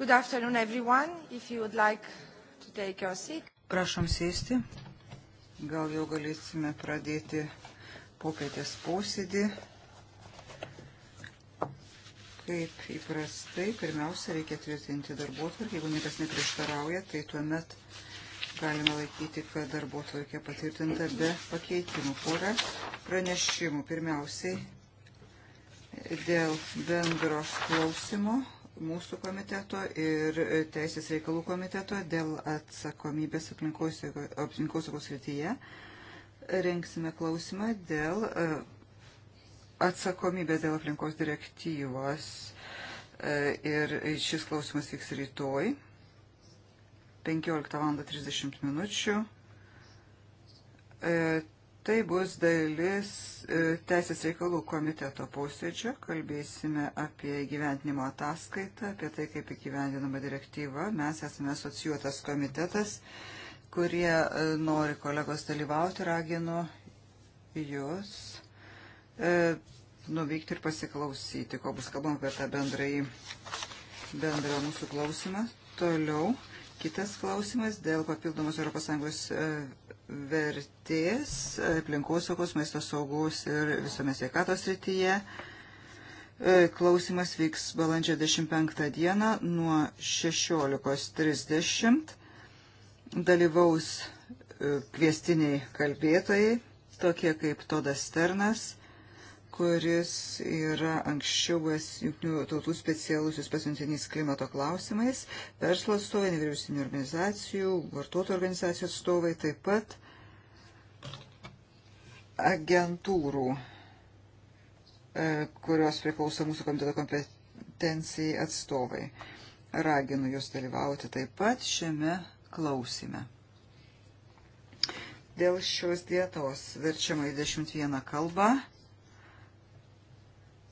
Good afternoon, everyone. If you would like to take your seat. Prašom sėsti. Gal jau galėsime pradėti popietės posėdį. Kaip įprastai, pirmiausia, reikia tvirtinti darbotvarkę. Jeigu niekas neprieštarauja, tai tuomet galime laikyti, kad darbotvarkė patvirtinta be pakeitimų. Porą pranešimų. Pirmiausiai, dėl bendro klausimo mūsų komiteto ir Teisės reikalų komiteto dėl atsakomybės aplinkosaugos srityje. Rengsime klausimą dėl e, atsakomybės dėl aplinkos direktyvos e, ir šis klausimas vyks rytoj 15 val. 30 minučių e, Tai bus dalis e, Teisės reikalų komiteto posėdžio. Kalbėsime apie gyventinimo ataskaitą, apie tai, kaip įgyvendinama direktyva. Mes esame asocijuotas komitetas, kurie e, nori kolegos dalyvauti, raginu jūs e, nuvykti ir pasiklausyti, ko bus kalbama apie tą bendrąjį, bendrą mūsų klausimą. Toliau kitas klausimas dėl papildomos ES vertės aplinkosaugos, maisto saugus ir visuomenės sveikatos rytyje. E, klausimas vyks balandžio 25 dieną nuo 16.30. Dalyvaus e, kviestiniai kalbėtojai, tokie kaip Todas Sternas, kuris yra anksčiau buvęs jungtinių tautų specialusis pasiuntinys klimato klausimais, verslo atstovai, nevyriausybinių organizacijų, vartotojų organizacijų atstovai, taip pat agentūrų, e, kurios priklauso mūsų komiteto kompetencijai atstovai. Raginu jūs dalyvauti taip pat šiame klausime. Dėl šios dietos verčiama į 21 kalbą.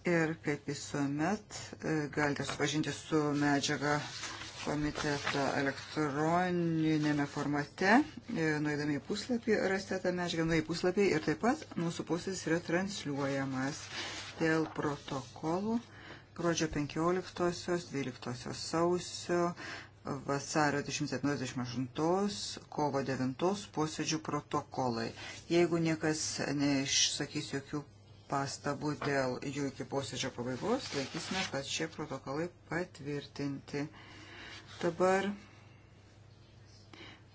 Ir kaip visuomet e, galite supažinti su medžiaga komiteto elektroninėme formate. E, Nuėdami į puslapį rasite tą medžiagą, nuėjai puslapį ir taip pat mūsų posėdis yra transliuojamas dėl protokolų gruodžio 15, 12 sausio, vasario 27-28, kovo 9 posėdžių protokolai. Jeigu niekas neišsakys jokių pastabų dėl jų iki posėdžio pabaigos, laikysime, kad šie protokolai patvirtinti. Dabar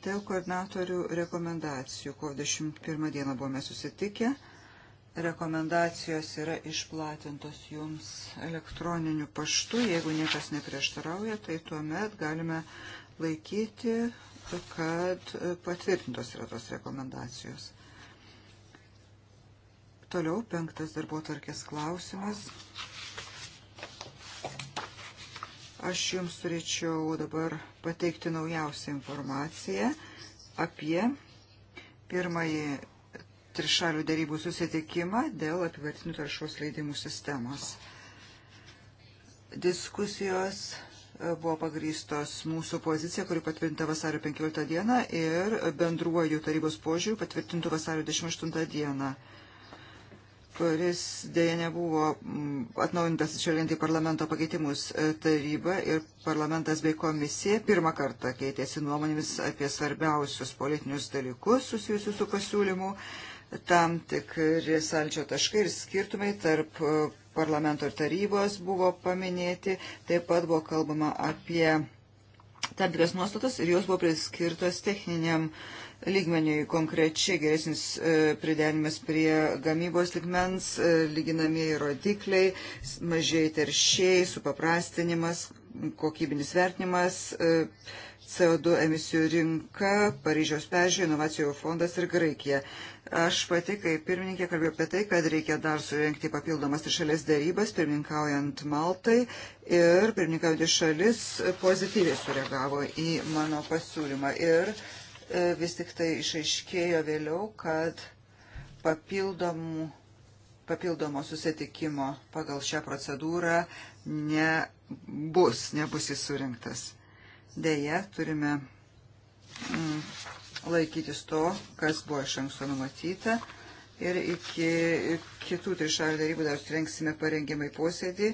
dėl koordinatorių rekomendacijų. Kovo 21 dieną buvome susitikę. Rekomendacijos yra išplatintos jums elektroniniu paštu. Jeigu niekas neprieštarauja, tai tuomet galime laikyti, kad patvirtintos yra tos rekomendacijos. Toliau penktas darbo tvarkės klausimas. Aš jums turėčiau dabar pateikti naujausią informaciją apie pirmąjį trišalių darybų susitikimą dėl apivartinių taršos leidimų sistemos. Diskusijos e, buvo pagrystos mūsų pozicija, kuri patvirtinta vasario 15 dieną ir bendruoju tarybos požiūriu patvirtintų vasario 28 dieną kuris dėja nebuvo mm, atnaujintas atšvelgiant į parlamento pakeitimus e, taryba ir parlamentas bei komisija pirmą kartą keitėsi nuomonėmis apie svarbiausius politinius dalykus susijusius su pasiūlymu, tam tikri salčio taškai ir skirtumai tarp e, parlamento ir tarybos buvo paminėti, taip pat buvo kalbama apie tam tikras nuostatas ir jos buvo priskirtos techniniam uh, lygmeniui konkrečiai geresnis e, pridenimas prie gamybos ligmens, e, lyginamieji rodikliai, mažiai teršiai, supaprastinimas, kokybinis vertinimas, e, CO2 emisijų rinka, Paryžiaus peržiūrė, inovacijų fondas ir Graikija. Aš pati, kaip pirmininkė, kalbėjau apie tai, kad reikia dar surinkti papildomas trišalės dėrybas, pirmininkaujant Maltai ir pirmininkaujantys šalis pozityviai sureagavo į mano pasiūlymą. Ir E, vis tik tai išaiškėjo vėliau, kad papildomų, papildomo susitikimo pagal šią procedūrą nebus, nebus jis surinktas. Deja, turime mm, laikytis to, kas buvo iš anksto numatyta. Ir iki kitų trišalių darybų dar surenksime parengiamai posėdį.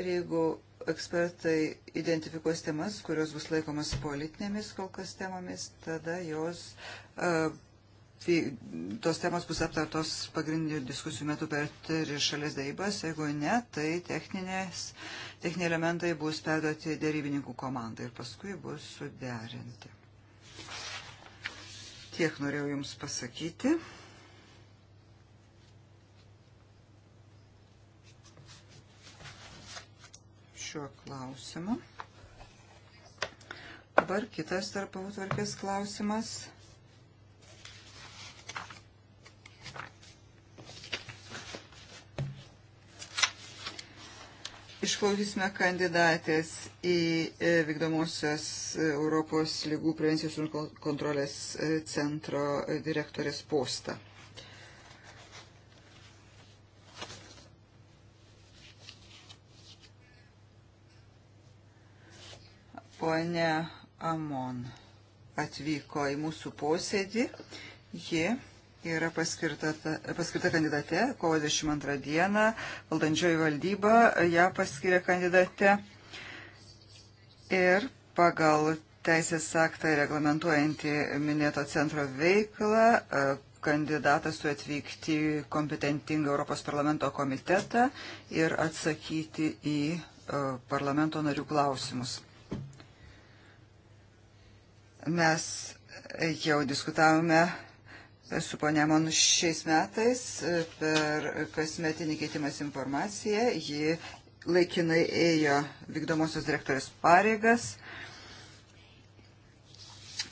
Ir jeigu ekspertai identifikuos temas, kurios bus laikomas politinėmis kol kas temomis, tada jos, tai tos temos bus aptartos pagrindinių diskusijų metu per trišalės darybas, jeigu ne, tai techninės, techniniai elementai bus perduoti darybininkų komandai ir paskui bus suderinti. Tiek norėjau Jums pasakyti. šiuo klausimu. Dabar kitas darbų tvarkės klausimas. Išklausysime kandidatės į e, vykdomosios Europos lygų prevencijos ir kontrolės e, centro direktorės postą. Pone Amon atvyko į mūsų posėdį. Ji yra paskirta, paskirta kandidate kovo 22 dieną. Valdančioji valdyba ją paskiria kandidate. Ir pagal teisės aktą reglamentuojantį minėto centro veiklą e, kandidatas turi atvykti kompetentingą Europos parlamento komitetą ir atsakyti į e, parlamento narių klausimus. Mes jau diskutavome su ponia Manu šiais metais e, per kasmetinį keitimas informaciją. Ji laikinai ėjo vykdomosios direktorės pareigas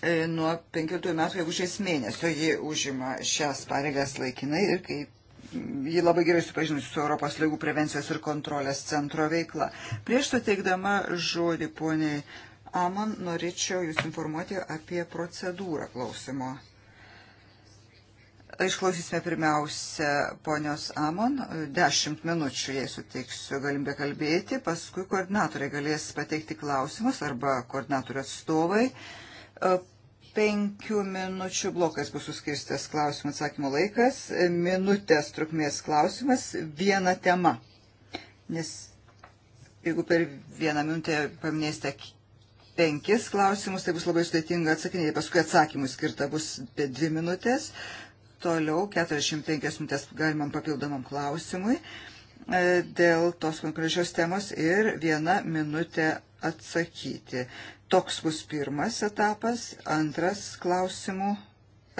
e, nuo 15 metų, jeigu šiais mėnesio ji užima šias pareigas laikinai ir kaip ji labai gerai supažinusi su Europos lygų prevencijos ir kontrolės centro veikla. Prieš suteikdama žodį poniai Aman, norėčiau Jūs informuoti apie procedūrą klausimo. Išklausysime pirmiausia ponios Amon, dešimt minučių jai suteiksiu galimybę kalbėti, paskui koordinatoriai galės pateikti klausimus arba koordinatorių atstovai. E, penkių minučių blokais bus suskirstęs klausimų atsakymo laikas, minutės trukmės klausimas, viena tema. Nes jeigu per vieną minutę paminėsite penkis klausimus, tai bus labai sudėtinga atsakinėti, paskui atsakymų skirta bus apie dvi minutės, toliau 45 minutės galimam papildomam klausimui e, dėl tos konkrečios temos ir vieną minutę atsakyti. Toks bus pirmas etapas, antras klausimų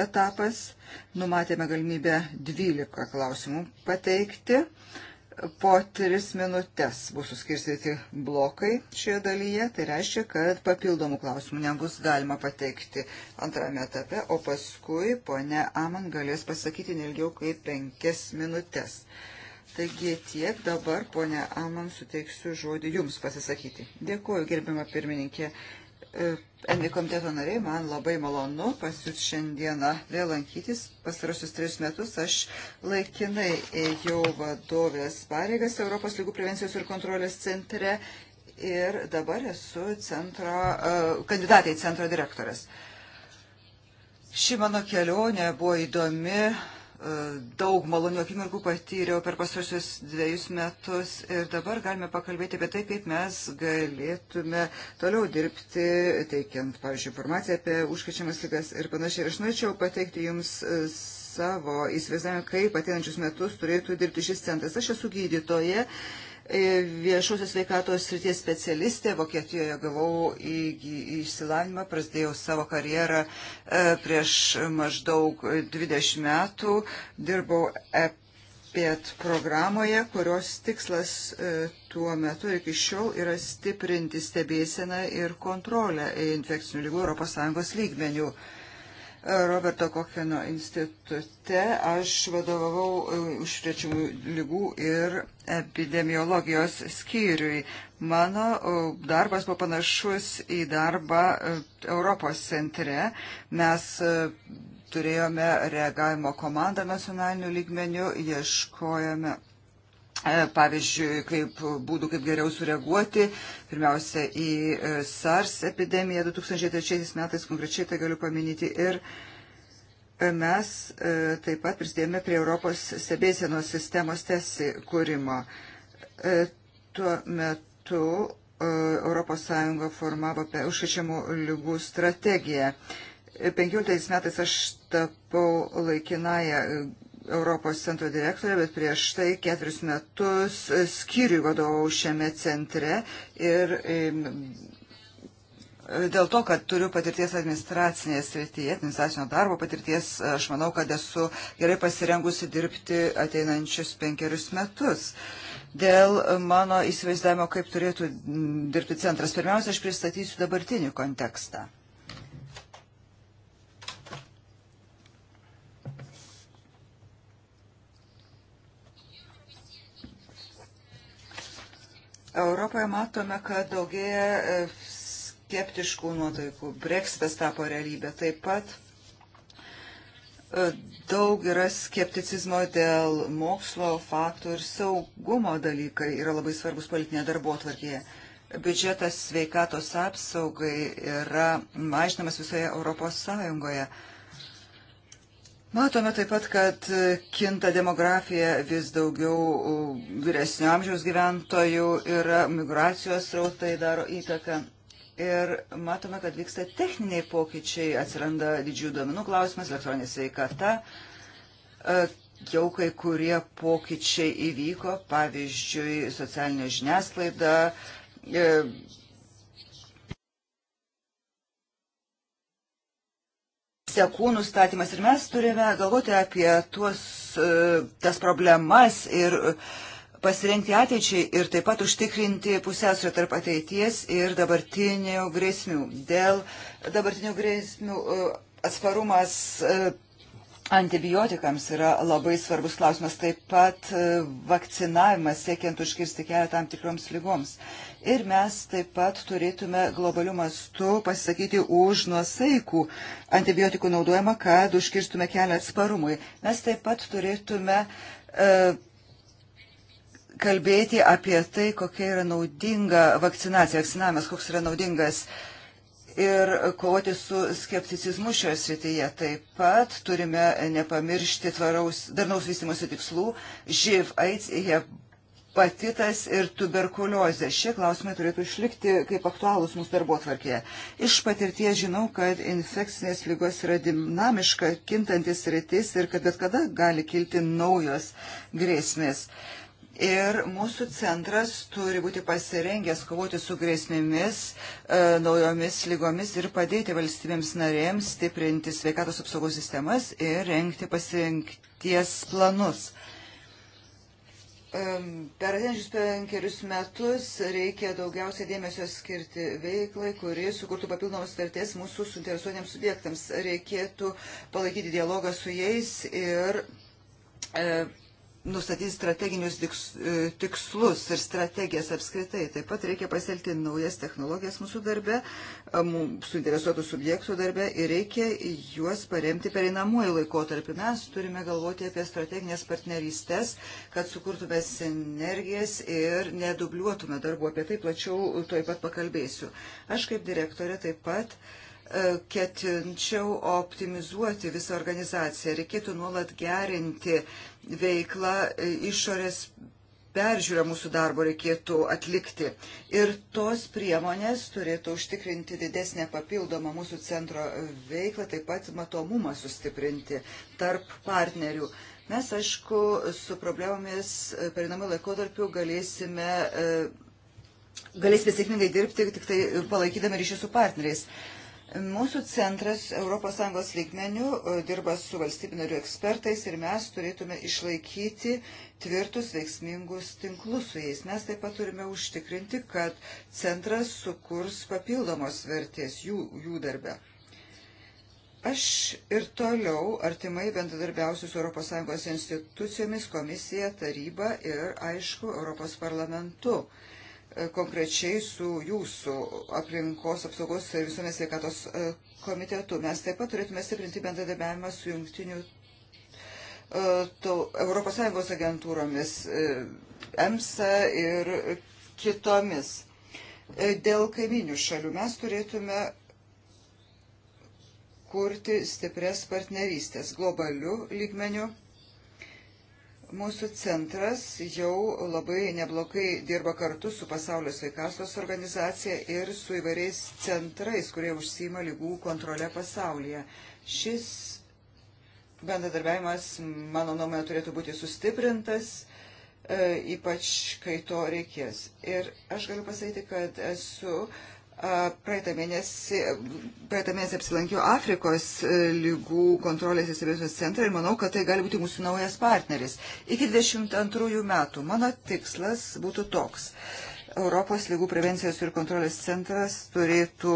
etapas. Numatėme galimybę 12 klausimų pateikti po tris minutės bus suskirstyti blokai šioje dalyje, tai reiškia, kad papildomų klausimų nebus galima pateikti antrame etape, o paskui ponia Aman galės pasakyti nelgiau kaip penkias minutės. Taigi tiek dabar, ponia Aman, suteiksiu žodį Jums pasisakyti. Dėkuoju, gerbiama pirmininkė. Envi komiteto nariai, man labai malonu pas jūs šiandieną vėl lankytis. Pastarosius tris metus aš laikinai ėjau vadovės pareigas Europos lygų prevencijos ir kontrolės centre ir dabar esu centro, e, kandidatai centro direktorės. Ši mano kelionė buvo įdomi, E, daug malonių akimirkų patyriau per pasaršius dviejus metus ir dabar galime pakalbėti apie tai, kaip mes galėtume toliau dirbti, teikiant, pavyzdžiui, informaciją apie užkrečiamas lygas ir panašiai. Aš norėčiau pateikti Jums e, savo įsivaizdavimą, kaip ateinančius metus turėtų dirbti šis centras. Aš esu gydytoje E, viešosios veikatos srities specialistė, Vokietijoje gavau įsilavinimą, prasidėjau savo karjerą e, prieš maždaug 20 metų, dirbau EPET programoje, kurios tikslas e, tuo metu iki šiol yra stiprinti stebėseną ir kontrolę infekcinių lygų ES lygmenių. Roberto Kocheno institute. Aš vadovavau e, užkrečiamų lygų ir epidemiologijos skyriui. Mano e, darbas buvo panašus į darbą e, Europos centre. Mes turėjome reagavimo komandą nacionalinių lygmenių, ieškojome E, pavyzdžiui, kaip būdų, kaip geriau sureaguoti, pirmiausia, į e, SARS epidemiją 2003 metais, konkrečiai tai galiu paminyti, ir e, mes taip pat prisidėjome prie Europos stebėsienos sistemos tesi kūrimo. Tuo metu ES formavo užkrečiamų lygų strategiją. 15 metais aš tapau laikinąją Europos centro direktorė, bet prieš tai keturis metus skyriui vadovau šiame centre ir dėl to, kad turiu patirties administracinėje srityje, administracinio darbo patirties, aš manau, kad esu gerai pasirengusi dirbti ateinančius penkerius metus. Dėl mano įsivaizdavimo, kaip turėtų dirbti centras, pirmiausia, aš pristatysiu dabartinį kontekstą. Europoje matome, kad daugėja e, skeptiškų nuotaikų. Brexitas tapo realybė. Taip pat e, daug yra skepticizmo dėl mokslo, faktų ir saugumo dalykai yra labai svarbus politinėje darbo tvarkėje. Biudžetas sveikatos apsaugai yra mažinamas visoje Europos Sąjungoje. Matome taip pat, kad kinta demografija vis daugiau vyresnio amžiaus gyventojų ir migracijos rautai daro įtaką. Ir matome, kad vyksta techniniai pokyčiai, atsiranda didžiųjų duomenų klausimas, elektroninė sveikata. E, jau kai kurie pokyčiai įvyko, pavyzdžiui, socialinė žiniasklaida, e, sekų nustatymas. Ir mes turime galvoti apie tuos, e, tas problemas ir pasirengti ateičiai ir taip pat užtikrinti pusiausvę tarp ateities ir dabartinių grėsmių. Dėl dabartinių grėsmių e, atsparumas e, antibiotikams yra labai svarbus klausimas, taip pat e, vakcinavimas siekiant užkirsti kelią tam tikroms lygoms. Ir mes taip pat turėtume globalių mastų pasisakyti už nuosaikų antibiotikų naudojimą, kad užkirstume kelią atsparumui. Mes taip pat turėtume e, kalbėti apie tai, kokia yra naudinga vakcinacija, vakcinavimas, koks yra naudingas e, ir kovoti su skepticizmu šioje srityje. Taip pat turime nepamiršti tvaraus, darnaus vystimosi tikslų, živ, aids, hepatitas ir tuberkuliozė. Šie klausimai turėtų išlikti kaip aktualūs mūsų darbo tvarkėje. Iš patirties žinau, kad infekcinės lygos yra dinamiška, kintantis rytis ir kad bet kada gali kilti naujos grėsmės. Uh, Ir mūsų centras turi būti pasirengęs kovoti su grėsmėmis, e, naujomis lygomis ir padėti valstybėms narėms stiprinti sveikatos apsaugos sistemas ir renkti pasirinkties planus. Per atėjančius penkerius metus reikia daugiausiai dėmesio skirti veiklai, kuri sukurtų papildomas vertės mūsų suinteresuotėms subjektams. Reikėtų palaikyti dialogą su jais ir e, nustatyti strateginius e, tikslus ir strategijas apskritai. Taip pat reikia pasielti naujas technologijas mūsų darbe, e, suinteresuotų subjektų darbe ir reikia juos paremti pereinamuoju laikotarpiu. Mes turime galvoti apie strateginės partnerystės, kad sukurtume sinergijas ir nedubliuotume darbų. Apie tai plačiau toj pat pakalbėsiu. Aš kaip direktorė taip pat e, ketinčiau optimizuoti visą organizaciją. Reikėtų nuolat gerinti veiklą e, išorės peržiūrą mūsų darbo reikėtų atlikti. Ir tos priemonės turėtų užtikrinti didesnę papildomą mūsų centro veiklą, taip pat matomumą sustiprinti tarp partnerių. Mes, aišku, su problemomis e, perinamų laikotarpių galėsime. E, galėsime sėkmingai dirbti, tik tai palaikydami ryšį su partneriais. Mūsų centras ES lygmenių e, dirba su valstybinarių ekspertais ir mes turėtume išlaikyti tvirtus veiksmingus tinklus su jais. Mes taip pat turime užtikrinti, kad centras sukurs papildomos vertės jų, jų darbe. Aš ir toliau artimai bendradarbiausiu su ES institucijomis, komisija, taryba ir, aišku, ES parlamentu. E, konkrečiai su jūsų aplinkos apsaugos ir visuomenės sveikatos e, komitetu. Mes taip pat turėtume stiprinti bendradarbiavimą su jungtiniu e, Europos Sąjungos agentūromis, EMSA ir kitomis. Dėl kaiminių šalių mes turėtume kurti stipres partnerystės globalių lygmenių Mūsų centras jau labai neblogai dirba kartu su Pasaulio sveikatos organizacija ir su įvairiais centrais, kurie užsima lygų kontrolę pasaulyje. Šis bendradarbiavimas, mano nuomonė, turėtų būti sustiprintas e, ypač kai to reikės. Ir aš galiu pasakyti, kad esu Praeitą mėnesį, praeitą mėnesį apsilankiau Afrikos e, lygų kontrolės ir stebėsenos centrą ir manau, kad tai gali būti mūsų naujas partneris. Iki 22 metų mano tikslas būtų toks. Europos lygų prevencijos ir kontrolės centras turėtų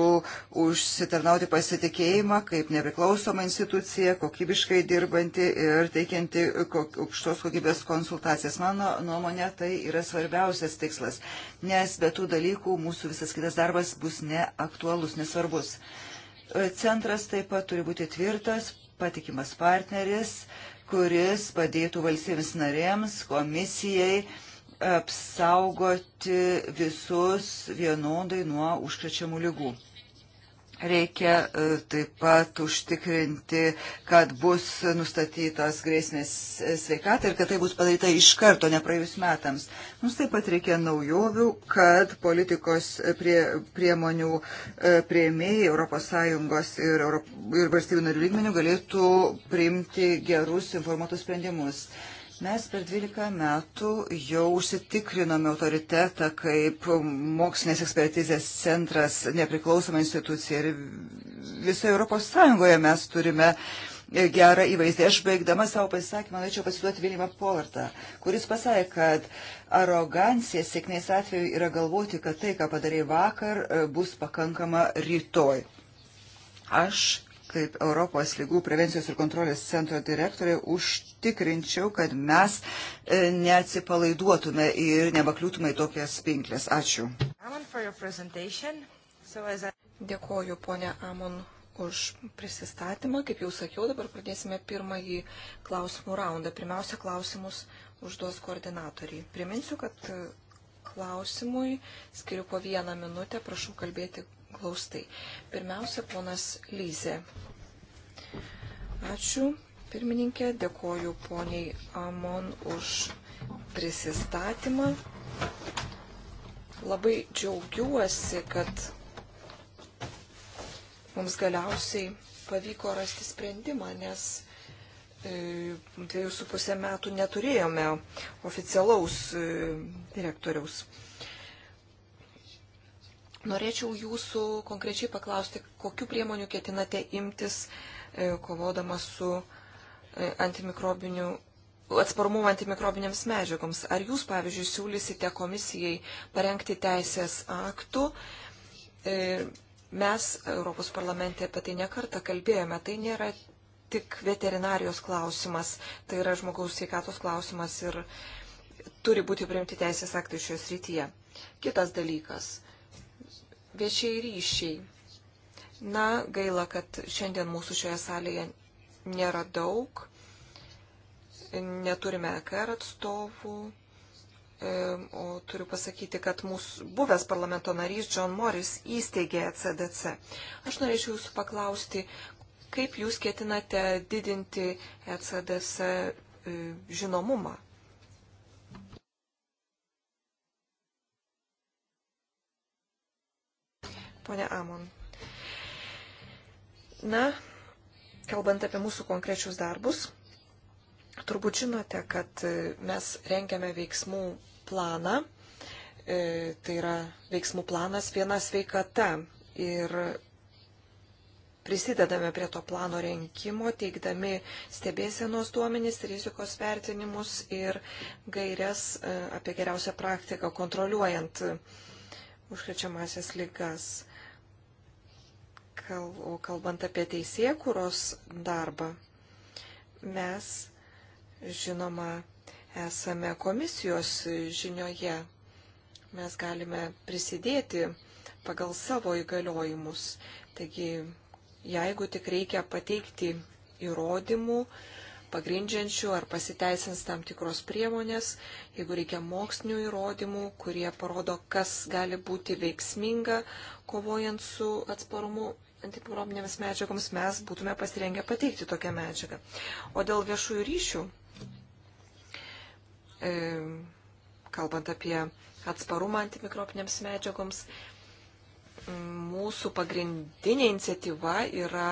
užsitarnauti pasitikėjimą kaip nepriklausoma institucija, kokybiškai dirbanti ir teikianti aukštos kokybės konsultacijas. Mano nuomonė, tai yra svarbiausias tikslas, nes be tų dalykų mūsų visas kitas darbas bus neaktualus, nesvarbus. Centras taip pat turi būti tvirtas, patikimas partneris, kuris padėtų valstybėms narėms, komisijai, apsaugoti visus vienodai nuo užkrečiamų lygų. Reikia e, taip pat užtikrinti, kad bus nustatytos grėsmės sveikatai ir kad tai bus padaryta iš karto, ne praėjus metams. Mums taip pat reikia naujovių, kad politikos prie, priemonių e, prieimėjai ES ir, Europ, ir valstybių narių lygmenių galėtų priimti gerus informuotus sprendimus. Mes per 12 metų jau užsitikrinome autoritetą kaip mokslinės ekspertizės centras, nepriklausoma institucija ir visoje Europos Sąjungoje mes turime gerą įvaizdį. Aš baigdama savo pasisakymą norėčiau pasiduoti Vilimą Polartą, kuris pasakė, kad arogancija sėkmės atveju yra galvoti, kad tai, ką padarai vakar, bus pakankama rytoj. Aš kaip Europos lygų prevencijos ir kontrolės centro direktorė užtikrinčiau, kad mes e, neatsipalaiduotume ir nebakliūtume į tokias pinklės. Ačiū. Dėkoju, ponė Amon, už prisistatymą. Kaip jau sakiau, dabar pradėsime pirmąjį klausimų raundą. Pirmiausia, klausimus užduos koordinatoriai. Priminsiu, kad e, klausimui skiriu po vieną minutę, prašau kalbėti glaustai. Pirmiausia, ponas Lyzė. Ačiū, pirmininkė. Dėkoju poniai Amon už prisistatymą. Labai džiaugiuosi, kad mums galiausiai pavyko rasti sprendimą, nes e, dviejų su pusę metų neturėjome oficialaus e, direktoriaus. Norėčiau jūsų konkrečiai paklausti, kokiu priemoniu ketinate imtis e, kovodama su e, antimikrobiniu atsparumu antimikrobinėms medžiagoms. Ar jūs, pavyzdžiui, siūlysite komisijai parengti teisės aktų? E, mes Europos parlamente apie tai nekartą kalbėjome. Tai nėra tik veterinarijos klausimas, tai yra žmogaus sveikatos klausimas ir turi būti priimti teisės aktai šioje srityje. Kitas dalykas. Viešiai ryšiai. Na, gaila, kad šiandien mūsų šioje salėje nėra daug. Neturime EKR atstovų. O turiu pasakyti, kad mūsų buvęs parlamento narys John Morris įsteigė ECDC. Aš norėčiau jūsų paklausti, kaip jūs ketinate didinti ECDC e, žinomumą? Pone Amon. Na, kalbant apie mūsų konkrečius darbus, turbūt žinote, kad e, mes rengiame veiksmų planą. E, tai yra veiksmų planas viena sveikata. Ir prisidedame prie to plano renkimo, teikdami stebėsienos duomenys, rizikos vertinimus ir gairias e, apie geriausią praktiką kontroliuojant užkrečiamasias lygas. O kalbant apie teisėkuros darbą, mes, žinoma, esame komisijos žinioje. Mes galime prisidėti pagal savo įgaliojimus. Taigi, jeigu tik reikia pateikti įrodymų, pagrindžiančių ar pasiteisins tam tikros priemonės, jeigu reikia mokslinių įrodymų, kurie parodo, kas gali būti veiksminga kovojant su atsparumu antiplominėms medžiagoms, mes būtume pasirengę pateikti tokią medžiagą. O dėl viešųjų ryšių, e, kalbant apie atsparumą antimikrobinėms medžiagoms, mūsų pagrindinė iniciatyva yra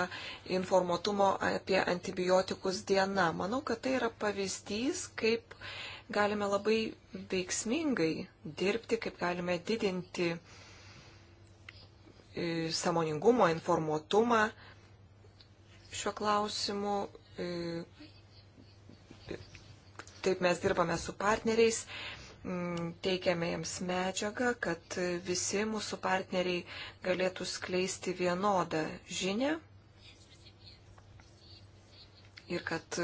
informuotumo apie antibiotikus diena. Manau, kad tai yra pavyzdys, kaip galime labai veiksmingai dirbti, kaip galime didinti uh, samoningumo, informuotumą šiuo klausimu. Taip mes dirbame su partneriais, teikiame jiems medžiagą, kad visi mūsų partneriai galėtų skleisti vienodą žinią ir kad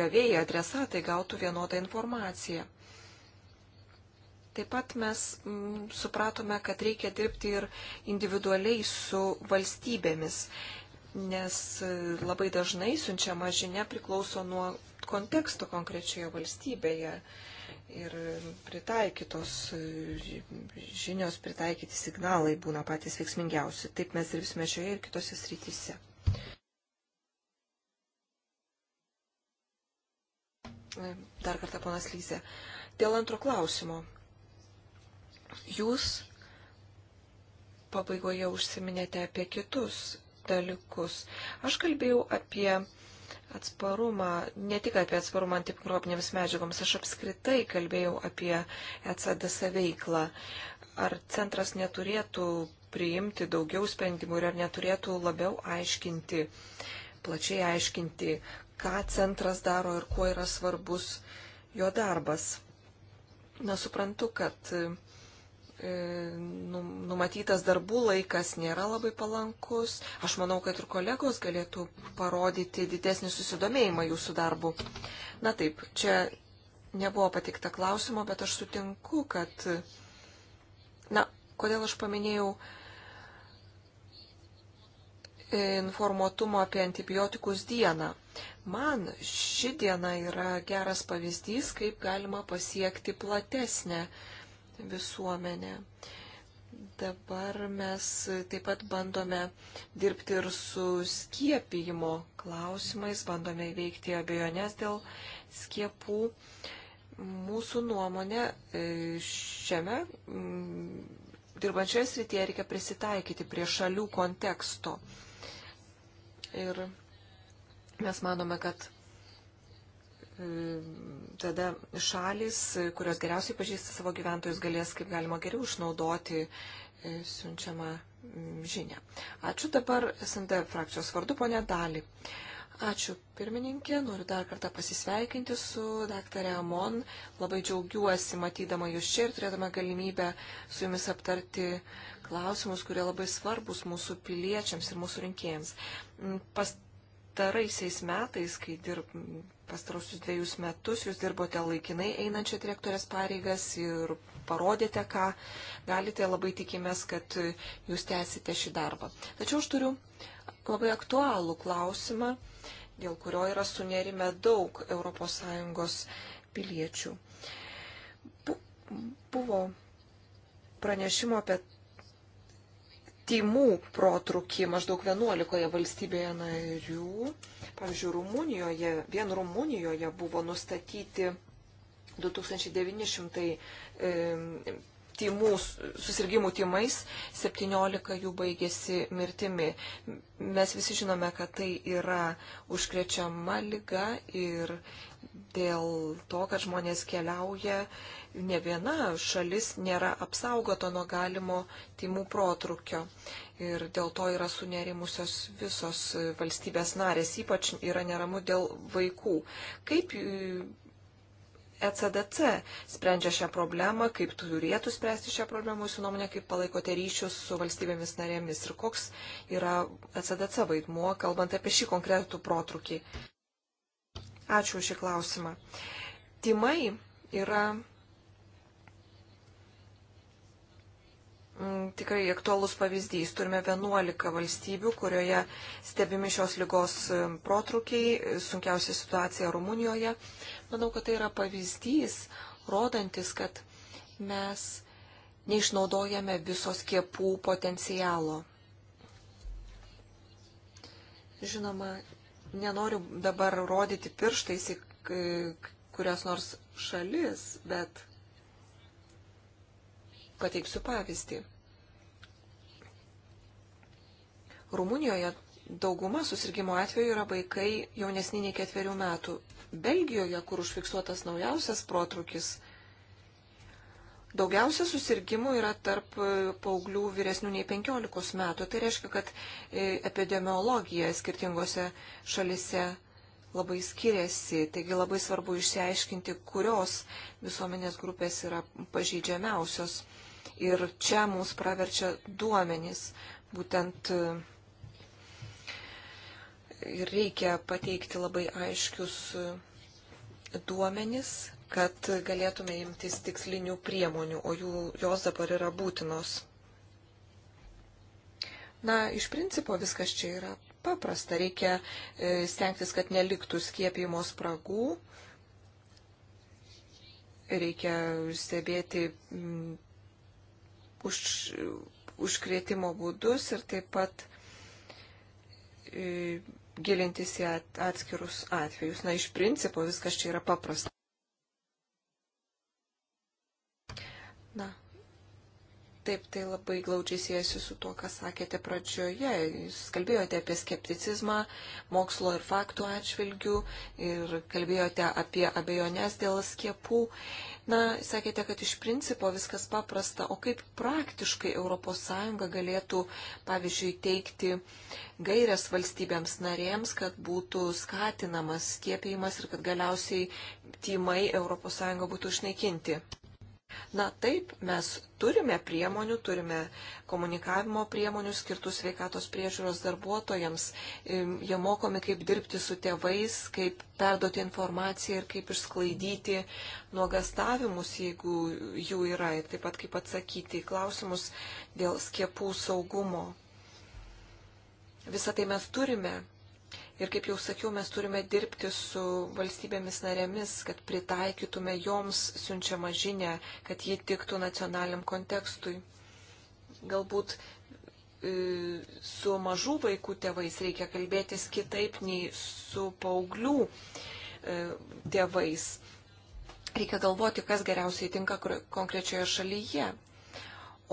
gavėjai adresatai gautų vienodą informaciją. Taip pat mes m, mm, supratome, kad reikia dirbti ir individualiai su valstybėmis, nes e, labai dažnai siunčiama žinia priklauso nuo konteksto konkrečioje valstybėje ir pritaikytos e, žinios, pritaikyti signalai būna patys veiksmingiausi. Taip mes dirbsime šioje ir kitose srityse. E, dar kartą ponas Lyzė. Dėl antro klausimo Jūs pabaigoje užsiminėte apie kitus dalykus. Aš kalbėjau apie atsparumą, ne tik apie atsparumą antimikrobinėms medžiagoms, aš apskritai kalbėjau apie ECDS veiklą. Ar centras neturėtų priimti daugiau sprendimų ir ar neturėtų labiau aiškinti, plačiai aiškinti, ką centras daro ir kuo yra svarbus jo darbas. Nesuprantu, kad E, nu, numatytas darbų laikas nėra labai palankus. Aš manau, kad ir kolegos galėtų parodyti didesnį susidomėjimą jūsų darbu. Na taip, čia nebuvo patikta klausimo, bet aš sutinku, kad. Na, kodėl aš paminėjau e, informuotumo apie antibiotikus dieną. Man ši diena yra geras pavyzdys, kaip galima pasiekti platesnę uh, visuomenė. Dabar mes taip pat bandome dirbti ir su skiepijimo klausimais, bandome įveikti abejonės dėl skiepų. Mūsų nuomonė e, šiame mm, dirbančioje srityje reikia prisitaikyti prie šalių konteksto. Ir mes manome, kad Mm, tada šalis, kurios geriausiai pažįsta savo gyventojus, galės kaip galima geriau išnaudoti e, siunčiamą mm, žinę. Ačiū dabar SND frakcijos vardu, ponė Dali. Ačiū pirmininkė, noriu dar kartą pasisveikinti su daktarė Amon. Labai džiaugiuosi matydama jūs čia ir turėdama galimybę su jumis aptarti klausimus, kurie labai svarbus mūsų piliečiams ir mūsų rinkėjams. Mm, pas, pastaraisiais metais, kai dirb, pastarosius dviejus metus jūs dirbote laikinai einančią direktorės pareigas ir parodėte, ką galite, labai tikimės, kad jūs tęsite šį darbą. Tačiau aš turiu labai aktualų klausimą, dėl kurio yra sunerime daug ES piliečių. Buvo pranešimo apie tymų protrukį maždaug 11 valstybėje narių. Pavyzdžiui, Rumunijoje, vien Rumunijoje buvo nustatyti 2900 tymų, susirgymų tymais, 17 jų baigėsi mirtimi. Mes visi žinome, kad tai yra užkrečiama lyga ir dėl to, kad žmonės keliauja, ne viena šalis nėra apsaugota nuo galimo tymų protrukio. Ir dėl to yra sunerimusios visos valstybės narės, ypač yra neramu dėl vaikų. Kaip ECDC sprendžia šią problemą, kaip turėtų spręsti šią problemą, jūsų nuomonė, kaip palaikote ryšius su valstybėmis narėmis ir koks yra ECDC vaidmuo, kalbant apie šį konkretų protrukį. Ačiū už šį klausimą. Timai yra mm, tikrai aktualus pavyzdys. Turime 11 valstybių, kurioje stebimi šios lygos mm, protrukiai, sunkiausia situacija Rumunijoje. Manau, kad tai yra pavyzdys, rodantis, kad mes neišnaudojame visos kiepų potencialo. Žinoma, nenoriu dabar rodyti pirštais į kurias nors šalis, bet pateiksiu pavyzdį. Rumunijoje dauguma susirgymo atveju yra vaikai jaunesni nei ketverių metų. Belgijoje, kur užfiksuotas naujausias protrukis, daugiausia susirgymų yra tarp e, paauglių vyresnių nei 15 metų. Tai reiškia, kad e, epidemiologija skirtingose šalise labai skiriasi. Taigi labai svarbu išsiaiškinti, kurios visuomenės grupės yra pažydžiamiausios. Ir čia mums praverčia duomenys, būtent e, reikia pateikti labai aiškius e, duomenis, kad galėtume imtis tikslinių priemonių, o jų, jos dabar yra būtinos. Na, iš principo viskas čia yra paprasta. Reikia e, stengtis, kad neliktų skiepimo spragų. Reikia stebėti už, užkrėtimo būdus ir taip pat e, gilintis į atskirus atvejus. Na, iš principo viskas čia yra paprasta. Na, taip tai labai glaudžiai siejasi su tuo, ką sakėte pradžioje. Jūs kalbėjote apie skepticizmą, mokslo ir faktų atšvilgių ir kalbėjote apie abejonės dėl skiepų. E, Na, sakėte, kad iš principo viskas paprasta, o kaip praktiškai ES galėtų, pavyzdžiui, teikti gairias valstybėms narėms, kad būtų skatinamas skiepijimas ir kad galiausiai tymai ES būtų išnaikinti? Na taip, mes turime priemonių, turime komunikavimo priemonių skirtų sveikatos priežiūros darbuotojams. Jie mokomi, kaip dirbti su tėvais, kaip perduoti informaciją ir kaip išsklaidyti nuogastavimus, jeigu jų yra, ir taip pat kaip atsakyti į klausimus dėl skiepų saugumo. Visą tai mes turime Ir kaip jau sakiau, mes turime dirbti su valstybėmis narėmis, kad pritaikytume joms siunčiamą žinę, kad ji tiktų nacionaliam kontekstui. Galbūt e, su mažų vaikų tėvais reikia kalbėtis kitaip nei su paauglių e, tėvais. Reikia galvoti, kas geriausiai tinka konkrečioje šalyje.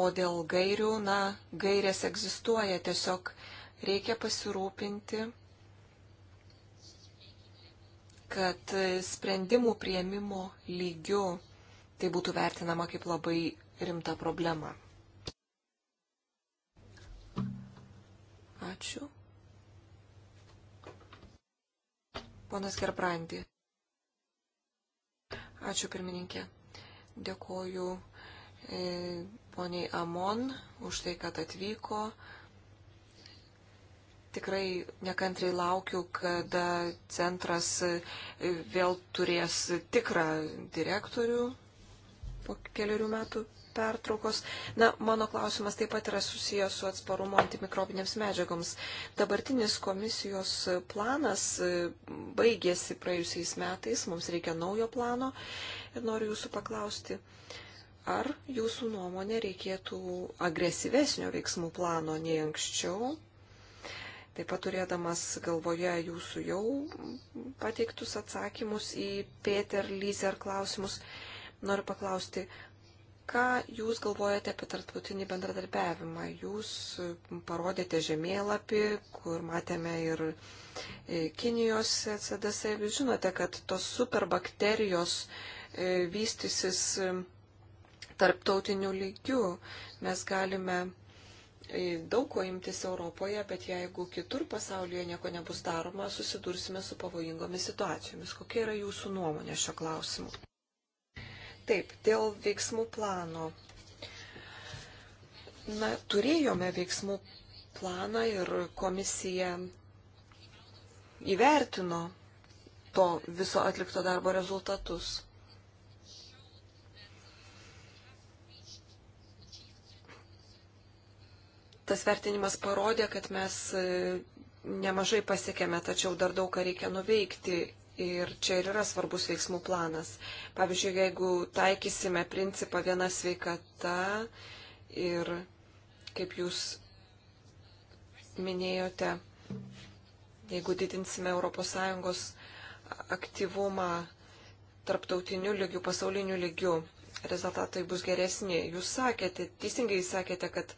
O dėl gairių, na, gairės egzistuoja, tiesiog reikia pasirūpinti kad sprendimų prieimimo lygių tai būtų vertinama kaip labai rimta problema. Ačiū. Ponas Gerbrandi. Ačiū pirmininkė. Dėkoju e, poniai Amon už tai, kad atvyko. Tikrai nekantriai laukiu, kada centras e, vėl turės tikrą direktorių po keliarių metų pertraukos. Na, mano klausimas taip pat yra susijęs su atsparumu antimikrobinėms medžiagoms. Dabartinis komisijos planas e, baigėsi praėjusiais metais, mums reikia naujo plano ir noriu jūsų paklausti, ar jūsų nuomonė reikėtų agresyvesnio veiksmų plano nei anksčiau, Taip pat turėdamas galvoje jūsų jau pateiktus atsakymus į Peter Lyser klausimus, noriu paklausti, ką Jūs galvojate apie tarptautinį bendradarbiavimą? Jūs parodėte žemėlapį, kur matėme ir e, Kinijos CDC. Jūs žinote, kad tos superbakterijos e, vystysis e, tarptautiniu lygiu. Mes galime daug ko imtis Europoje, bet jeigu kitur pasaulyje nieko nebus daroma, susidursime su pavojingomis situacijomis. Kokia yra jūsų nuomonė šio klausimu? Taip, dėl veiksmų plano. Na, turėjome veiksmų planą ir komisija įvertino to viso atlikto darbo rezultatus. tas vertinimas parodė, kad mes e, nemažai pasiekėme, tačiau dar daug ką reikia nuveikti. Ir čia ir yra svarbus veiksmų planas. Pavyzdžiui, jeigu taikysime principą viena sveikata ir, kaip jūs minėjote, jeigu didinsime ES aktyvumą tarptautiniu lygiu, pasauliniu lygiu, rezultatai bus geresni. Jūs sakėte, teisingai sakėte, kad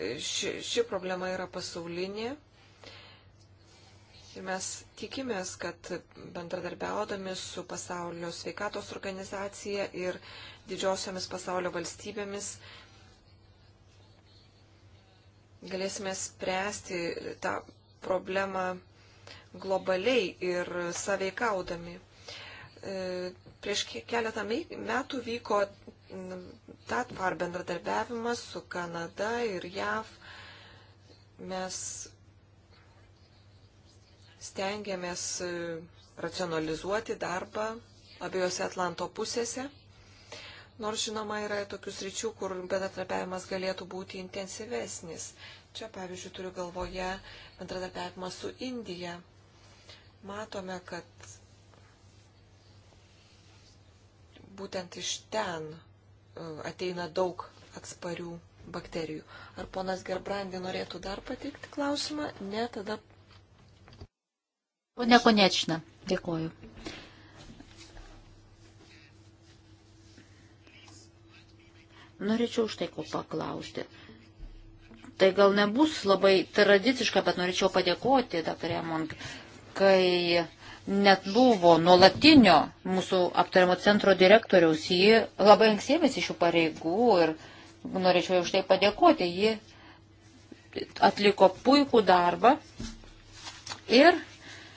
ši, ši problema yra pasaulinė. Ir mes tikimės, kad bendradarbiaudami su pasaulio sveikatos organizacija ir didžiosiomis pasaulio valstybėmis galėsime spręsti tą problemą globaliai ir saveikaudami. E, prieš keletą metų vyko TATPAR bendradarbiavimas su Kanada ir JAV. Mes stengiamės e, racionalizuoti darbą abiejose Atlanto pusėse. Nors žinoma yra ir tokių sričių, kur bendradarbiavimas galėtų būti intensyvesnis. Čia pavyzdžiui turiu galvoje bendradarbiavimą su Indija. Matome, kad būtent iš ten ateina daug atsparių bakterijų. Ar ponas Gerbrandi norėtų dar pateikti klausimą? Ne, tada. Pone Konečna, dėkoju. Norėčiau štai ko paklausti. Tai gal nebus labai tradiciška, bet norėčiau padėkoti, daktarė Monk, kai uh, net buvo nuolatinio mūsų aptariamo centro direktoriaus. Ji labai anksėmėsi šių pareigų ir norėčiau už tai padėkoti. Ji atliko puikų darbą ir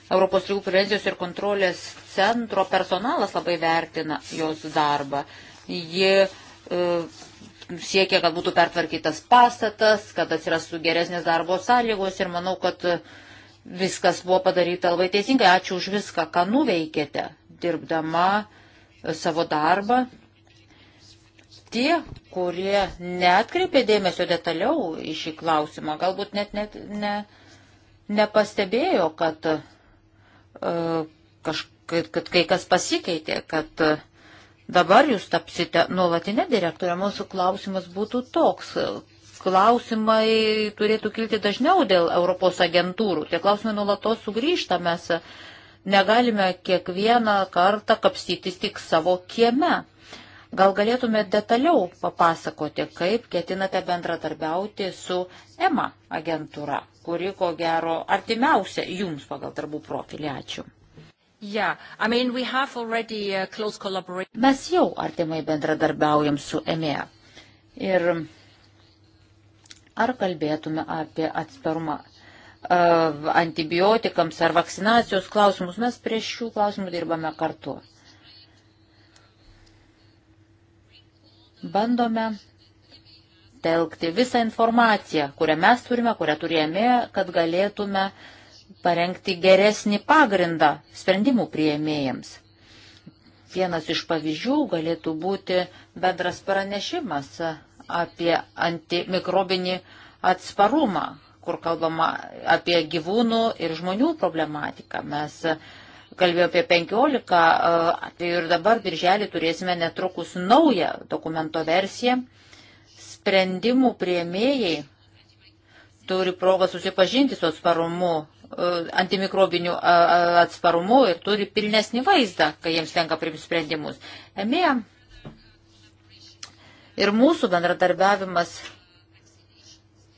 Europos lygų prevencijos ir kontrolės centro personalas labai vertina jos darbą. Ji e, siekia, kad būtų pertvarkytas pastatas, kad atsirastų geresnės darbo sąlygos ir manau, kad viskas buvo padaryta labai teisingai. Ačiū už viską, ką nuveikėte, dirbdama e, savo darbą. Tie, kurie netkreipė dėmesio detaliau į šį klausimą, galbūt net, net ne, nepastebėjo, kad, uh, kaž, kad, kad kai kas pasikeitė, kad uh, dabar jūs tapsite nuolatinė direktorė. Mūsų klausimas būtų toks, klausimai turėtų kilti dažniau dėl Europos agentūrų. Tie klausimai nulatos sugrįžta, mes negalime kiekvieną kartą kapstytis tik savo kieme. Gal galėtume detaliau papasakoti, kaip ketinate bendradarbiauti su EMA agentūra, kuri ko gero artimiausia jums pagal darbų profilį. Ačiū. Yeah. I mean, already, uh, Mes jau artimai bendradarbiaujam su EMEA. Ir Ar kalbėtume apie atsparumą e, antibiotikams ar vakcinacijos klausimus, mes prie šių klausimų dirbame kartu. Bandome telkti visą informaciją, kurią mes turime, kurią turėjome, kad galėtume parengti geresnį pagrindą sprendimų prieėmėjams. Vienas iš pavyzdžių galėtų būti bendras pranešimas apie antimikrobinį atsparumą, kur kalbama apie gyvūnų ir žmonių problematiką. Mes kalbėjome apie 15 atvejų ir dabar birželį turėsime netrukus naują dokumento versiją. Sprendimų prieimėjai turi progą susipažinti su atsparumu, e, antimikrobiniu e, e, atsparumu ir turi pilnesnį vaizdą, kai jiems tenka priimti sprendimus. EMEA Ir mūsų bendradarbiavimas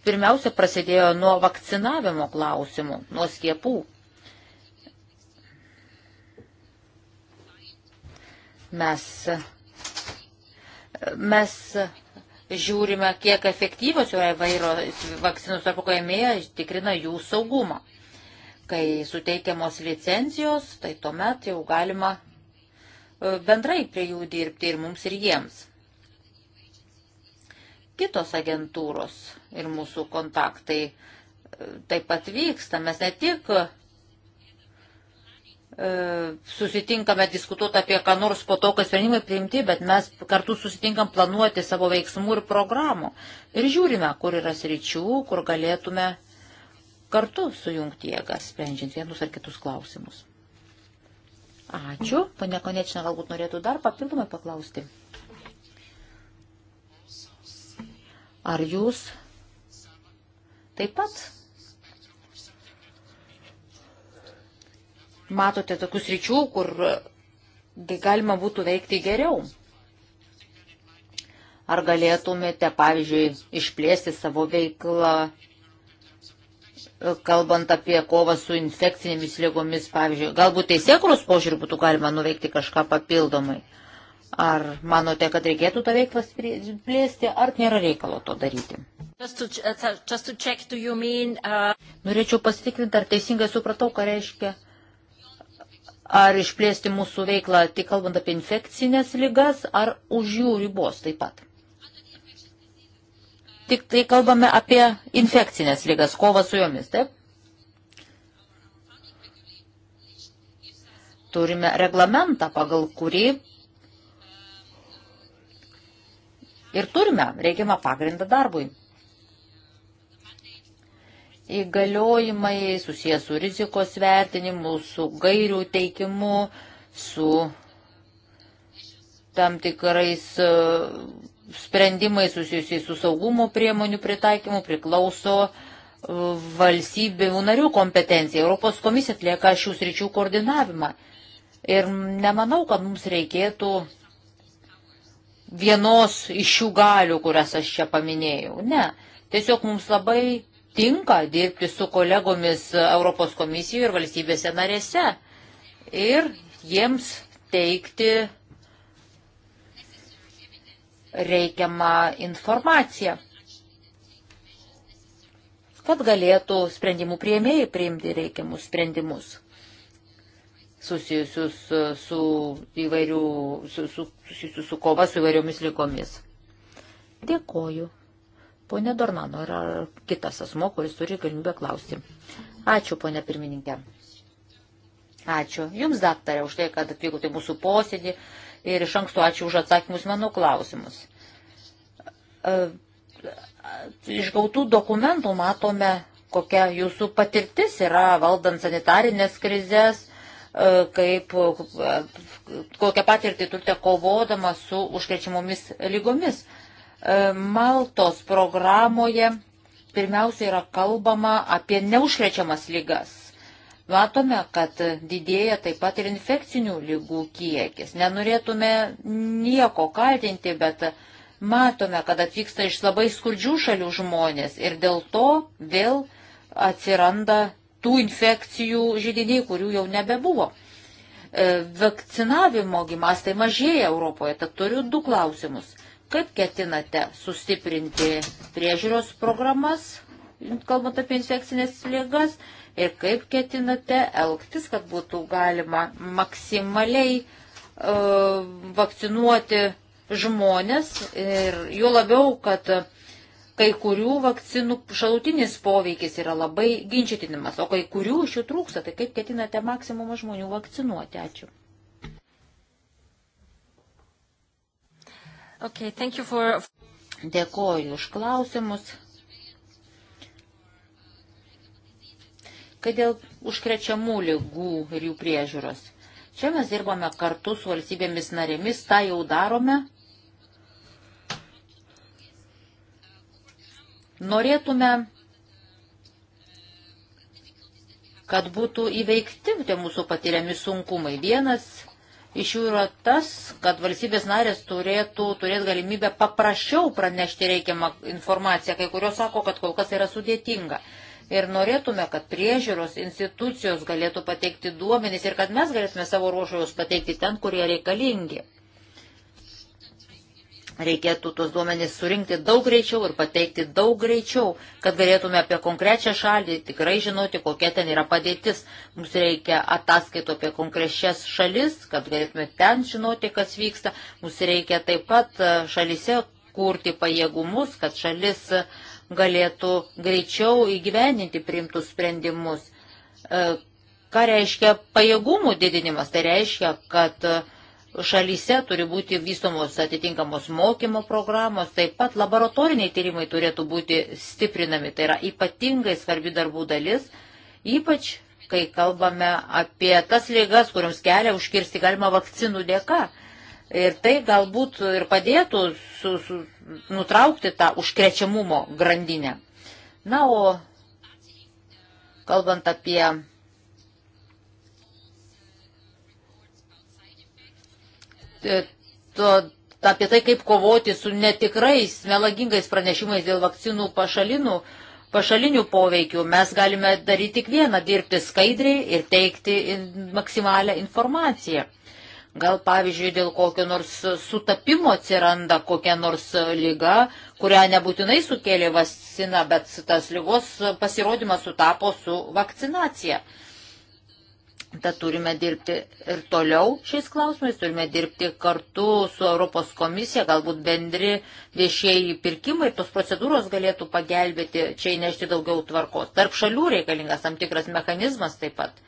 pirmiausia prasidėjo nuo vakcinavimo klausimų, nuo skiepų. Mes, mes žiūrime, kiek efektyvos yra įvairios vakcinų tarpukaimėje, tikrina jų saugumą. Kai suteikiamos licencijos, tai tuomet jau galima e, bendrai prie jų dirbti ir mums ir jiems kitos agentūros ir mūsų kontaktai e, taip pat vyksta. Mes ne tik e, susitinkame diskutuoti apie ką nors po to, kad sprendimai priimti, bet mes kartu susitinkam planuoti savo veiksmų ir programų. Ir žiūrime, kur yra sričių, kur galėtume kartu sujungti jėgas, sprendžiant vienus ar kitus klausimus. Ačiū. Pane Konečina, galbūt norėtų dar papildomai paklausti. Ar jūs taip pat matote tokius ryčių, kur e, galima būtų veikti geriau? Ar galėtumėte, pavyzdžiui, išplėsti savo veiklą, e, kalbant apie kovą su infekcinėmis lygomis, pavyzdžiui, galbūt teisėkros požiūrį būtų galima nuveikti kažką papildomai? Ar manote, kad reikėtų tą veiklą plėsti, ar nėra reikalo to daryti? Just to, uh, just to check, mean, uh... Norėčiau pasitikrinti, ar teisingai supratau, ką reiškia. Ar išplėsti mūsų veiklą tik kalbant apie infekcinės lygas, ar už jų ribos taip pat. Tik tai kalbame apie infekcinės lygas, kovą su jomis, taip? Turime reglamentą, pagal kurį ir turime reikiamą pagrindą darbui. Įgaliojimai susijęs su rizikos vertinimu, su gairių teikimu, su tam tikrais e, sprendimai susijusiai su saugumo priemonių pritaikymu priklauso e, valstybių narių kompetencija. Europos komisija atlieka šių sričių koordinavimą. Ir nemanau, kad mums reikėtų vienos iš šių galių, kurias aš čia paminėjau. Ne, tiesiog mums labai tinka dirbti su kolegomis Europos komisijoje ir valstybėse narėse ir jiems teikti reikiamą informaciją, kad galėtų sprendimų prieimėjai priimti reikiamus sprendimus susijusius e, su įvairių, su, su, susijusius su kova su įvairiomis lygomis. Dėkoju. Pone Dornano yra kitas asmo, kuris turi galimybę klausti. Ačiū, ponė pirmininkė. Ačiū Jums, daktarė, už tai, kad atvykote į mūsų posėdį ir iš anksto ačiū už atsakymus mano klausimus. E, iš gautų dokumentų matome, kokia Jūsų patirtis yra valdant sanitarinės krizės E, kaip, e, kokią patirtį turite kovodama su užkrečiamomis lygomis. E, Maltos programoje pirmiausia yra kalbama apie neužkrečiamas lygas. Matome, kad didėja taip pat ir infekcinių lygų kiekis. Nenorėtume nieko kaltinti, bet matome, kad atvyksta iš labai skurdžių šalių žmonės ir dėl to vėl atsiranda tų infekcijų žydiniai, kurių jau nebebuvo. E, vakcinavimo gimastai mažėja Europoje, tad turiu du klausimus. Kaip ketinate sustiprinti priežiūros programas, kalbant apie infekcinės lygas, ir kaip ketinate elgtis, kad būtų galima maksimaliai uh, vakcinuoti žmonės ir juo labiau, kad uh, Kai kurių vakcinų šalutinis poveikis yra labai ginčytinimas, o kai kurių iš jų trūksta, tai kaip ketinate maksimumą žmonių vakcinuoti? Ačiū. Okay, for... Dėkoju už klausimus. Kai dėl užkrečiamų lygų ir jų priežiūros. Čia mes dirbame kartu su valstybėmis narėmis, tą jau darome Norėtume, kad būtų įveikti tie mūsų patiriami sunkumai. Vienas iš jų yra tas, kad valstybės narės turėtų turėti galimybę paprasčiau pranešti reikiamą informaciją, kai kurios sako, kad kol kas tai yra sudėtinga. Ir norėtume, kad priežiūros institucijos galėtų pateikti duomenys ir kad mes galėtume savo ruošojus pateikti ten, kurie reikalingi reikėtų tos duomenys surinkti daug greičiau ir pateikti daug greičiau, kad galėtume apie konkrečią šalį tikrai žinoti, kokia ten yra padėtis. Mums reikia ataskaitų apie konkrečias šalis, kad galėtume ten žinoti, kas vyksta. Mums reikia taip pat e, šalise kurti pajėgumus, kad šalis e, galėtų greičiau įgyveninti priimtus sprendimus. E, ką reiškia pajėgumų didinimas? Tai reiškia, kad uh, šalyse turi būti vystomos atitinkamos mokymo programos, taip pat laboratoriniai tyrimai turėtų būti stiprinami. Tai yra ypatingai svarbi darbų dalis, ypač kai kalbame apie tas lygas, kuriams kelią užkirsti galima vakcinų dėka. Ir tai galbūt ir padėtų su, su, nutraukti tą užkrečiamumo grandinę. Na, o kalbant apie E, to, apie tai, kaip kovoti su netikrais, melagingais pranešimais dėl vakcinų pašalinų, pašalinių poveikių, mes galime daryti tik vieną - dirbti skaidriai ir teikti maksimalę informaciją. Gal pavyzdžiui, dėl kokio nors sutapimo atsiranda kokia nors lyga, kurią nebūtinai sukėlė vakcina, bet tas lygos pasirodymas sutapo su vakcinacija. Uh, Tad turime dirbti ir toliau šiais klausimais, turime dirbti kartu su Europos komisija, galbūt bendri viešieji pirkimai, tos procedūros galėtų pagelbėti čia įnešti daugiau tvarkos. Tarp šalių reikalingas tam tikras mechanizmas taip pat,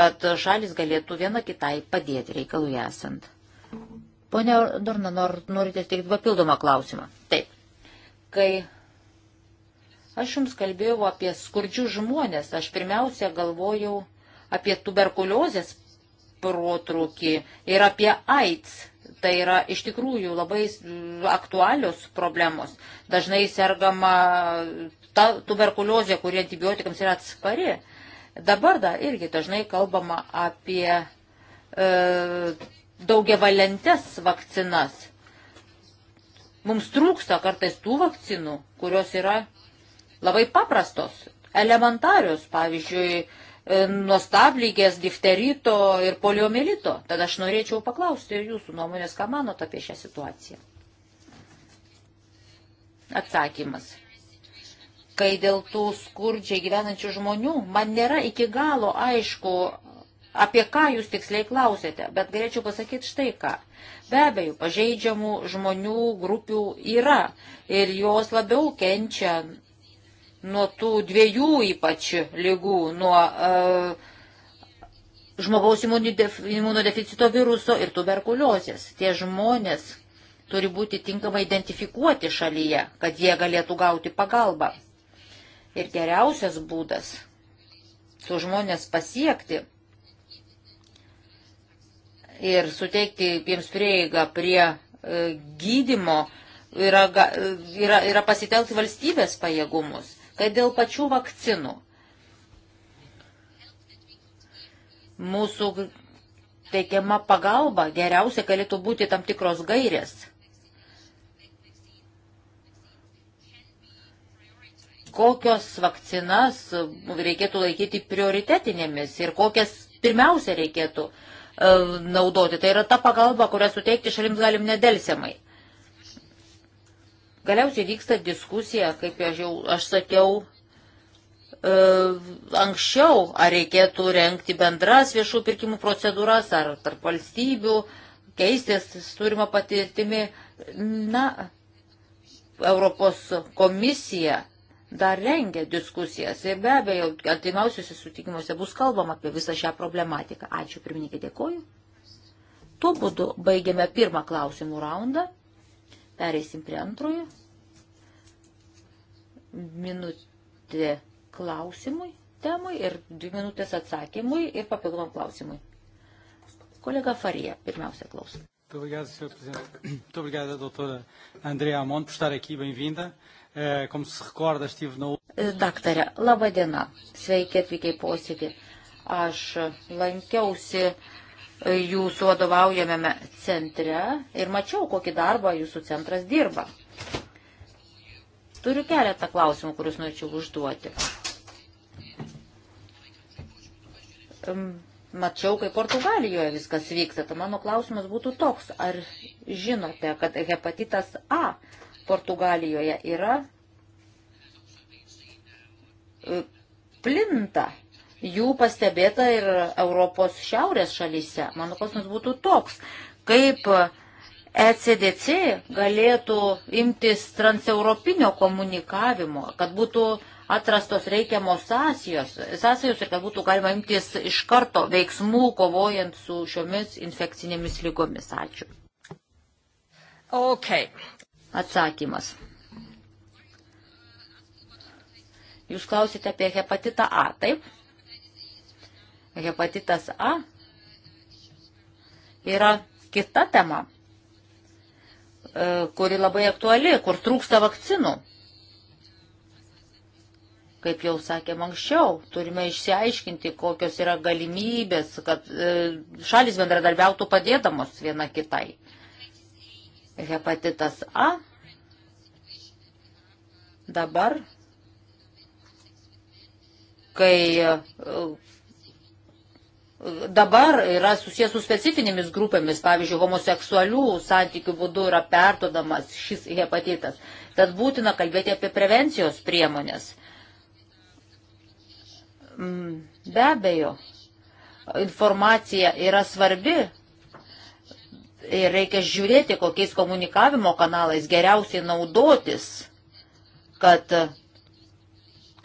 kad šalis galėtų viena kitai padėti reikalų esant. Pone Dorna, nor, norite tik papildomą klausimą? Taip. Kai aš jums kalbėjau apie skurdžių žmonės, aš pirmiausia galvojau apie tuberkuliozės protrūkį ir apie AIDS. Tai yra iš tikrųjų labai aktualios problemos. Dažnai sergama ta tuberkuliozė, kuri antibiotikams yra atspari. Dabar dar irgi dažnai kalbama apie e, daugiavalentes vakcinas. Mums trūksta kartais tų vakcinų, kurios yra labai paprastos, elementarios, pavyzdžiui, E, nuostablygės difterito ir poliomielito. Tad aš norėčiau paklausti jūsų nuomonės, ką manote apie šią situaciją. Atsakymas. Kai dėl tų skurdžiai gyvenančių žmonių, man nėra iki galo aišku, apie ką jūs tiksliai klausėte, bet galėčiau pasakyti štai ką. Be abejo, pažeidžiamų žmonių grupių yra ir jos labiau kenčia nuo tų dviejų ypač lygų, nuo uh, žmogaus imunodeficito viruso ir tuberkuliozės. Tie žmonės turi būti tinkamai identifikuoti šalyje, kad jie galėtų gauti pagalbą. Ir geriausias būdas su žmonės pasiekti ir suteikti jiems prieigą prie e, gydimo yra, e, yra, yra pasitelkti valstybės pajėgumus kad dėl pačių vakcinų mūsų teikiama pagalba geriausia galėtų būti tam tikros gairės. Kokios vakcinas reikėtų laikyti prioritetinėmis ir kokias pirmiausia reikėtų e, naudoti. Tai yra ta pagalba, kurią suteikti šalims galim nedelsiamai. Galiausiai vyksta diskusija, kaip aš jau aš sakiau, e, anksčiau, ar reikėtų renkti bendras viešų pirkimų procedūras, ar tarp valstybių, keistės turima patirtimi. Na, Europos komisija dar rengia diskusijas ir be abejo, artimiausiuose sutikimuose bus kalbama apie visą šią problematiką. Ačiū, pirmininkai, dėkoju. Tuo būdu baigiame pirmą klausimų raundą. Pereisim prie antrojo. Minutė klausimui temui ir dvi minutės atsakymui ir papildomam klausimui. Kolega Farija, pirmiausia klausim. Muito obrigado, Sr. Presidente. Muito obrigado, doutora Andrea Amont, por estar aqui. Bem-vinda. Eh, como se recorda, estive na... Eh, Daktarė, laba diena. Sveiki atvykę į posėdį. Aš lankiausi uh, jūsų vadovaujamėme centre ir mačiau, kokį darbą jūsų centras dirba. Turiu keletą klausimų, kuriuos norėčiau užduoti. Mačiau, kaip Portugalijoje viskas vyksta. Tai mano klausimas būtų toks, ar žinote, kad hepatitas A Portugalijoje yra e, plinta jų pastebėta ir Europos šiaurės šalyse. Mano klausimas būtų toks, kaip ECDC galėtų imtis transeuropinio komunikavimo, kad būtų atrastos reikiamos sąsijos, sąsijos ir kad būtų galima imtis iš karto veiksmų kovojant su šiomis infekcinėmis lygomis. Ačiū. Okay. Atsakymas. Jūs klausite apie hepatitą A, taip? hepatitas A yra kita tema, e, kuri labai aktuali, kur trūksta vakcinų. Kaip jau sakėm anksčiau, turime išsiaiškinti, kokios yra galimybės, kad e, šalis bendradarbiautų padėdamos viena kitai. Hepatitas A dabar, kai e, dabar yra susijęs su specifinėmis grupėmis, pavyzdžiui, homoseksualių santykių būdu yra perdodamas šis hepatitas. Tad būtina kalbėti apie prevencijos priemonės. Mm, be abejo, informacija yra svarbi ir reikia žiūrėti, kokiais komunikavimo kanalais geriausiai naudotis, kad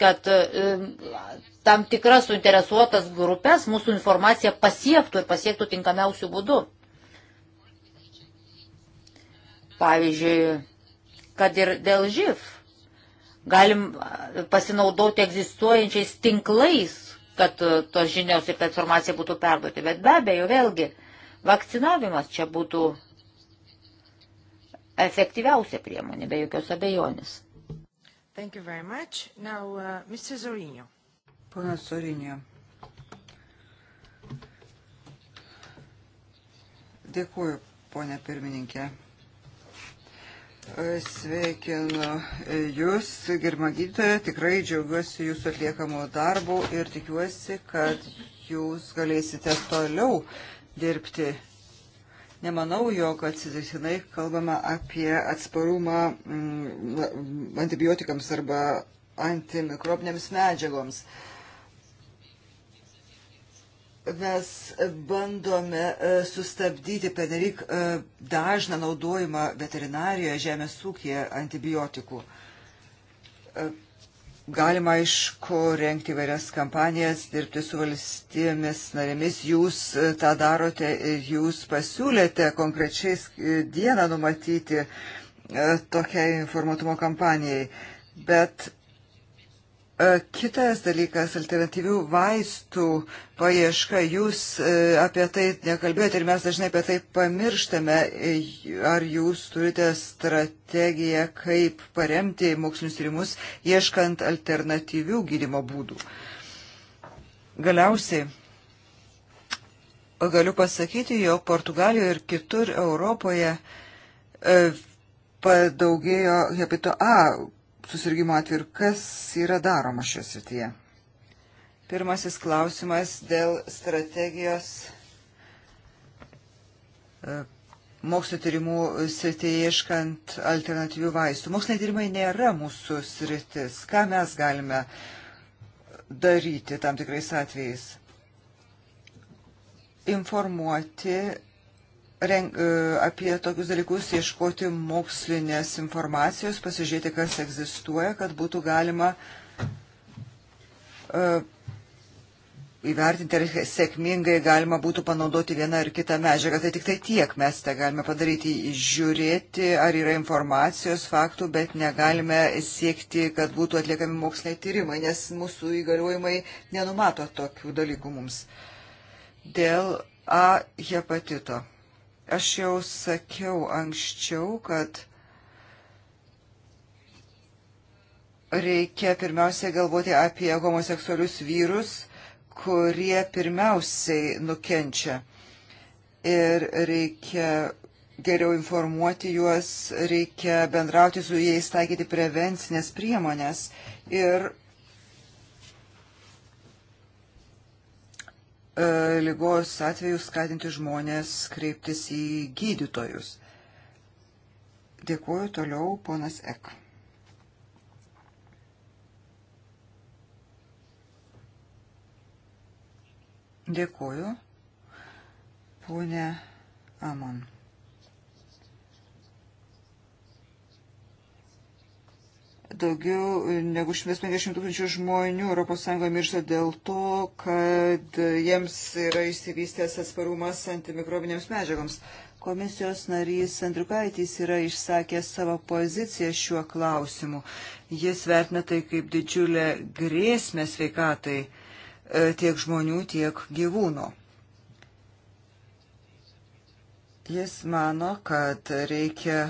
kad e, tam tikras suinteresuotas grupės mūsų informacija pasiektų ir pasiektų tinkamiausių būdų. Pavyzdžiui, kad ir dėl živ galim pasinaudoti egzistuojančiais tinklais, kad tos žinios ir ta informacija būtų perduoti. Bet be abejo, vėlgi, vakcinavimas čia būtų efektyviausia priemonė, be jokios abejonės. Thank you very much. Now, uh, Mr. Zorinio. Pana Sorinė. Dėkuoju, ponė pirmininkė. Sveikinu Jūs, germa gydytoja, tikrai džiaugiuosi Jūsų atliekamo darbu ir tikiuosi, kad Jūs galėsite toliau dirbti. Nemanau, jog atsitiktinai kalbama apie atsparumą mm, antibiotikams arba antimikrobinėms medžiagoms mes bandome e, sustabdyti padaryk e, dažną naudojimą veterinarijoje, žemės ūkėje antibiotikų. E, galima, aišku, renkti vairias kampanijas, dirbti su valstybėmis narėmis. Jūs tą darote ir jūs pasiūlėte konkrečiai dieną numatyti tokiai informatumo kampanijai. Bet Kitas dalykas - alternatyvių vaistų paieška. Jūs e, apie tai nekalbėjote ir mes dažnai apie tai pamirštame. E, ar jūs turite strategiją, kaip paremti mokslinius tyrimus, ieškant alternatyvių gydimo būdų? Galiausiai. Galiu pasakyti, jog Portugalijoje ir kitur Europoje e, padaugėjo hepito A susirgymo atveju ir kas yra daroma šios srityje. Pirmasis klausimas dėl strategijos e, mokslo tyrimų srityje ieškant alternatyvių vaistų. Moksliniai tyrimai nėra mūsų sritis. Ką mes galime daryti tam tikrais atvejais? Informuoti renk, e, apie tokius dalykus ieškoti mokslinės informacijos, pasižiūrėti, kas egzistuoja, kad būtų galima uh, įvertinti, ar sėkmingai galima būtų panaudoti vieną ar kitą medžiagą. Tai tik tai tiek mes tą galime padaryti, žiūrėti, ar yra informacijos faktų, bet negalime siekti, kad būtų atliekami moksliniai tyrimai, nes mūsų įgaliojimai nenumato tokių dalykų mums. Dėl A hepatito. Aš jau sakiau anksčiau, kad reikia pirmiausiai galvoti apie homoseksualius vyrus, kurie pirmiausiai nukenčia. Ir reikia geriau informuoti juos, reikia bendrauti su jais, taikyti prevencinės priemonės. Ir E, lygos atveju skatinti žmonės kreiptis į gydytojus. Dėkuoju toliau, ponas Ek. Dėkuoju, ponė Amon. Daugiau negu 150 tūkstančių žmonių ES miršta dėl to, kad jiems yra išsivystęs atsparumas antimikrobinėms medžiagoms. Komisijos narys Andriukaitis yra išsakęs savo poziciją šiuo klausimu. Jis vertina tai kaip didžiulę grėsmę sveikatai e, tiek žmonių, tiek gyvūno. Jis mano, kad reikia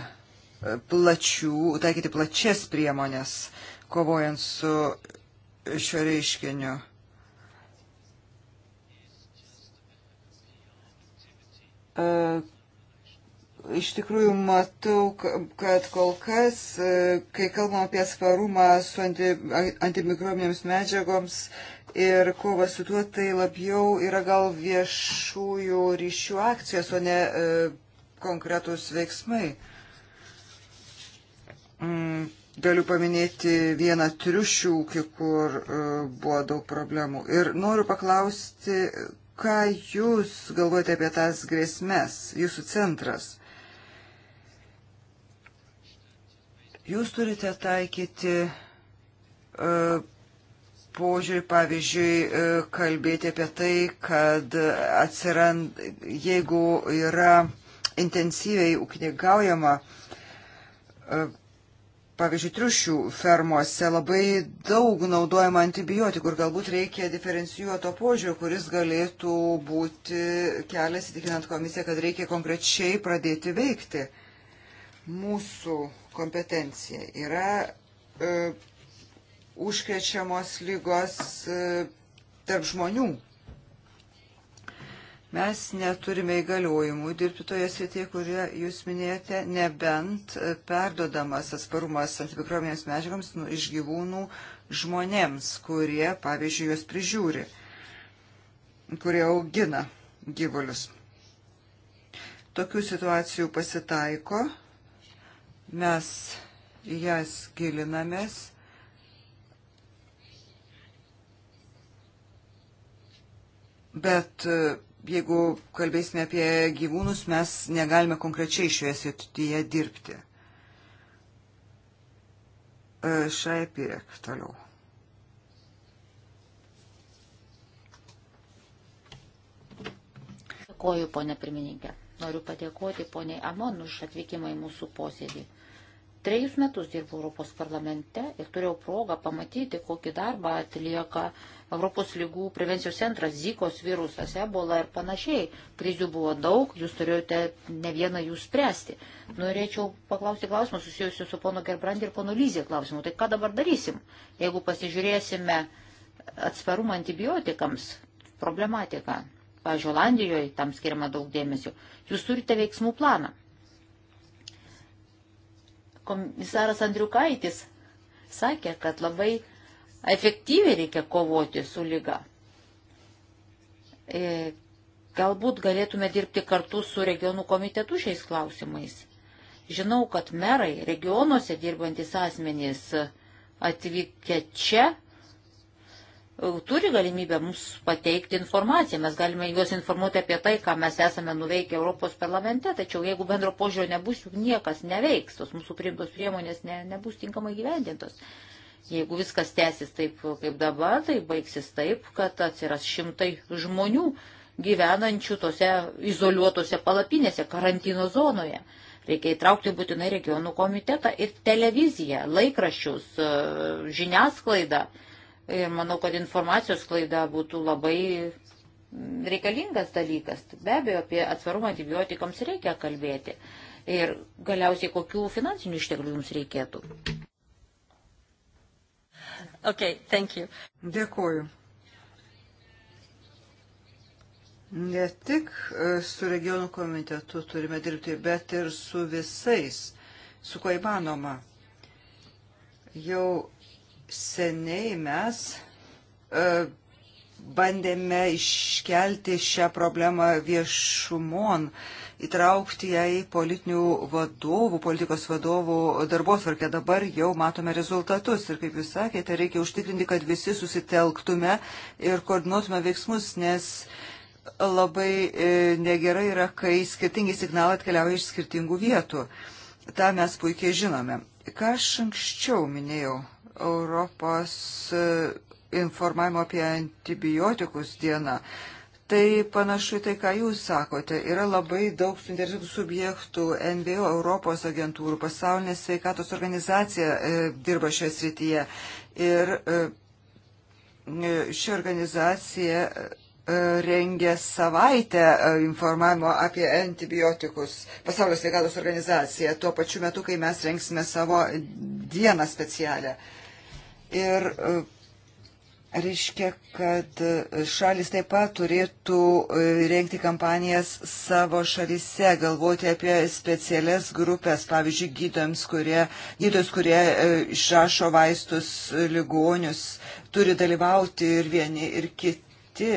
plačių, taikyti plačias priemonės, kovojant su šio reiškiniu. E, iš tikrųjų matau, kad kol kas, e, kai kalbam apie svarumą su anti, antimikrobinėms medžiagoms ir kova su tuo, tai labiau yra gal viešųjų ryšių akcijos, o ne e, konkretus veiksmai. Mm, galiu paminėti vieną triušių ūkį, kur e, buvo daug problemų. Ir noriu paklausti, ką jūs galvojate apie tas grėsmės, jūsų centras? Jūs turite taikyti e, požiūrį, pavyzdžiui, e, kalbėti apie tai, kad atsirand, jeigu yra intensyviai ūkininkaujama, pavyzdžiui, triušių fermuose labai daug naudojama antibiotikų ir galbūt reikia diferencijuoto požiūrio, kuris galėtų būti kelias įtikinant komisiją, kad reikia konkrečiai pradėti veikti. Mūsų kompetencija yra e, užkrečiamos lygos e, tarp žmonių Mes neturime įgaliojimų dirbti toje srityje, kurie jūs minėjote, nebent e, perdodamas atsparumas antimikrobinėms medžiagams nu, iš gyvūnų žmonėms, kurie, pavyzdžiui, juos prižiūri, kurie augina gyvulius. Tokių situacijų pasitaiko, mes jas gilinamės. Bet uh, jeigu kalbėsime apie gyvūnus, mes negalime konkrečiai šioje srityje dirbti. E, Šai pirek toliau. Dėkoju, ponė pirmininkė. Noriu padėkoti poniai Amon už atvykimą į mūsų posėdį. Trejus metus dirbau Europos parlamente ir turėjau progą pamatyti, kokį darbą atlieka uh, Europos lygų prevencijos centras, Zikos virusas, ebola ir panašiai. Krizių buvo daug, jūs turėjote ne vieną jų spręsti. Norėčiau paklausti klausimą susijusiu su pono Gerbrandi ir pono Lyzė klausimu. Tai ką dabar darysim, jeigu pasižiūrėsime atsparumą antibiotikams, problematiką. Pavyzdžiui, Olandijoje tam skiriama daug dėmesio. Jūs turite veiksmų planą. Komisaras Andriukaitis sakė, kad labai efektyviai reikia kovoti su lyga. E, galbūt galėtume dirbti kartu su regionų komitetu šiais klausimais. Žinau, kad merai, regionuose dirbantis asmenys atvykę čia, e, turi galimybę mums pateikti informaciją. Mes galime juos informuoti apie tai, ką mes esame nuveikę Europos parlamente, tačiau jeigu bendro požiūrio nebus, juk niekas neveiks, tos mūsų priimtos priemonės ne, nebus tinkamai gyvendintos. Jeigu viskas tęsis taip, kaip dabar, tai baigsis taip, kad atsiras šimtai žmonių gyvenančių tose izoliuotose palapinėse, karantino zonoje. Reikia įtraukti būtinai regionų komitetą ir televiziją, laikraščius, e, žiniasklaidą. Ir manau, kad informacijos klaida būtų labai reikalingas dalykas. Be abejo, apie atsvarumą antibiotikams reikia kalbėti. Ir galiausiai, kokių finansinių išteklių jums reikėtų. Okay, thank you. Dėkoju. Ne tik e, su regionų komitetu turime dirbti, bet ir su visais, su kuo įmanoma. Jau seniai mes e, bandėme iškelti šią problemą viešumon, įtraukti ją į politinių vadovų, politikos vadovų darbosvarkę. Dabar jau matome rezultatus ir, kaip jūs sakėte, reikia užtikrinti, kad visi susitelktume ir koordinuotume veiksmus, nes labai e, negerai yra, kai skirtingi signalai atkeliauja iš skirtingų vietų. Ta mes puikiai žinome. Ką aš anksčiau minėjau, Europos e, informavimo apie antibiotikus dieną. Tai panašu tai, ką jūs sakote. Yra labai daug suinteresuotų subjektų, NVO, Europos agentūrų, pasaulinė sveikatos organizacija e, dirba šioje srityje. Ir e, e ši organizacija e, rengia savaitę e, informavimo apie antibiotikus Pasaulio sveikatos organizacija, tuo pačiu metu, kai mes rengsime savo dieną specialią. Ir reiškia, kad šalis taip pat turėtų e, rengti kampanijas savo šalise, galvoti apie specialias grupės, pavyzdžiui, gydoms, kurie, gydos, kurie e, išrašo vaistus ligonius, turi dalyvauti ir vieni, ir kiti.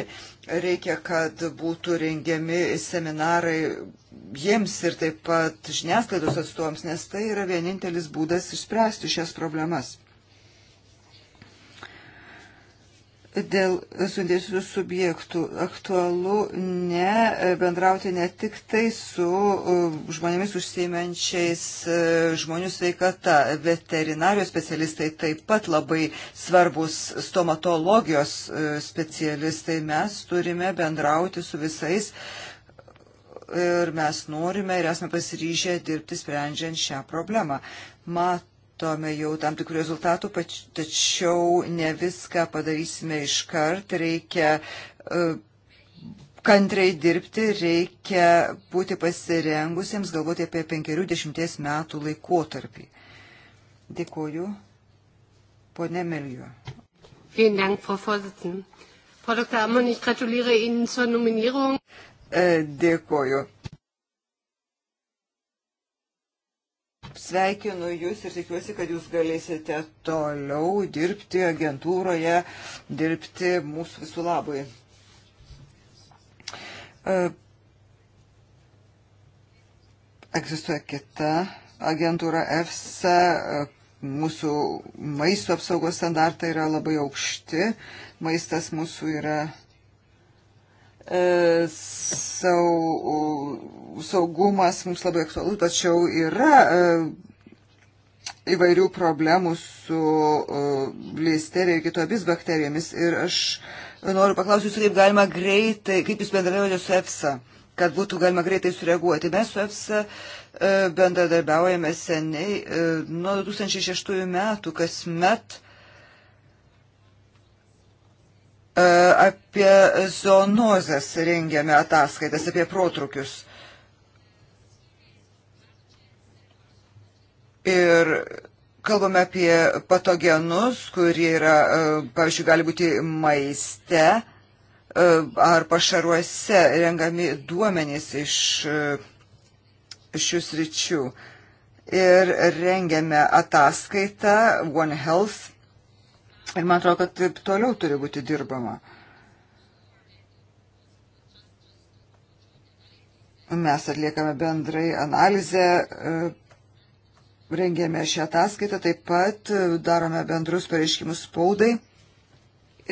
Reikia, kad būtų rengiami seminarai jiems ir taip pat žiniasklaidos atstovams, nes tai yra vienintelis būdas išspręsti šias problemas. dėl suinteresuotų subjektų aktualu ne e, bendrauti ne tik tai su e, žmonėmis užsiimančiais e, žmonių sveikata. Veterinarijos specialistai taip pat labai svarbus stomatologijos specialistai. Mes turime bendrauti su visais ir mes norime ir esame pasiryžę dirbti sprendžiant šią problemą. Mat matome jau tam tikrų rezultatų, tačiau ne viską padarysime iškart, reikia e, kantrai dirbti, reikia būti pasirengusiems galvoti apie penkerių dešimties metų laikotarpį. Dėkuoju, ponė Melio. E, Dėkuoju. Sveikinu Jūs ir tikiuosi, kad Jūs galėsite toliau dirbti agentūroje, dirbti mūsų visų labui. E, egzistuoja kita agentūra EFSA, e, mūsų maisto apsaugos standartai yra labai aukšti, maistas mūsų yra E, saugumas mums labai aktualu, tačiau yra e, įvairių problemų su e, listerija ir kitomis bakterijomis. Ir aš noriu paklausyti jūsų, kaip galima greitai, kaip jūs bendradarbiavote su EFSA, kad būtų galima greitai sureaguoti. Mes su EFSA bendradarbiaujame seniai, nuo 2006 metų kasmet E, apie zoonozes rengiame ataskaitas, apie protrukius. Ir kalbame apie patogenus, kurie yra, e, pavyzdžiui, gali būti maiste e, ar pašaruose rengami duomenys iš šių sričių. Ir rengiame ataskaitą One Health Ir man atrodo, kad taip toliau turi būti dirbama. Mes atliekame bendrai analizę, e, rengėme šią ataskaitą, taip pat e, darome bendrus pareiškimus spaudai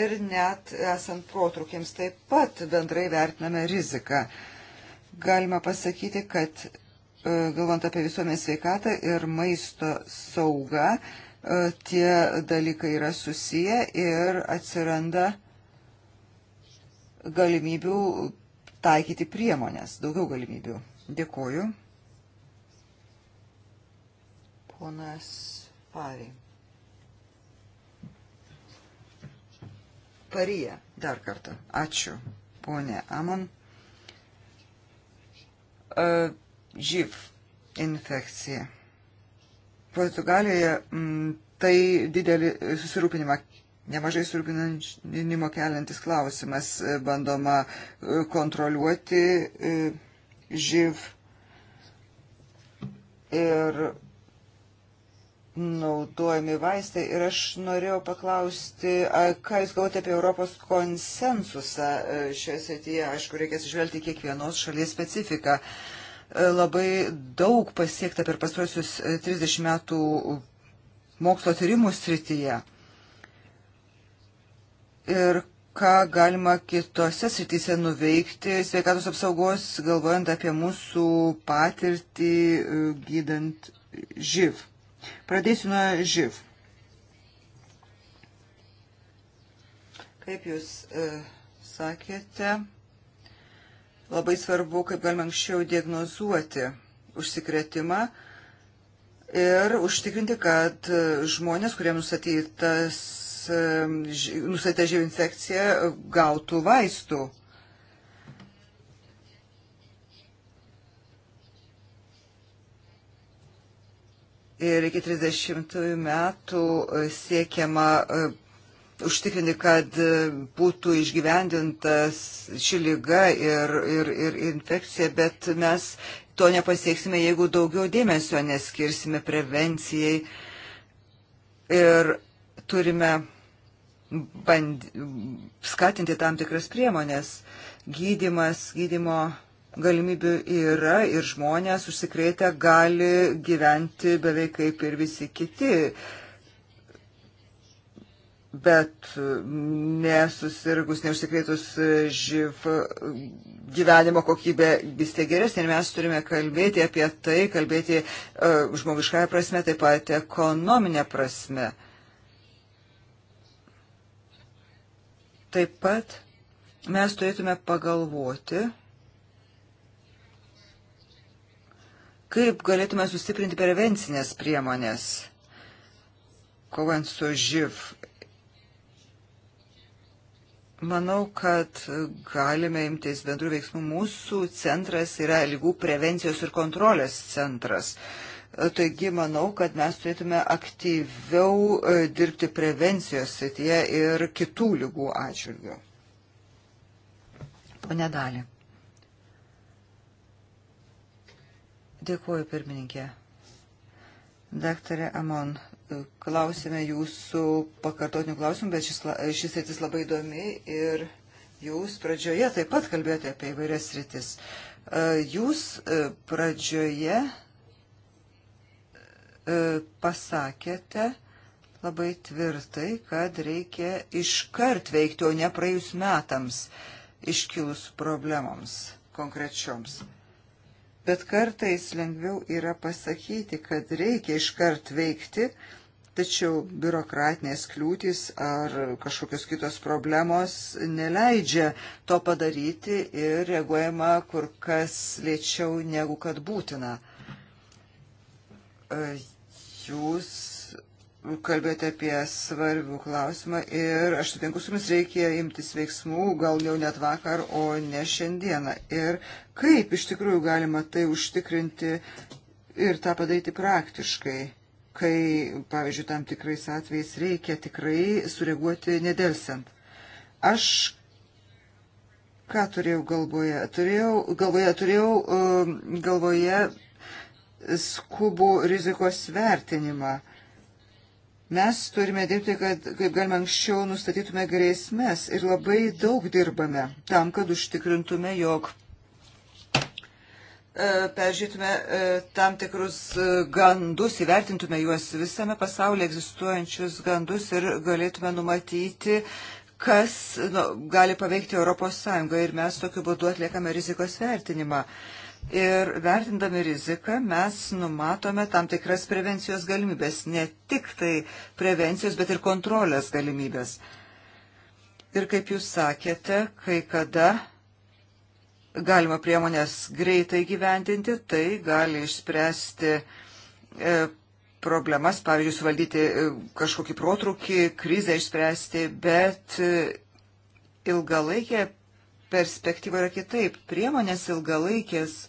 ir net esant protrukiams taip pat bendrai vertiname riziką. Galima pasakyti, kad e, galvant apie visuomenės sveikatą ir maisto saugą, E, tie dalykai yra susiję ir atsiranda galimybių taikyti priemonės, daugiau galimybių. Dėkuoju. Ponas Pari. Parija, dar kartą. Ačiū, ponė Amon. Uh, živ infekcija. Portugalijoje m, mm, tai didelį susirūpinimą, nemažai susirūpinimo keliantis klausimas, e, bandoma e, kontroliuoti e, živ ir naudojami vaistai. Ir aš norėjau paklausti, ką Jūs galvote apie Europos konsensusą šioje srityje. Aišku, reikės žvelgti kiekvienos šalies specifiką. Uh, E, labai daug pasiekta per pastruosius 30 e, metų mokslo tyrimų srityje. Ir ką galima kitose srityse nuveikti sveikatos apsaugos, galvojant apie mūsų patirtį e, gydant živ. Pradėsiu nuo živ. Kaip jūs e, sakėte, Labai svarbu, kaip galima anksčiau diagnozuoti užsikretimą ir užtikrinti, kad žmonės, kurie nustatytas, nustatyta živ infekcija, gautų vaistų. Ir iki 30 metų siekiama užtikrinti, kad e, būtų išgyvendintas ši lyga ir, ir, ir infekcija, bet mes to nepasieksime, jeigu daugiau dėmesio neskirsime prevencijai ir turime band, skatinti tam tikras priemonės. Gydimas, gydimo galimybių yra ir žmonės užsikrėtę gali gyventi beveik kaip ir visi kiti bet nesusirgus, neužsikrėtus živ gyvenimo kokybė vis tiek geresnė ir mes turime kalbėti apie tai, kalbėti uh, žmogiškąją prasme, taip pat ekonominę prasme. Taip pat mes turėtume pagalvoti, kaip galėtume sustiprinti prevencinės priemonės, kovant su živ Manau, kad galime imtis bendrų veiksmų. Mūsų centras yra lygų prevencijos ir kontrolės centras. Taigi manau, kad mes turėtume aktyviau e, dirbti prevencijos srityje ir kitų lygų atžvilgių. Pone Dali. Dėkuoju, pirmininkė. Daktarė Amon, klausime jūsų pakartotinių klausimų, bet šis, šis rytis labai įdomi ir jūs pradžioje taip pat kalbėjote apie įvairias rytis. E, jūs e, pradžioje e, pasakėte labai tvirtai, kad reikia iškart veikti, o ne praėjus metams iškilus problemoms konkrečioms. Bet kartais lengviau yra pasakyti, kad reikia iškart veikti, Tačiau biurokratinės kliūtis ar kažkokios kitos problemos neleidžia to padaryti ir reaguojama kur kas lėčiau negu kad būtina. E, jūs kalbėjote apie svarbių klausimą ir aš sutinku su jumis reikia imtis veiksmų, gal jau net vakar, o ne šiandieną. Ir kaip iš tikrųjų galima tai užtikrinti ir tą padaryti praktiškai? kai, pavyzdžiui, tam tikrais atvejais reikia tikrai sureaguoti nedelsiant. Aš ką turėjau galvoje? Turėjau galvoje, turėjau um, galvoje skubų rizikos vertinimą. Mes turime dirbti, kad kaip galima anksčiau nustatytume grėsmės ir labai daug dirbame tam, kad užtikrintume, jog E, peržiūrėtume e, tam tikrus e, gandus, įvertintume juos visame pasaulyje egzistuojančius gandus ir galėtume numatyti, kas nu, gali paveikti Europos Sąjungą ir mes tokiu būdu atliekame rizikos vertinimą. Ir vertindami riziką mes numatome tam tikras prevencijos galimybės, ne tik tai prevencijos, bet ir kontrolės galimybės. Ir kaip jūs sakėte, kai kada galima priemonės greitai gyventinti, tai gali išspręsti e, problemas, pavyzdžiui, suvaldyti e, kažkokį protrukį, krizę išspręsti, bet e, ilgalaikė perspektyva yra kitaip. Priemonės ilgalaikės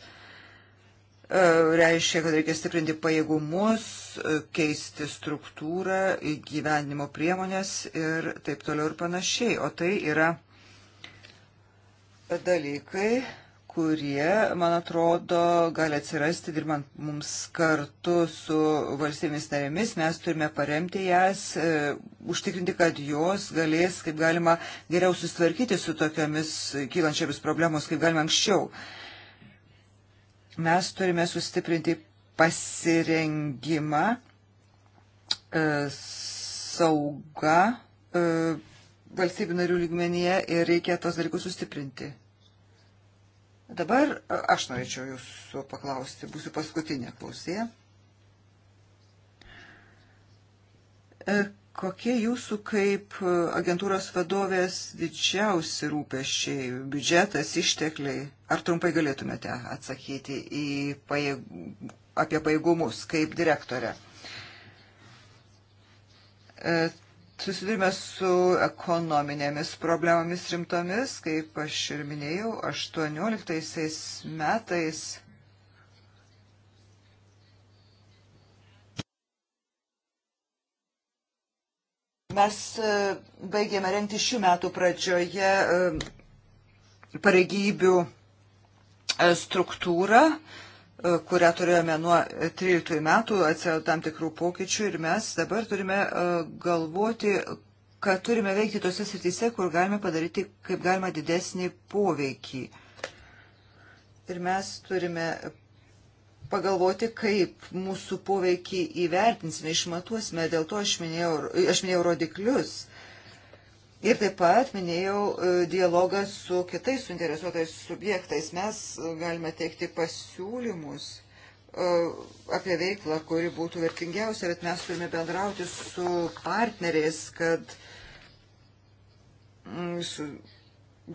reiškia, kad reikia stiprinti pajėgumus, keisti struktūrą, gyvenimo priemonės ir taip toliau ir panašiai. O tai yra dalykai, kurie, man atrodo, gali atsirasti dirbant mums kartu su valstybėmis narėmis. Mes turime paremti jas, e, užtikrinti, kad jos galės kaip galima geriau susitvarkyti su tokiamis kylančiamis problemos, kaip galima anksčiau. Mes turime sustiprinti pasirengimą, e, saugą e, valstybių narių lygmenyje ir reikia tos dalykus sustiprinti. Dabar aš norėčiau jūsų paklausti, būsiu paskutinė klausė. E, kokie jūsų kaip agentūros vadovės didžiausi rūpeščiai, biudžetas, ištekliai? Ar trumpai galėtumėte atsakyti į pajėg... apie pajėgumus kaip direktorė? E, Susidurime su ekonominėmis problemomis rimtomis, kaip aš ir minėjau, 18 metais Mes e, baigėme rengti šių metų pradžioje e, pareigybių e, struktūrą, kurią turėjome nuo 13 metų, atsirado tam tikrų pokyčių ir mes dabar turime e, galvoti, kad turime veikti tose srityse, kur galime padaryti kaip galima didesnį poveikį. Ir mes turime pagalvoti, kaip mūsų poveikį įvertinsime, išmatuosime. Dėl to aš minėjau, aš minėjau rodiklius Ir taip pat minėjau e, dialogą su kitais suinteresuotais subjektais. Mes e, galime teikti pasiūlymus e, apie veiklą, kuri būtų vertingiausia, bet mes turime bendrauti su partneriais, kad mm, su,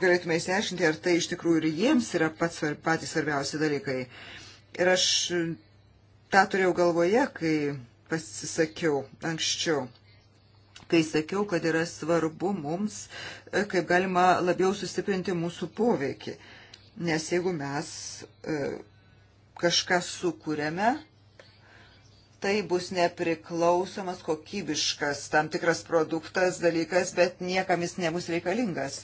galėtume įsiaiškinti, ar tai iš tikrųjų ir jiems yra pats, patys svarbiausi dalykai. Ir aš mm, tą turėjau galvoje, kai pasisakiau anksčiau kai sakiau, kad yra svarbu mums, e, kaip galima labiau sustiprinti mūsų poveikį. Nes jeigu mes e, kažką sukūrėme, tai bus nepriklausomas kokybiškas tam tikras produktas, dalykas, bet niekam jis nebus reikalingas.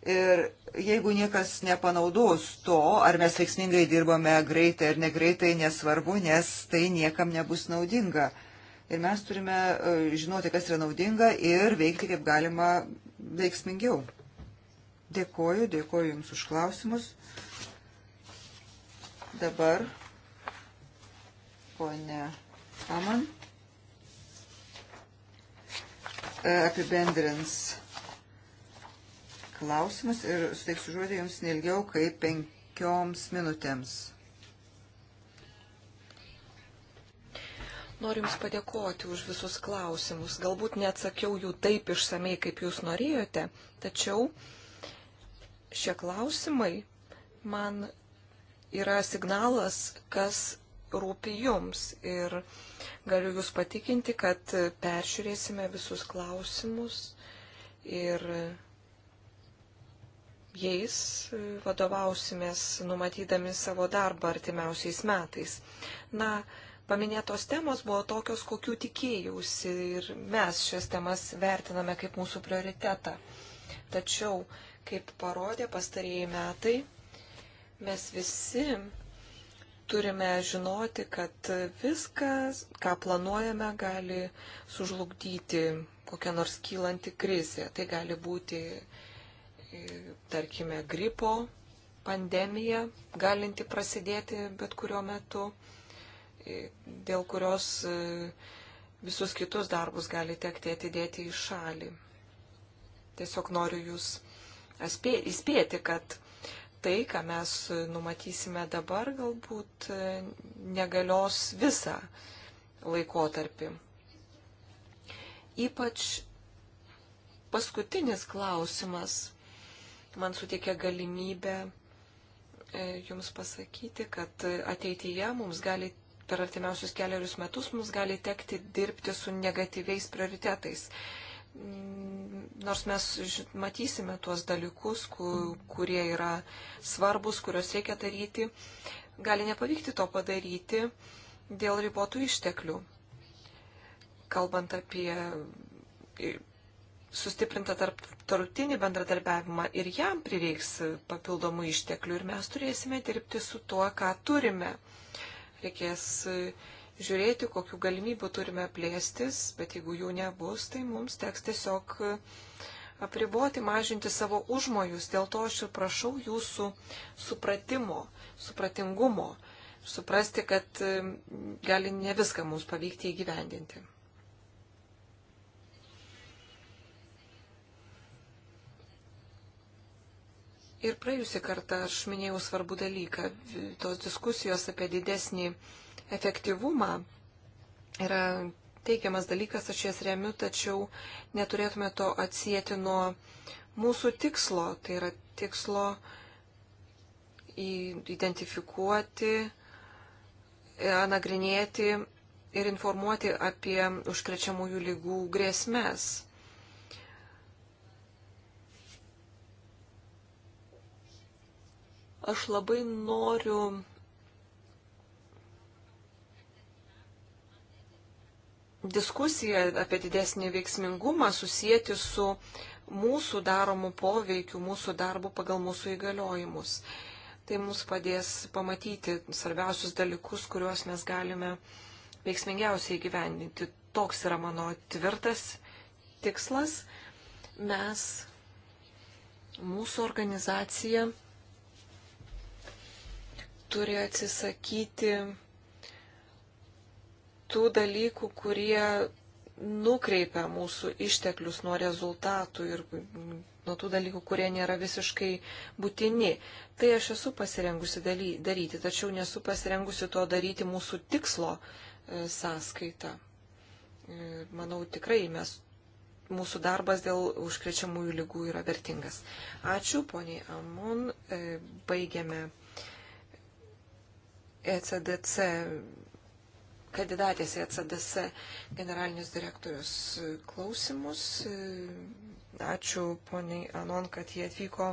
Ir jeigu niekas nepanaudos to, ar mes veiksmingai dirbame greitai ar negreitai, nesvarbu, nes tai niekam nebus naudinga. Ir mes turime e, žinoti, kas yra naudinga ir veikti kaip galima veiksmingiau. Dėkoju, dėkoju Jums už klausimus. Dabar, ponė Aman, e, apibendrins klausimus ir suteiksiu žodį Jums nelgiau kaip penkioms minutėms. Noriu Jums padėkoti už visus klausimus. Galbūt neatsakiau jų taip išsamei, kaip Jūs norėjote, tačiau šie klausimai man yra signalas, kas rūpi Jums. Ir galiu Jūs patikinti, kad peržiūrėsime visus klausimus ir jais vadovausimės, numatydami savo darbą artimiausiais metais. Na, paminėtos temos buvo tokios, kokių tikėjausi ir mes šias temas vertiname kaip mūsų prioritetą. Tačiau, kaip parodė pastarėjai metai, mes visi turime žinoti, kad viskas, ką planuojame, gali sužlugdyti kokią nors kylanti krizę. Tai gali būti, e, tarkime, gripo pandemija, galinti prasidėti bet kuriuo metu dėl kurios e, visus kitus darbus gali tekti atidėti į šalį. Tiesiog noriu jūs aspė, įspėti, kad tai, ką mes numatysime dabar, galbūt e, negalios visą laikotarpį. Ypač paskutinis klausimas man suteikia galimybę e, Jums pasakyti, kad ateityje mums gali per artimiausius keliarius metus mums gali tekti dirbti su negatyviais prioritetais. Mm, nors mes matysime tuos dalykus, kur, kurie yra svarbus, kuriuos reikia daryti, gali nepavykti to padaryti dėl ribotų išteklių. Kalbant apie sustiprintą tarptautinį bendradarbiavimą ir jam prireiks papildomų išteklių ir mes turėsime dirbti su tuo, ką turime. Reikės e, žiūrėti, kokiu galimybu turime plėstis, bet jeigu jų nebus, tai mums teks tiesiog e, apriboti, mažinti savo užmojus. Dėl to aš ir prašau jūsų supratimo, supratingumo, suprasti, kad e, gali ne viską mums pavykti įgyvendinti. Ir praėjusią kartą aš minėjau svarbų dalyką. Tos diskusijos apie didesnį efektyvumą yra teigiamas dalykas, aš jas remiu, tačiau neturėtume to atsijėti nuo mūsų tikslo. Tai yra tikslo identifikuoti, e, nagrinėti ir informuoti apie užkrečiamųjų lygų grėsmės. Aš labai noriu diskusiją apie didesnį veiksmingumą susijęti su mūsų daromų poveikių, mūsų darbų pagal mūsų įgaliojimus. Tai mums padės pamatyti svarbiausius dalykus, kuriuos mes galime veiksmingiausiai gyvendinti. Toks yra mano tvirtas tikslas. Mes, mūsų organizacija, turi atsisakyti tų dalykų, kurie nukreipia mūsų išteklius nuo rezultatų ir nuo tų dalykų, kurie nėra visiškai būtini. Tai aš esu pasirengusi daryti, tačiau nesu pasirengusi to daryti mūsų tikslo e, sąskaita. E, manau, tikrai mes, mūsų darbas dėl užkrečiamųjų lygų yra vertingas. Ačiū, poniai Amon, e, baigiame ECDC, kandidatės į ECDC generalinius direktorius klausimus. Ačiū poniai Anon, kad jie atvyko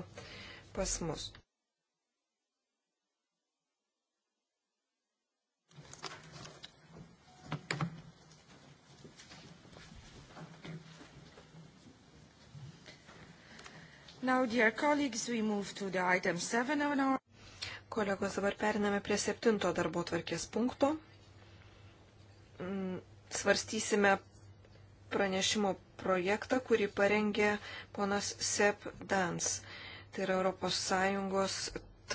pas mus. Now, dear colleagues, we move to the item 7 on our... Kolegos, dabar periname prie septinto darbo tvarkės punkto. Mm, svarstysime pranešimo projektą, kurį parengė ponas Sep Dans. Tai yra ES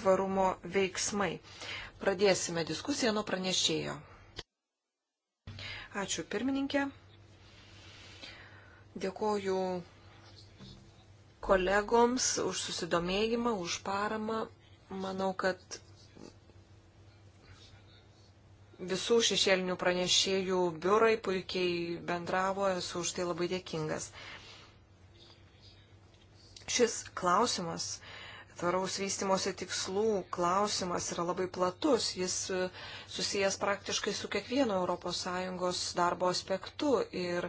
tvarumo veiksmai. Pradėsime diskusiją nuo pranešėjo. Ačiū pirmininkė. Dėkoju kolegoms už susidomėjimą, už paramą Manau, kad visų šešėlinių pranešėjų biurai puikiai bendravo, esu už tai labai dėkingas. Šis klausimas tvaraus vystimosi tikslų klausimas yra labai platus, jis e, susijęs praktiškai su kiekvienu ES darbo aspektu ir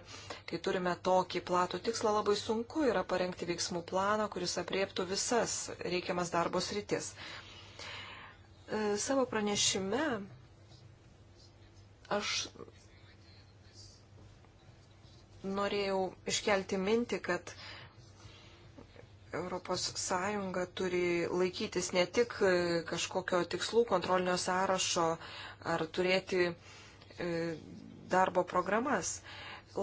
kai turime tokį platų tikslą, labai sunku yra parengti veiksmų planą, kuris apriektų visas reikiamas darbo sritis. E, savo pranešime aš norėjau iškelti mintį, kad ES turi laikytis ne tik e, kažkokio tikslų kontrolinio sąrašo ar turėti e, darbo programas.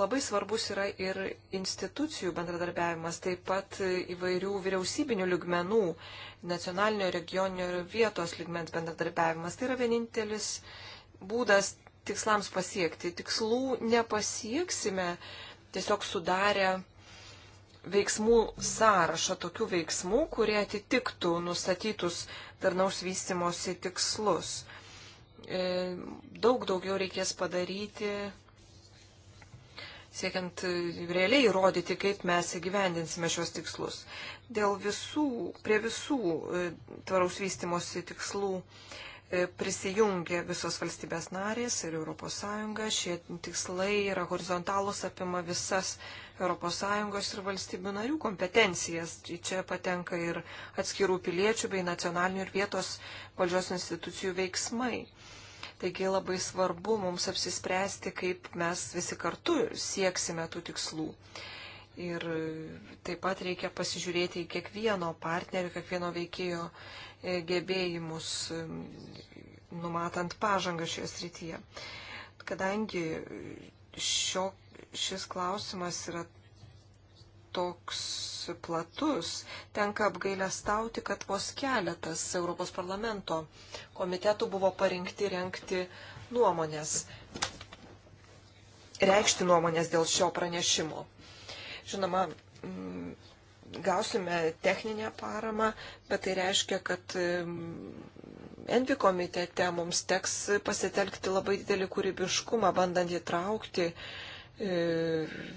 Labai svarbus yra ir institucijų bendradarbiavimas, taip pat e, įvairių vyriausybinių ligmenų, nacionalinio, regioninio ir vietos ligmens bendradarbiavimas. Tai yra vienintelis būdas tikslams pasiekti. Tikslų nepasieksime tiesiog sudarę veiksmų sąrašą, tokių veiksmų, kurie atitiktų nustatytus darnaus vystimosi tikslus. E, daug daugiau reikės padaryti, siekiant realiai įrodyti, kaip mes įgyvendinsime šios tikslus. Dėl visų, prie visų e, tvaraus vystimosi tikslų prisijungė visos valstybės narės ir ES. Šie tikslai yra horizontalūs, apima visas ES ir valstybių narių kompetencijas. Čia patenka ir atskirų piliečių bei nacionalinių ir vietos valdžios institucijų veiksmai. Taigi labai svarbu mums apsispręsti, kaip mes visi kartu sieksime tų tikslų. Ir taip pat reikia pasižiūrėti į kiekvieno partnerio, kiekvieno veikėjo E, gebėjimus, e, numatant pažangą šioje srityje. Kadangi šio, šis klausimas yra toks platus, tenka apgailę stauti, kad vos keletas Europos parlamento komitetų buvo parinkti renkti nuomonės, reikšti nuomonės dėl šio pranešimo. Žinoma, gausime techninę paramą, bet tai reiškia, kad Envi komitete mums teks pasitelkti labai didelį kūrybiškumą, bandant įtraukti e,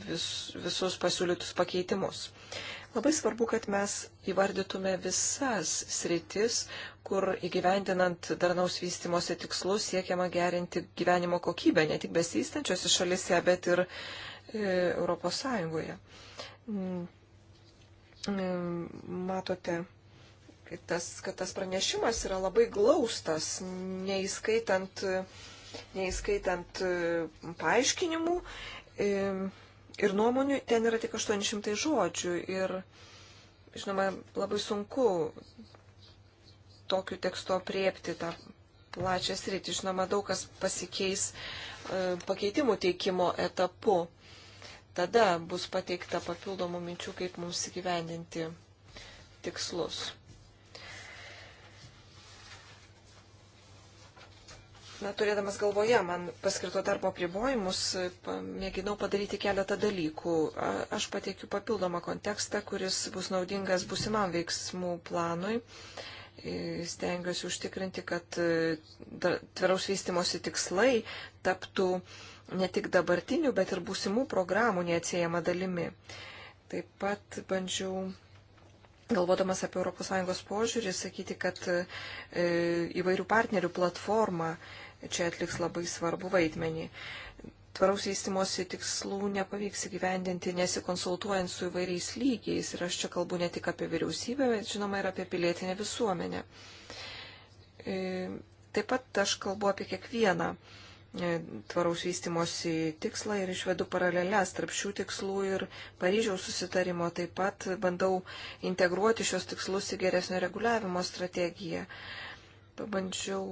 vis, visus pasiūlytus pakeitimus. Labai svarbu, kad mes įvardytume visas sritis, kur įgyvendinant darnaus vystimosi tikslus siekiama gerinti gyvenimo kokybę ne tik besivystančiose šalise, bet ir e, Europos Sąjungoje Mm, matote, kad tas, kad tas pranešimas yra labai glaustas, neįskaitant, neįskaitant mm, paaiškinimų ir nuomonių, ten yra tik 800 žodžių. Ir, žinoma, labai sunku tokiu tekstu apriepti tą plačią sritį. Žinoma, daug kas pasikeis e, pakeitimų teikimo etapu. Tada bus pateikta papildomų minčių, kaip mums įgyvendinti tikslus. Na, turėdamas galvoje man paskirto darbo pribojimus, mėginau padaryti keletą dalykų. Aš pateikiu papildomą kontekstą, kuris bus naudingas busimam veiksmų planui. Stengiuosi užtikrinti, kad e, tvaraus vystimosi tikslai taptų uh, ne tik dabartinių, bet ir būsimų programų neatsiejama dalimi. Taip pat bandžiau, galvodamas apie ES požiūrį, sakyti, kad e, įvairių partnerių platforma čia atliks labai svarbu vaidmenį. Tvaraus įstymosi tikslų nepavyks įgyvendinti nesikonsultuojant su įvairiais lygiais. Ir aš čia kalbu ne tik apie vyriausybę, bet žinoma ir apie pilietinę visuomenę. E, taip pat aš kalbu apie kiekvieną E, tvaraus vystimosi tikslą ir išvedu paralelės tarp šių tikslų ir Paryžiaus susitarimo. Taip pat bandau integruoti šios tikslus į geresnio reguliavimo strategiją. Pabandžiau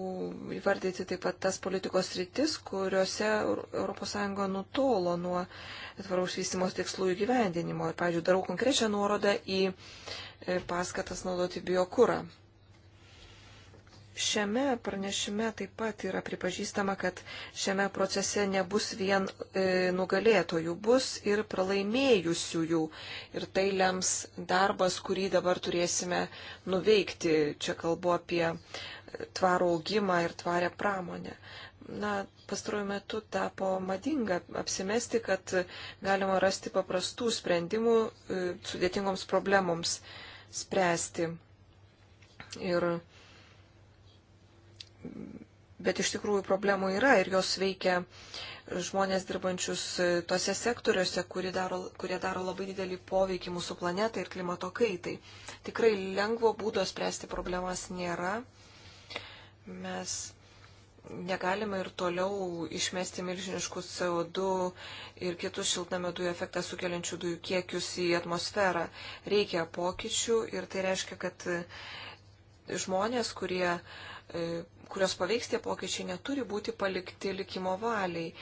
įvardyti taip pat tas politikos rytis, kuriuose ES nutolo nuo tvaraus vystimos tikslų įgyvendinimo. Ir, pavyzdžiui, darau konkrečią nuorodą į e, paskatas naudoti biokūrą. Šiame pranešime taip pat yra pripažįstama, kad šiame procese nebus vien e, nugalėtojų, bus ir pralaimėjusiųjų. Ir tai lems darbas, kurį dabar turėsime nuveikti. Čia kalbu apie e, tvarų augimą ir tvarę pramonę. Na, pastaruoju metu tapo madinga apsimesti, kad galima rasti paprastų sprendimų e, sudėtingoms problemoms spręsti. Ir Bet iš tikrųjų problemų yra ir jos veikia žmonės dirbančius e, tose sektoriuose, kurie daro, kurie daro labai didelį poveikį mūsų planetai ir klimato kaitai. Tikrai lengvo būdo spręsti problemas nėra. Mes negalime ir toliau išmesti milžiniškus CO2 ir kitus šiltnamio dujų efektą sukeliančių dujų kiekius į atmosferą. Reikia pokyčių ir tai reiškia, kad žmonės, kurie e, kurios paveiks tie pokyčiai, neturi būti palikti likimo valiai.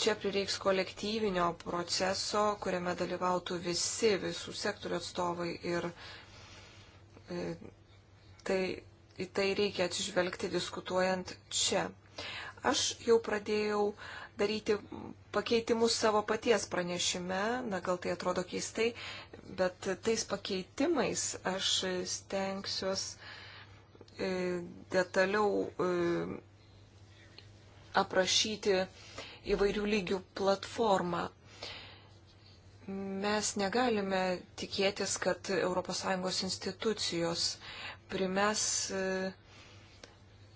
Čia prireiks kolektyvinio proceso, kuriame dalyvautų visi, visų sektorių atstovai ir e, tai, į tai reikia atsižvelgti diskutuojant čia. Aš jau pradėjau daryti pakeitimus savo paties pranešime, na gal tai atrodo keistai, bet tais pakeitimais aš stengsiuos E, detaliau e, aprašyti įvairių lygių platformą. Mes negalime tikėtis, kad ES institucijos primes e,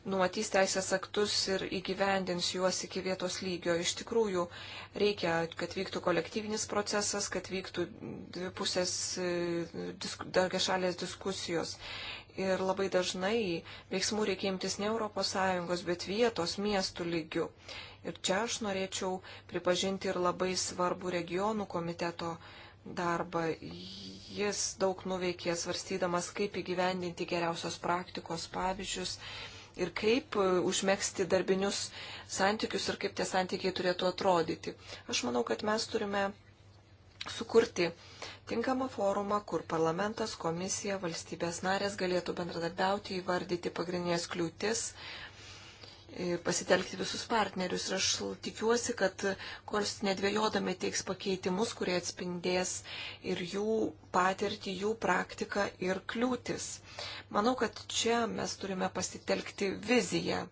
numatys teisės aktus ir įgyvendins juos iki vietos lygio. Iš tikrųjų, reikia, kad vyktų kolektyvinis procesas, kad vyktų dvipusės dargašalės diskusijos ir labai dažnai veiksmų reikia imtis ne ES, bet vietos miestų lygių. Ir čia aš norėčiau pripažinti ir labai svarbų regionų komiteto darbą. Jis daug nuveikė svarstydamas, kaip įgyvendinti geriausios praktikos pavyzdžius ir kaip e, užmėgsti darbinius santykius ir kaip tie santykiai turėtų atrodyti. Aš manau, kad mes turime sukurti tinkamą forumą, kur parlamentas, komisija, valstybės narės galėtų bendradarbiauti, įvardyti pagrindinės kliūtis ir pasitelkti visus partnerius. Ir aš tikiuosi, kad kors nedvėjodami teiks pakeitimus, kurie atspindės ir jų patirtį, jų praktiką ir kliūtis. Manau, kad čia mes turime pasitelkti viziją.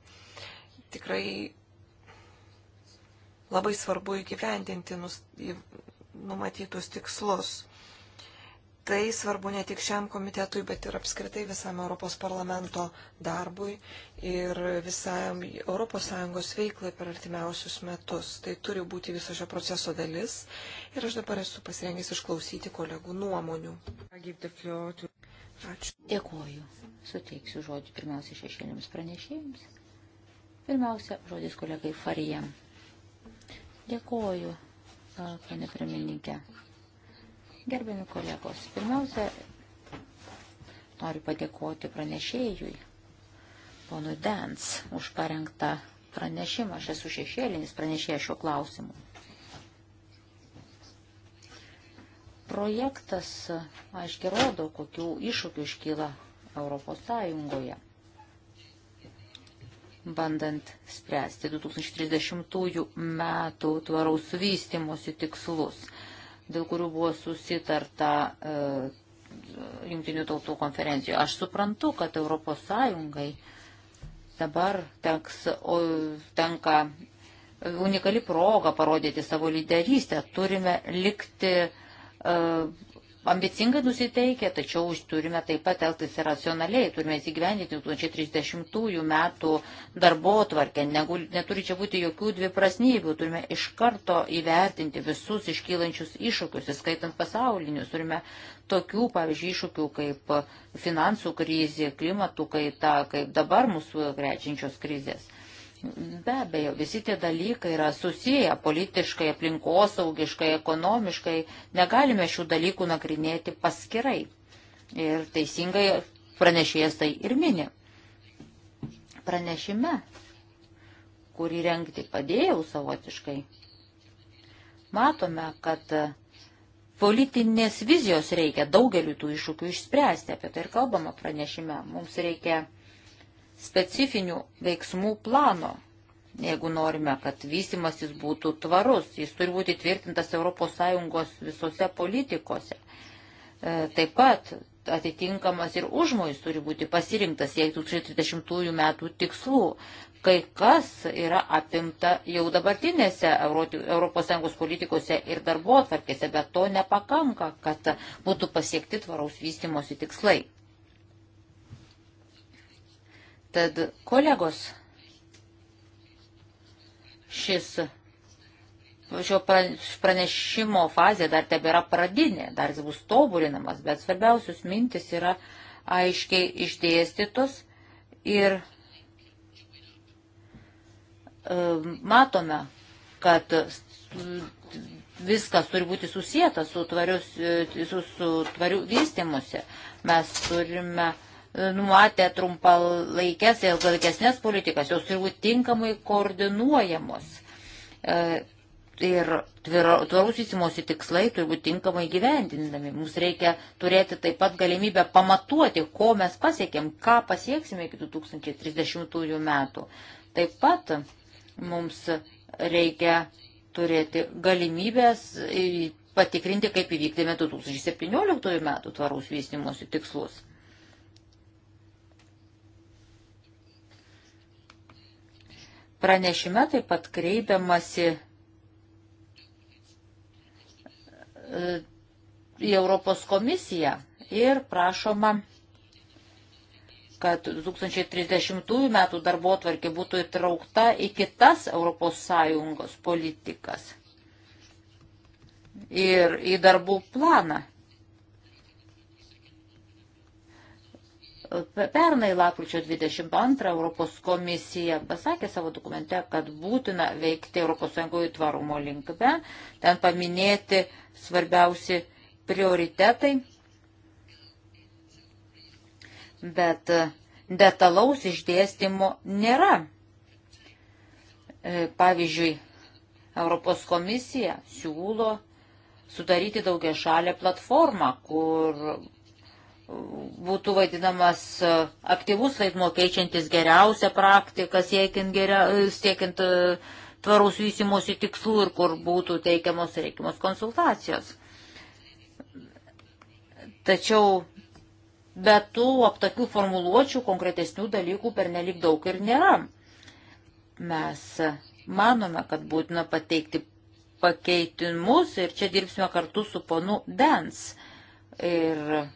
Tikrai labai svarbu įgyvendinti numatytus tikslus tai svarbu ne tik šiam komitetui, bet ir apskritai visam Europos parlamento darbui ir visam ES veiklai per artimiausius metus. Tai turi būti viso šio proceso dalis ir aš dabar esu pasirengęs išklausyti kolegų nuomonių. Ačiū. Dėkuoju. Suteiksiu žodį pirmiausia šešėliams pranešėjams. Pirmiausia, žodis kolegai Farijam. Dėkuoju, ponė pirmininkė. Gerbiami kolegos, pirmiausia, noriu padėkoti pranešėjui, ponui Dens, už parengtą pranešimą. Aš esu šešėlinis pranešėjas šiuo klausimu. Projektas, aiškiai, rodo, kokių iššūkių iškyla Europos Sąjungoje, bandant spręsti 2030 metų tvaraus vystimosi tikslus dėl kurių buvo susitarta e, Junktinių tautų konferencijoje. Aš suprantu, kad Europos Sąjungai dabar teks, o, tenka unikali proga parodyti savo lyderystę. Turime likti e, ambicingai nusiteikę, tačiau turime taip pat elgtis racionaliai, turime įsigyvendinti 2030 metų darbo tvarkę, neturi čia būti jokių dviprasnybių, turime iš karto įvertinti visus iškylančius iššūkius, įskaitant pasaulinius, turime tokių, pavyzdžiui, iššūkių kaip finansų krizė, klimatų kaita, kaip dabar mūsų grečiančios krizės. Be abejo, visi tie dalykai yra susiję politiškai, aplinkosaugiškai, ekonomiškai. Negalime šių dalykų nagrinėti paskirai. Ir teisingai pranešėjas tai ir mini. Pranešime, kurį rengti padėjau savotiškai, matome, kad politinės vizijos reikia daugeliu tų iššūkių išspręsti. Apie tai ir kalbama pranešime. Mums reikia specifinių veiksmų plano, jeigu norime, kad vystimasis būtų tvarus. Jis turi būti tvirtintas ES visose politikose. E, taip pat atitinkamas ir užmojus turi būti pasirinktas siekti 2030 metų tikslų. Kai kas yra apimta jau dabartinėse ES politikose ir darbo atvarkėse, bet to nepakanka, kad būtų pasiekti tvaraus vystimosi tikslai. Tad, kolegos, šis šio pranešimo fazė dar tebėra pradinė, dar jis bus tobulinamas, bet svarbiausius mintis yra aiškiai išdėstytos ir e, matome, kad viskas turi būti susijęta su, tvarius, e, su, su tvariu vystimuose. Mes turime uh, numatę trumpalaikės ir ilgalaikesnės politikas, jos turi būti tinkamai koordinuojamos. E, ir tvarus įsimosi tikslai turi būti tinkamai gyvendinami. Mums reikia turėti taip pat galimybę pamatuoti, ko mes pasiekėm, ką pasieksime iki 2030 metų. Taip pat mums reikia turėti galimybės patikrinti, kaip įvykdėme 2017 metų tvarus vystimosi tikslus. Pranešime taip pat kreipiamasi e, į Europos komisiją ir prašoma, kad 2030 metų darbo tvarkė būtų įtraukta į kitas ES politikas ir į darbų planą. Pernai lapkričio 22 Europos komisija pasakė savo dokumente, kad būtina veikti ES tvarumo linkme, ten paminėti svarbiausi prioritetai, bet e, detalaus išdėstymo nėra. E, pavyzdžiui, Europos komisija siūlo sudaryti daugia šalę platformą, kur būtų vaidinamas e, aktyvus vaidmo keičiantis geriausią praktiką, siekiant, geria, e, siekiant e, tvarus vystimosi tikslų ir kur būtų teikiamos reikimos konsultacijos. Tačiau be tų aptakių formuluočių konkretesnių dalykų pernelik daug ir nėra. Mes manome, kad būtina pateikti pakeitimus ir čia dirbsime kartu su ponu Dens. Ir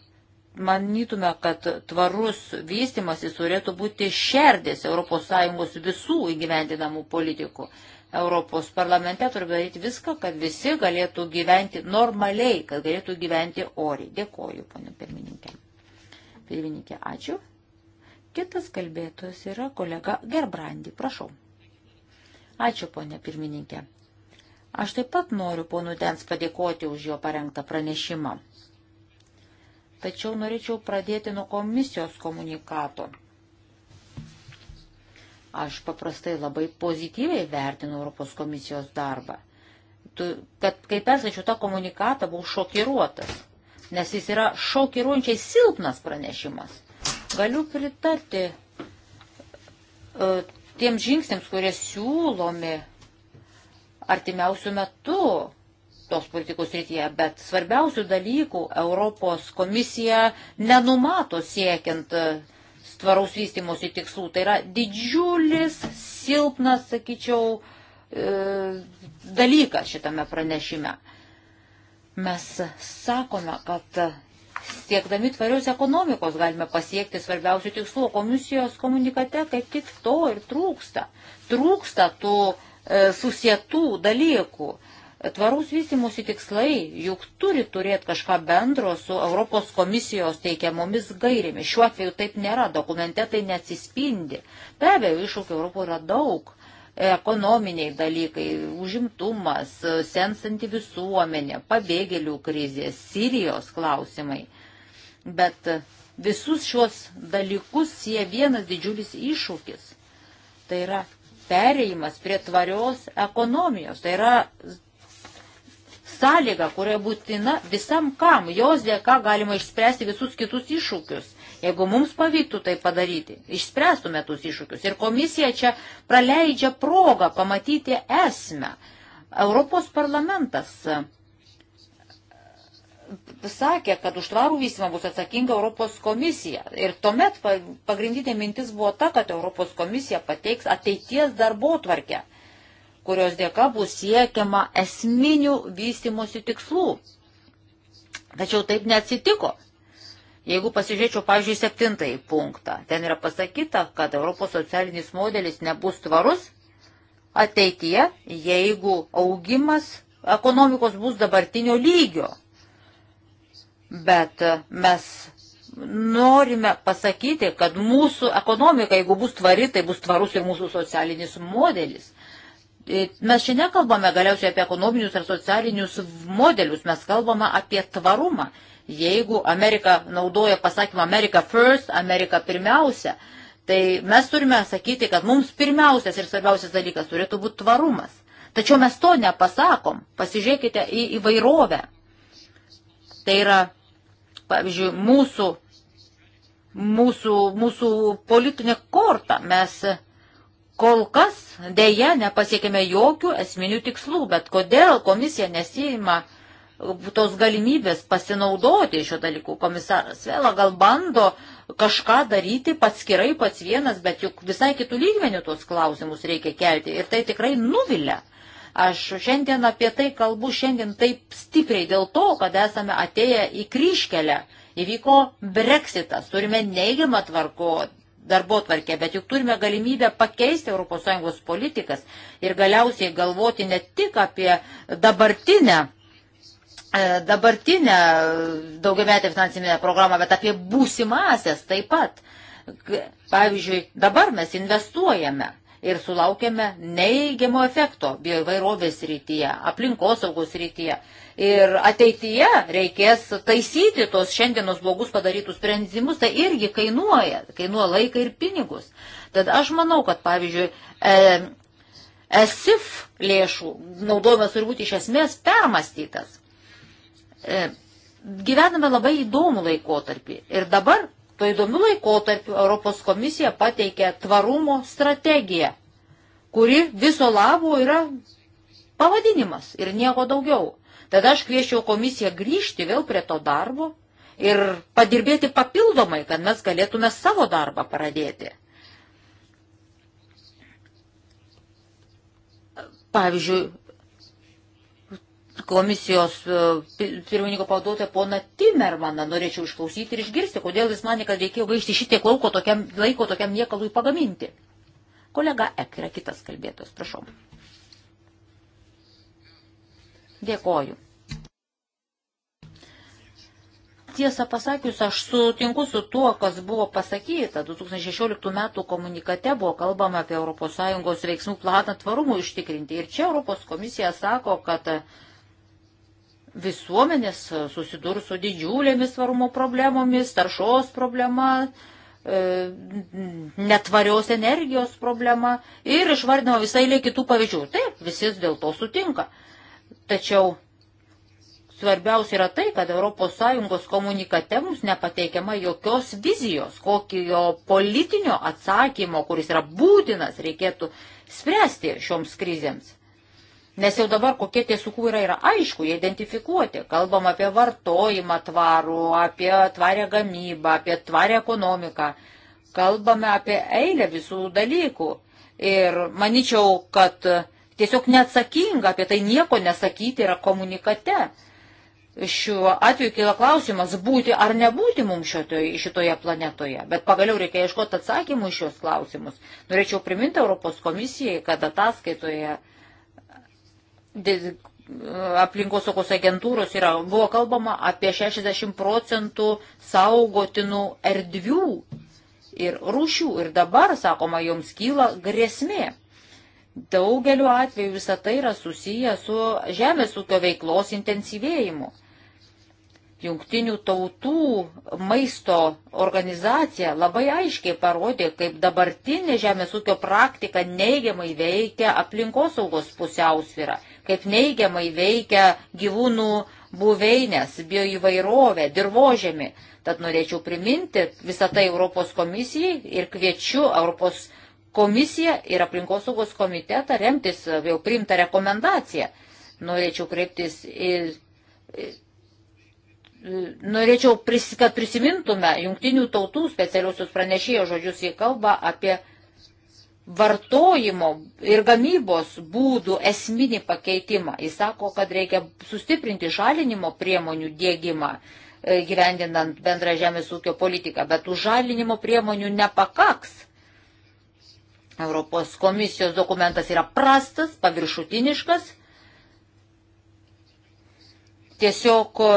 manytume, kad tvarus vystimasis turėtų būti šerdės ES visų įgyvendinamų politikų. Europos parlamente turime daryti viską, kad visi galėtų gyventi normaliai, kad galėtų gyventi oriai. Dėkoju, ponė pirmininkė. Pirmininkė, ačiū. Kitas kalbėtojas yra kolega Gerbrandi. Prašau. Ačiū, ponė pirmininkė. Aš taip pat noriu ponų Dens padėkoti už jo parengtą pranešimą. Tačiau norėčiau pradėti nuo komisijos komunikato. Aš paprastai labai pozityviai vertinu Europos komisijos darbą. Tu, kad kai perskaičiau tą komunikatą, buvau šokiruotas, nes jis yra šokiruojančiai silpnas pranešimas. Galiu pritarti uh, tiems žingsniams, kurie siūlomi artimiausių metų tos politikos rytyje, bet svarbiausių dalykų Europos komisija nenumato siekiant e, tvaraus vystimosi tikslų. Tai yra didžiulis, silpnas, sakyčiau, e, dalykas šitame pranešime. Mes sakome, kad siekdami tvarios ekonomikos galime pasiekti svarbiausių tikslų, komisijos komunikate kaip tik to ir trūksta. Trūksta tų e, susietų dalykų. Tvarus vystimosi tikslai juk turi turėti kažką bendro su Europos komisijos teikiamomis gairėmis. Šiuo atveju taip nėra, dokumente tai neatsispindi. Be abejo, iššūkių Europoje yra daug. Ekonominiai dalykai, užimtumas, sensanti visuomenė, pabėgėlių krizė, Sirijos klausimai. Bet visus šios dalykus jie vienas didžiulis iššūkis. Tai yra pereimas prie tvarios ekonomijos. Tai yra sąlyga, kurioje būtina visam kam, jos dėka galima išspręsti visus kitus iššūkius. Jeigu mums pavyktų tai padaryti, išspręstume tuos iššūkius. Ir komisija čia praleidžia progą pamatyti esmę. Europos parlamentas e, sakė, kad už tvarų vystymą bus atsakinga Europos komisija. Ir tuomet pagrindinė mintis buvo ta, kad Europos komisija pateiks ateities darbo tvarkę kurios dėka bus siekiama esminių vystimosi tikslų. Tačiau taip neatsitiko. Jeigu pasižiūrėčiau, pavyzdžiui, septintąjį punktą, ten yra pasakyta, kad Europos socialinis modelis nebus tvarus ateityje, jeigu augimas ekonomikos bus dabartinio lygio. Bet mes norime pasakyti, kad mūsų ekonomika, jeigu bus tvari, tai bus tvarus ir mūsų socialinis modelis. E, mes čia nekalbame galiausiai apie ekonominius ar socialinius modelius, mes kalbame apie tvarumą. Jeigu Amerika naudoja pasakymą America first, Amerika pirmiausia, tai mes turime sakyti, kad mums pirmiausias ir svarbiausias dalykas turėtų būti tvarumas. Tačiau mes to nepasakom. Pasižiūrėkite į įvairovę. Tai yra, pavyzdžiui, mūsų, mūsų, mūsų politinė korta. Mes Kol kas dėja nepasiekėme jokių esminių tikslų, bet kodėl komisija nesijima tos galimybės pasinaudoti šio dalykų. Komisaras Vela gal bando kažką daryti pats skirai, pats vienas, bet juk visai kitų lygmenių tuos klausimus reikia kelti ir tai tikrai nuvilia. Aš šiandien apie tai kalbu šiandien taip stipriai dėl to, kad esame atėję į kryškelę. Įvyko breksitas, turime neigiamą tvarko, darbo tvarkę, bet juk turime galimybę pakeisti ES politikas ir galiausiai galvoti ne tik apie dabartinę e, dabartinę daugiametę finansinę programą, bet apie būsimasias taip pat. Pavyzdžiui, dabar mes investuojame ir sulaukėme neįgiamo efekto bioįvairovės rytyje, aplinkosaugos rytyje. Ir ateityje reikės taisyti tos šiandienos blogus padarytus sprendimus, tai irgi kainuoja, kainuoja laiką ir pinigus. Tad aš manau, kad pavyzdžiui, e, ESIF lėšų naudojimas turi būti iš esmės permastytas. E, gyvename labai įdomų laikotarpį. Ir dabar tuo įdomiu laikotarpiu Europos komisija pateikė tvarumo strategiją, kuri viso labo yra pavadinimas ir nieko daugiau. Tada aš kviečiau komisiją grįžti vėl prie to darbo ir padirbėti papildomai, kad mes galėtume savo darbą pradėti. Pavyzdžiui, komisijos e, pirmininko pavaduotoją poną Timermaną norėčiau išklausyti ir išgirsti, kodėl jis manė, kad reikėjo gaišti šitiek lauko tokiam, laiko tokiam niekalui pagaminti. Kolega Ek yra kitas kalbėtojas, prašau. Dėkoju. Tiesą pasakius, aš sutinku su tuo, kas buvo pasakyta. 2016 metų komunikate buvo kalbama apie ES veiksmų planą tvarumų užtikrinti. Ir čia Europos komisija sako, kad uh, visuomenės e, susidurs su didžiulėmis tvarumo problemomis, taršos problema, e, netvarios energijos problema ir išvardino visai lė kitų pavyzdžių. Taip, visi dėl to sutinka. Tačiau svarbiausia yra tai, kad ES komunikate mums nepateikiama jokios vizijos, kokio politinio atsakymo, kuris yra būtinas, reikėtų spręsti šioms krizėms. Nes jau dabar kokie tie sukūrai yra aišku, jie identifikuoti. Kalbam apie vartojimą tvarų, apie tvarę gamybą, apie tvarę ekonomiką. Kalbame apie eilę visų dalykų. Ir manyčiau, kad tiesiog neatsakinga apie tai nieko nesakyti yra komunikate. Šiuo atveju kyla klausimas būti ar nebūti mums šitoje, šitoje planetoje, bet pagaliau reikia ieškoti atsakymų iš šios klausimus. Norėčiau priminti Europos komisijai, kad ataskaitoje E, aplinkosaugos agentūros yra, buvo kalbama apie 60 procentų saugotinų erdvių ir rūšių. Ir dabar, sakoma, joms kyla grėsmė. Daugeliu atveju visa tai yra susiję su žemės ūkio veiklos intensyvėjimu. Jungtinių tautų maisto organizacija labai aiškiai parodė, kaip dabartinė žemės ūkio praktika neigiamai veikia aplinkosaugos pusiausvyrą kaip neigiamai veikia gyvūnų buveinės, bioįvairovę, dirbožėmį. Tad norėčiau priminti visą tai Europos komisijai ir kviečiu Europos komisiją ir aplinkosaugos komitetą remtis jau priimtą rekomendaciją. Norėčiau kreiptis ir. Norėčiau, pris, kad prisimintume jungtinių tautų specialiosios pranešėjo žodžius, jie kalba apie vartojimo ir gamybos būdų esminį pakeitimą. Jis sako, kad reikia sustiprinti žalinimo priemonių dėgymą e, gyvendinant bendrą žemės ūkio politiką, bet už žalinimo priemonių nepakaks. Europos komisijos dokumentas yra prastas, paviršutiniškas, tiesiog e,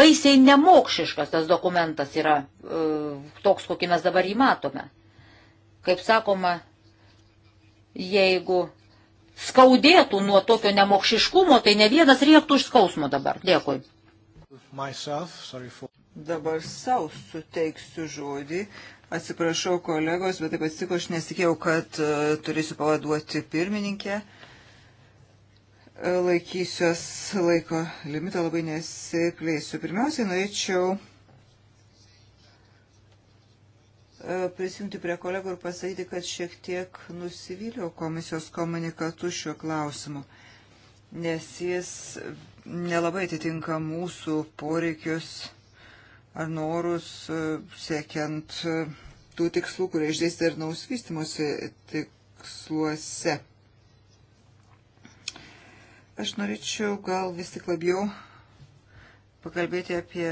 baisiai nemokšiškas tas dokumentas yra e, toks, kokį mes dabar jį matome. Kaip sakoma, jeigu skaudėtų nuo tokio nemokšiškumo, tai ne vienas riektų iš skausmo dabar. Dėkui. Myself, for... Dabar savo suteiksiu žodį. Atsiprašau kolegos, bet taip atsitiko, aš nesikėjau, kad uh, turėsiu pavaduoti pirmininkę. E, laikysiuos laiko limito, labai nesiplėsiu. Pirmiausiai norėčiau prisijungti prie kolegų ir pasakyti, kad šiek tiek nusivyliau komisijos komunikatu šiuo klausimu, nes jis nelabai atitinka mūsų poreikius ar norus e, siekiant e, tų tikslų, kurie išdėstė ir nausvystimuose tiksluose. Aš norėčiau gal vis tik labiau pakalbėti apie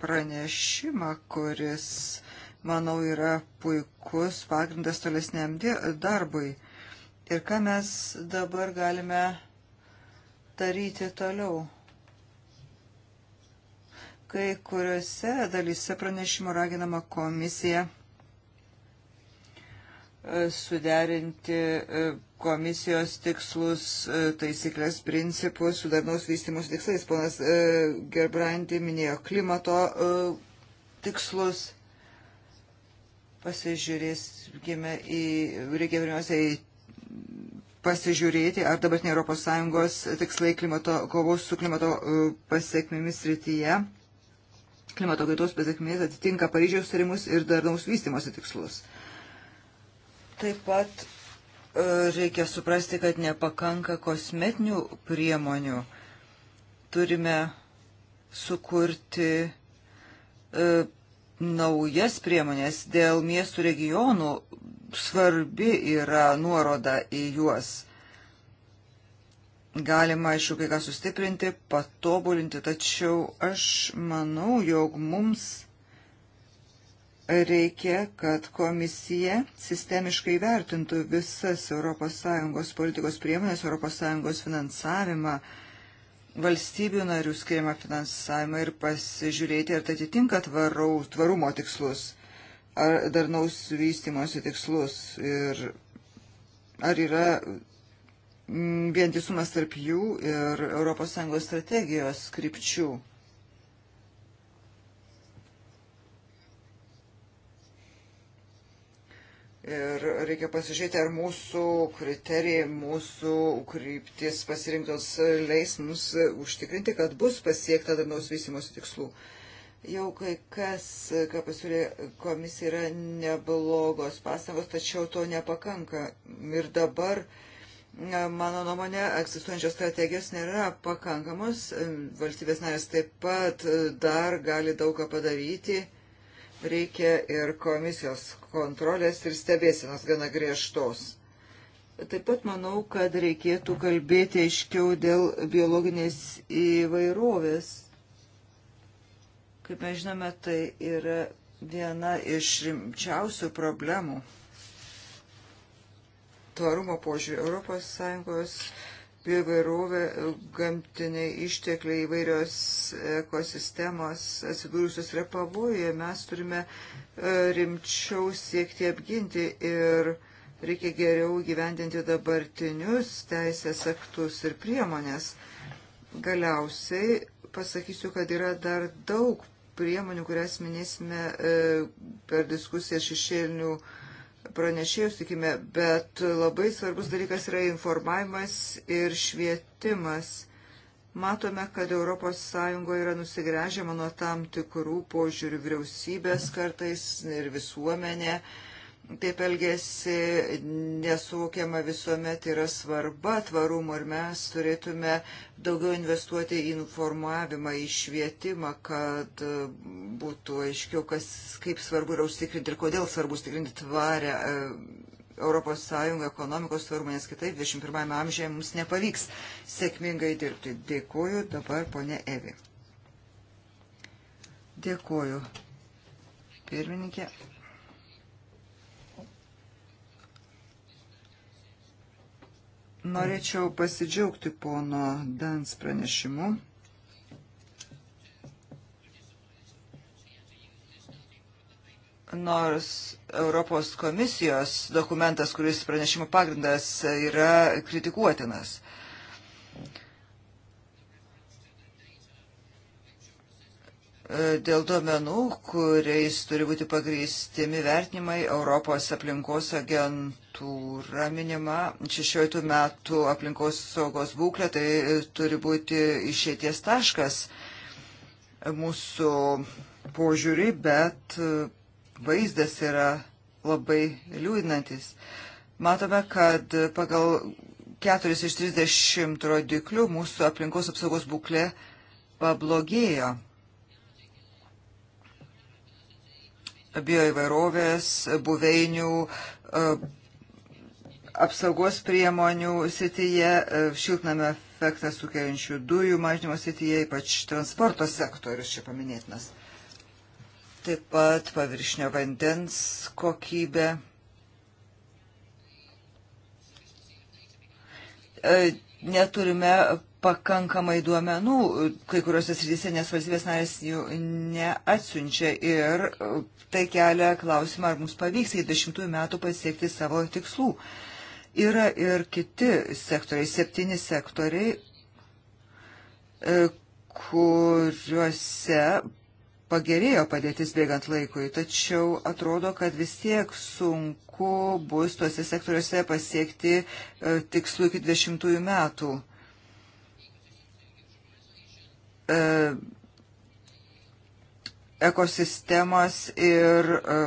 pranešimą, kuris manau, yra puikus pagrindas tolesniam darbui. Ir ką mes dabar galime daryti toliau? Kai kuriuose dalyse pranešimo raginama komisija e, suderinti e, komisijos tikslus, e, taisyklės, principus, sudarnaus vystimus tikslais. Ponas Gerbrandi minėjo klimato tikslus Pasižiūrėsime į, reikia pirmiausia į pasižiūrėti, ar dabartinė ES tikslai klimato, kovos su klimato e, pasiekmėmis rytyje, klimato kaitos pasiekmėmis atitinka Paryžiaus tarimus ir darnaus vystimosi tikslus. Taip pat e, reikia suprasti, kad nepakanka kosmetinių priemonių. Turime sukurti e, naujas priemonės dėl miestų regionų svarbi yra nuoroda į juos. Galima, aišku, kai ką sustiprinti, patobulinti, tačiau aš manau, jog mums reikia, kad komisija sistemiškai vertintų visas ES politikos priemonės, ES finansavimą, valstybių narių skiriamą finansavimą ir pasižiūrėti, ar tai atitinka tvarau, tvarumo tikslus, ar darnaus vystimosi tikslus ir ar yra mm, vientisumas tarp jų ir ES strategijos skripčių. Ir reikia pasižiūrėti, ar mūsų kriterijai, mūsų kryptis pasirinktos leis mums užtikrinti, kad bus pasiekta darnaus vystimosi tikslų. Jau kai kas, ką pasiūlė komisija, yra neblogos pastangos, tačiau to nepakanka. Ir dabar, mano nuomonė, egzistuojančios strategijos nėra pakankamos. Valstybės narės taip pat dar gali daugą padaryti reikia ir komisijos kontrolės ir stebėsienos gana griežtos. Taip pat manau, kad reikėtų kalbėti aiškiau dėl biologinės įvairovės. Kaip mes žinome, tai yra viena iš rimčiausių problemų tvarumo požiūrį. Europos Sąjungos bioįvairovė, gamtiniai ištekliai, įvairios ekosistemos atsidūrusios yra pavojuje. Mes turime e, rimčiau siekti apginti ir reikia geriau gyvendinti dabartinius teisės aktus ir priemonės. Galiausiai pasakysiu, kad yra dar daug priemonių, kurias minėsime e, per diskusiją šešėlinių pranešėjus tikime, bet labai svarbus dalykas yra informavimas ir švietimas. Matome, kad ES yra nusigręžiama nuo tam tikrų požiūrių vyriausybės kartais ir visuomenė. Uh, taip elgesi nesuvokiama visuomet yra svarba tvarumo ir mes turėtume daugiau investuoti į informavimą, į švietimą, kad būtų aiškiau, kas, kaip svarbu yra užtikrinti ir kodėl svarbu užtikrinti tvarę e, Europos Sąjungą ekonomikos tvarumą, nes kitaip 21 amžiuje mums nepavyks sėkmingai dirbti. Dėkuoju dabar ponė Evi. Dėkuoju. Pirmininkė. Norėčiau pasidžiaugti pono Dans pranešimu. Nors Europos komisijos dokumentas, kuris pranešimo pagrindas, yra kritikuotinas. E, dėl duomenų, kuriais turi būti pagrįstimi vertinimai Europos aplinkos agentūra minima 16 metų aplinkos saugos būklė, tai turi būti išėties taškas mūsų požiūrį, bet vaizdas yra labai liūdinantis. Matome, kad pagal 4 iš 30 rodiklių mūsų aplinkos apsaugos būklė pablogėjo. bioįvairovės, buveinių, e, apsaugos priemonių sityje, šiltname efektą sukeliančių dujų mažinimo sityje, ypač transporto sektorius čia paminėtinas. Taip pat paviršinio vandens kokybė. E, neturime pakankamai duomenų kai kuriuose srityse, nes valstybės narės jų neatsiunčia ir e, tai kelia klausimą, ar mums pavyks iki dešimtųjų metų pasiekti savo tikslų. Yra ir kiti sektoriai, septyni sektoriai, e, kuriuose pagerėjo padėtis bėgant laikui, tačiau atrodo, kad vis tiek sunku bus tuose sektoriuose pasiekti e, tikslų iki 20 metų e, ekosistemos ir e,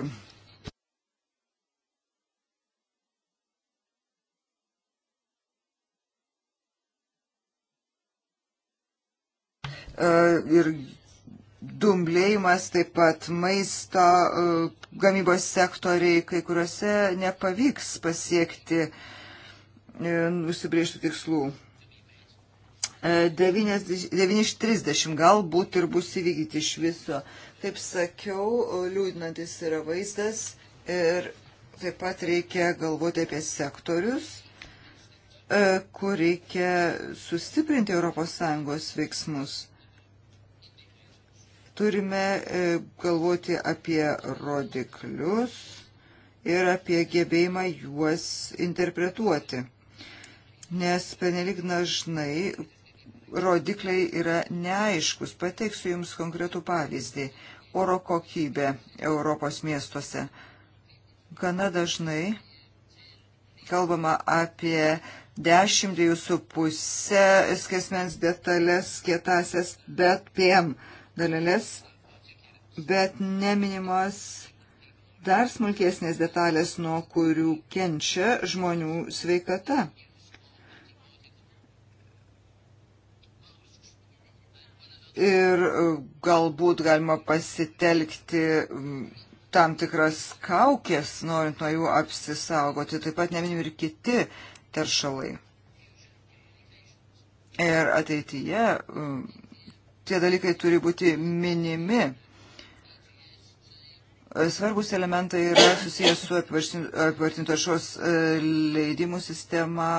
e, ir dumblėjimas, taip pat maisto e, gamybos sektoriai, kai kuriuose nepavyks pasiekti e, nusibriežtų tikslų. 9.30 galbūt ir bus įvykdyti iš viso. Taip sakiau, liūdinantis yra vaizdas ir taip pat reikia galvoti apie sektorius, e, kur reikia sustiprinti ES veiksmus. Turime e, galvoti apie rodiklius ir apie gebėjimą juos interpretuoti. Nes penelik dažnai rodikliai yra neaiškus. Pateiksiu Jums konkretų pavyzdį. Oro kokybė Europos miestuose. Gana dažnai kalbama apie 10-2,5 skesmens detalės kietasias, bet PM dalelės, bet neminimos dar smulkesnės detalės, nuo kurių kenčia žmonių sveikata. ir e, galbūt galima pasitelkti tam tikras kaukės, norint nuo jų apsisaugoti. Taip pat neminim ir kiti teršalai. Ir ateityje tie dalykai turi būti minimi. Svarbus elementai yra susijęs su apvartinto šios e, leidimų sistema,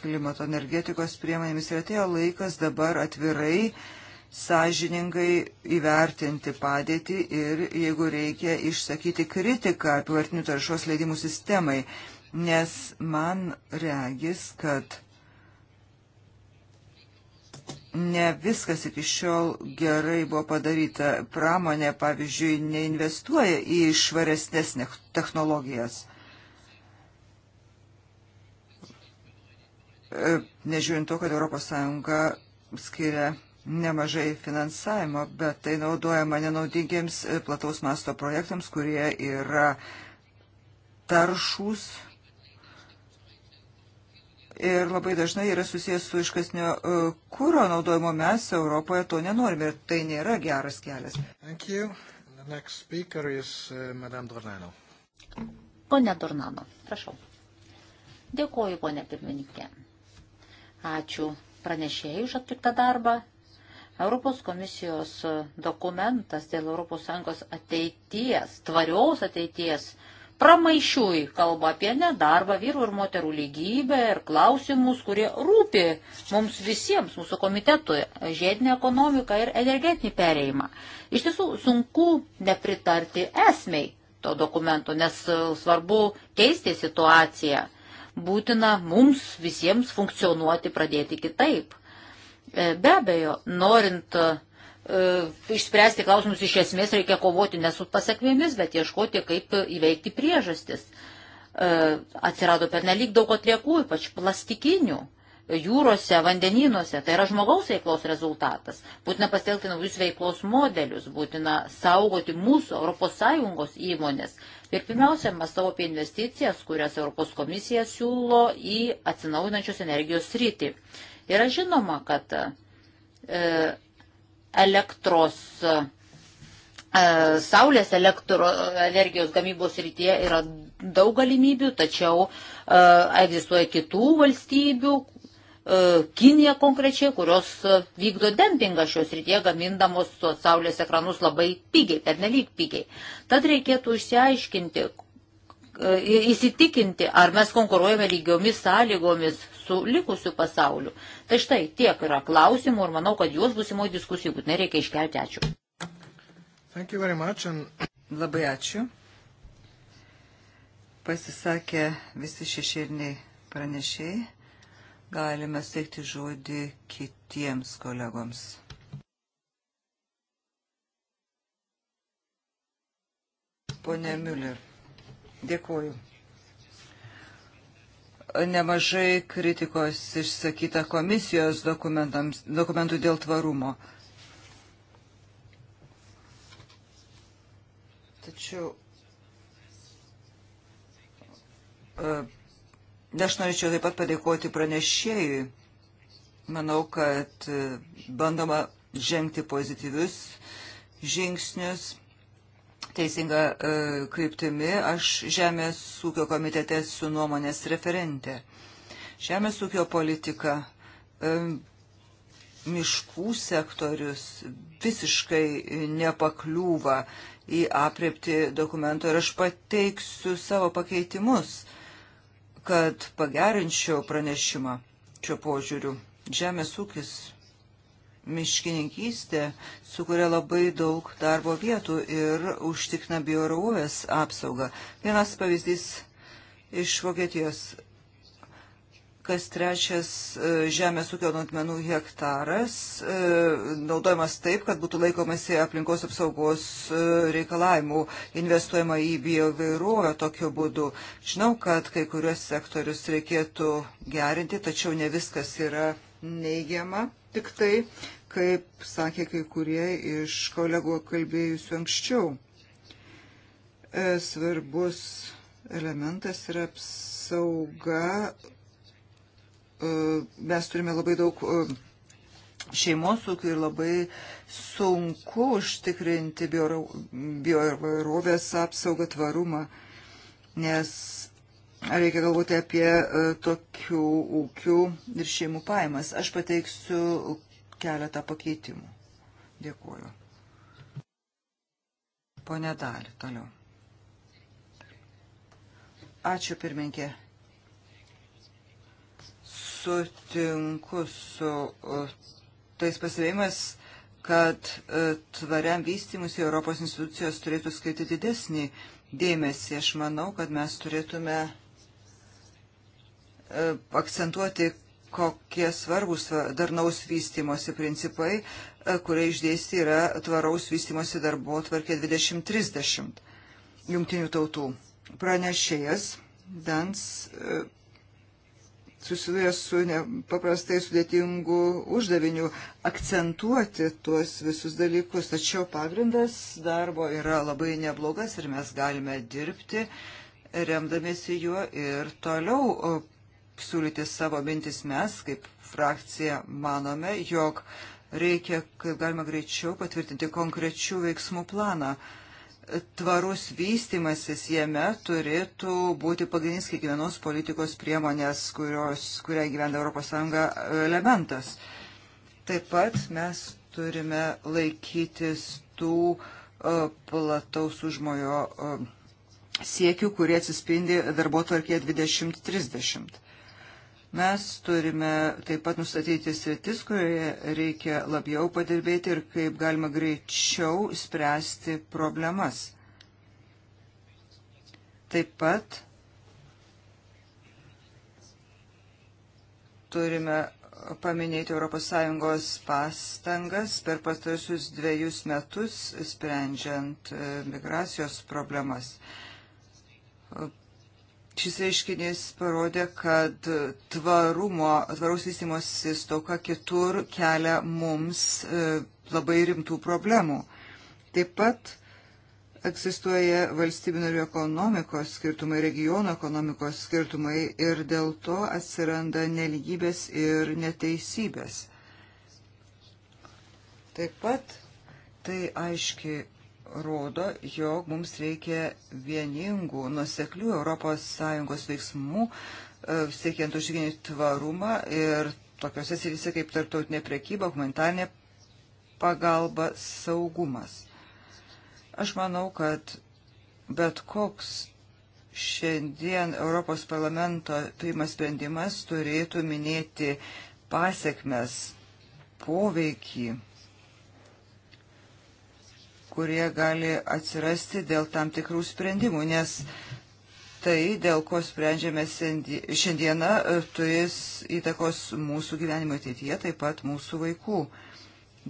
klimato energetikos priemonėmis ir atėjo laikas dabar atvirai uh, sąžiningai įvertinti padėtį ir, jeigu reikia, išsakyti kritiką apivartinių taršos leidimų sistemai, nes man regis, kad ne viskas iki šiol gerai buvo padaryta. Pramonė, pavyzdžiui, neinvestuoja į švaresnės technologijas. E, nežiūrint to, kad ES skiria nemažai finansavimo, bet tai naudojama nenaudingiems e, plataus masto projektams, kurie yra taršus ir labai dažnai yra susijęs su iškasnio e, kūro naudojimo. Mes Europoje to nenorime ir tai nėra geras kelias. Is, uh, Pone Dornano, prašau. Dėkuoju, ponė pirmininkė. Ačiū pranešėjai už atliktą darbą Europos komisijos dokumentas dėl ES ateities, tvarios ateities, pramaišiui kalba apie nedarbą, vyrų ir moterų lygybę ir klausimus, kurie rūpi mums visiems, mūsų komitetui, žiedinę ekonomiką ir energetinį perėjimą. Iš tiesų sunku nepritarti esmei to dokumento, nes svarbu keisti situaciją. Būtina mums visiems funkcionuoti, pradėti kitaip E, be abejo, norint e, išspręsti klausimus iš esmės reikia kovoti ne su pasiekmėmis, bet ieškoti, kaip įveikti priežastis. E, atsirado per nelik daug atliekų, ypač plastikinių jūrose, vandenynuose. Tai yra žmogaus veiklos rezultatas. Būtina pastelti naujus veiklos modelius, būtina saugoti mūsų ES įmonės. Ir pirmiausia, mąstau apie investicijas, kurias ES komisija siūlo į atsinaujinančios energijos rytį. Yra žinoma, kad e, elektros, e, saulės elektro energijos gamybos rytyje yra daug galimybių, tačiau e, egzistuoja kitų valstybių, Kinija konkrečiai, kurios vykdo dempingą šios rytyje, gamindamos saulės ekranus labai pigiai, pernelyg pigiai. Tad reikėtų išsiaiškinti, E, įsitikinti, ar mes konkuruojame lygiomis sąlygomis su likusiu pasauliu. Tai štai tiek yra klausimų ir manau, kad juos busimoji diskusijų būtinai reikia iškelti. Ačiū. And... Labai ačiū. Pasisakė visi šešėliniai pranešiai. Galime steigti žodį kitiems kolegoms. Pone Miller. Dėkuoju. Nemažai kritikos išsakyta komisijos dokumentų dėl tvarumo. Tačiau e, aš norėčiau taip pat padėkoti pranešėjui. Manau, kad e, bandoma žengti pozityvius žingsnius teisinga e, kryptimi. Aš Žemės ūkio komitete esu nuomonės referentė. Žemės ūkio politika, e, miškų sektorius visiškai nepakliūva į apriepti dokumento ir aš pateiksiu savo pakeitimus, kad pagerinčiau pranešimą šio požiūriu. Žemės ūkis miškininkystė sukuria labai daug darbo vietų ir užtikna biorovės apsaugą. Vienas pavyzdys iš Vokietijos. Kas trečias e, žemės ūkio nuotmenų hektaras e, naudojamas taip, kad būtų laikomasi aplinkos apsaugos e, reikalavimų, investuojama į biovairovę tokiu būdu. Žinau, kad kai kuriuos sektorius reikėtų gerinti, tačiau ne viskas yra neigiama tik tai, kaip sakė kai kurie iš kolegų kalbėjusių anksčiau. E, svarbus elementas yra apsauga. E, mes turime labai daug e, šeimos ūkių ir labai sunku užtikrinti bioįvairovės apsaugą tvarumą, nes reikia galvoti apie e, tokių ūkių ir šeimų pajamas. Aš pateiksiu keletą pakeitimų. Dėkuoju. Pone Dali, toliau. Ačiū pirminkė. Sutinku su e, tais pasirėjimas, kad e, tvariam vystymus Europos institucijos turėtų skirti didesnį dėmesį. Aš manau, kad mes turėtume E, akcentuoti, kokie svarbus darnaus vystimosi principai, e, kurie išdėsti yra tvaraus vystimosi darbo tvarkė 2030 jungtinių tautų. Pranešėjas Dans e, susiduria su nepaprastai sudėtingu uždaviniu akcentuoti tuos visus dalykus, tačiau pagrindas darbo yra labai neblogas ir mes galime dirbti remdamiesi juo ir toliau siūlyti savo mintis mes, kaip frakcija, manome, jog reikia, kaip galima greičiau, patvirtinti konkrečių veiksmų planą. Tvarus vystimasis jame turėtų būti pagrindinis kiekvienos politikos priemonės, kurios, kurią gyvena ES elementas. Taip pat mes turime laikytis tų uh, plataus užmojo uh, siekių, kurie atsispindi darbo tvarkėje 2030. Mes turime taip pat nustatyti sritis, kurioje reikia labiau padirbėti ir kaip galima greičiau spręsti problemas. Taip pat turime paminėti ES pastangas per pastarusius dviejus metus sprendžiant e, migracijos problemas. Šis reiškinys parodė, kad tvarumo, tvaraus vystimosi stoka kitur kelia mums e, labai rimtų problemų. Taip pat egzistuoja valstybių narių ekonomikos skirtumai, regiono ekonomikos skirtumai ir dėl to atsiranda neligybės ir neteisybės. Taip pat tai aiškiai rodo, jog mums reikia vieningų, nuseklių ES veiksmų, e, siekiant užvienyti tvarumą ir tokiuose srityse kaip tarptautinė prekyba, humanitarnė pagalba, saugumas. Aš manau, kad bet koks šiandien Europos parlamento priimas sprendimas turėtų minėti pasiekmes, poveikį kurie gali atsirasti dėl tam tikrų sprendimų, nes tai, dėl ko sprendžiame šiandieną, e, turės įtakos mūsų gyvenimo ateityje, taip pat mūsų vaikų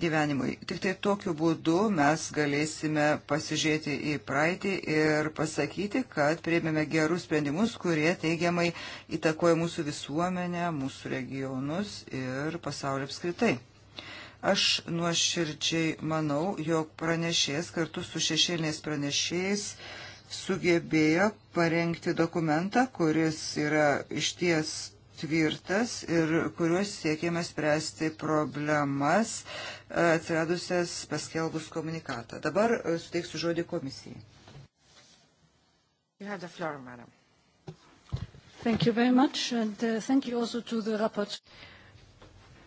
gyvenimui. Tik tai tokiu būdu mes galėsime pasižiūrėti į praeitį ir pasakyti, kad prieimėme gerus sprendimus, kurie teigiamai įtakoja mūsų visuomenę, mūsų regionus ir pasaulio apskritai. Aš nuoširdžiai manau, jog pranešėjas kartu su šešėliniais pranešėjais sugebėjo parengti dokumentą, kuris yra išties tvirtas ir kuriuos siekėme spręsti problemas e, atsiradusias paskelbus komunikatą. Dabar e, suteiksiu žodį komisijai. You have the floor, madam. Thank you very much and uh, thank you also to the rapporteur.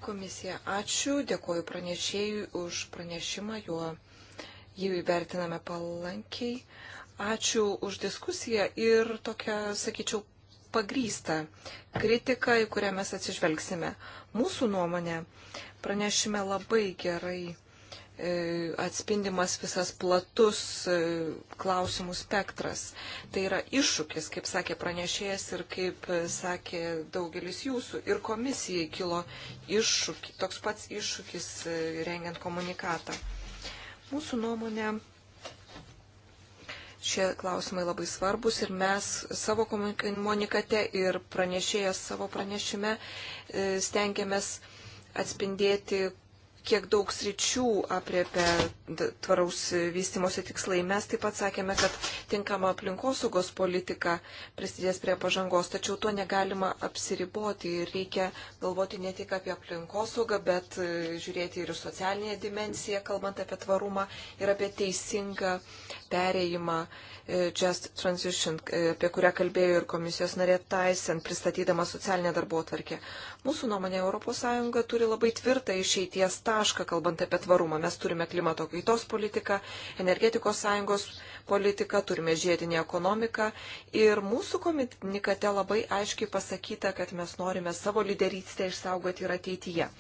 Komisija, ačiū, dėkoju pranešėjui už pranešimą, juo jį įvertiname palankiai. Ačiū už diskusiją ir tokią, sakyčiau, pagrystą kritiką, į kurią mes atsižvelgsime. Mūsų nuomonė pranešime labai gerai E, atspindimas visas platus e, klausimų spektras. Tai yra iššūkis, kaip sakė pranešėjas ir kaip e, sakė daugelis jūsų. Ir komisijai kilo iššūkis, toks pats iššūkis rengiant komunikatą. Mūsų nuomonė. Šie klausimai labai svarbus ir mes savo komunikate ir pranešėjas savo pranešime stengiamės atspindėti, kiek daug sričių apriepia tvaraus vystimosi tikslai. Mes taip pat sakėme, kad tinkama aplinkosaugos politika prisidės prie pažangos, tačiau to negalima apsiriboti ir reikia galvoti ne tik apie aplinkosaugą, bet e, žiūrėti ir socialinę dimensiją, kalbant apie tvarumą ir apie teisingą perėjimą E, Just Transition, e, apie kurią kalbėjo ir komisijos narė Tyson, pristatydama socialinę darbo atvarkę. Mūsų nuomonė, ES turi labai tvirtą išeities tašką, kalbant apie tvarumą. Mes turime klimato kaitos politiką, energetikos sąjungos politiką, turime žiedinį ekonomiką. Ir mūsų komunikate labai aiškiai pasakyta, kad mes norime savo lyderystę išsaugoti ir ateityje.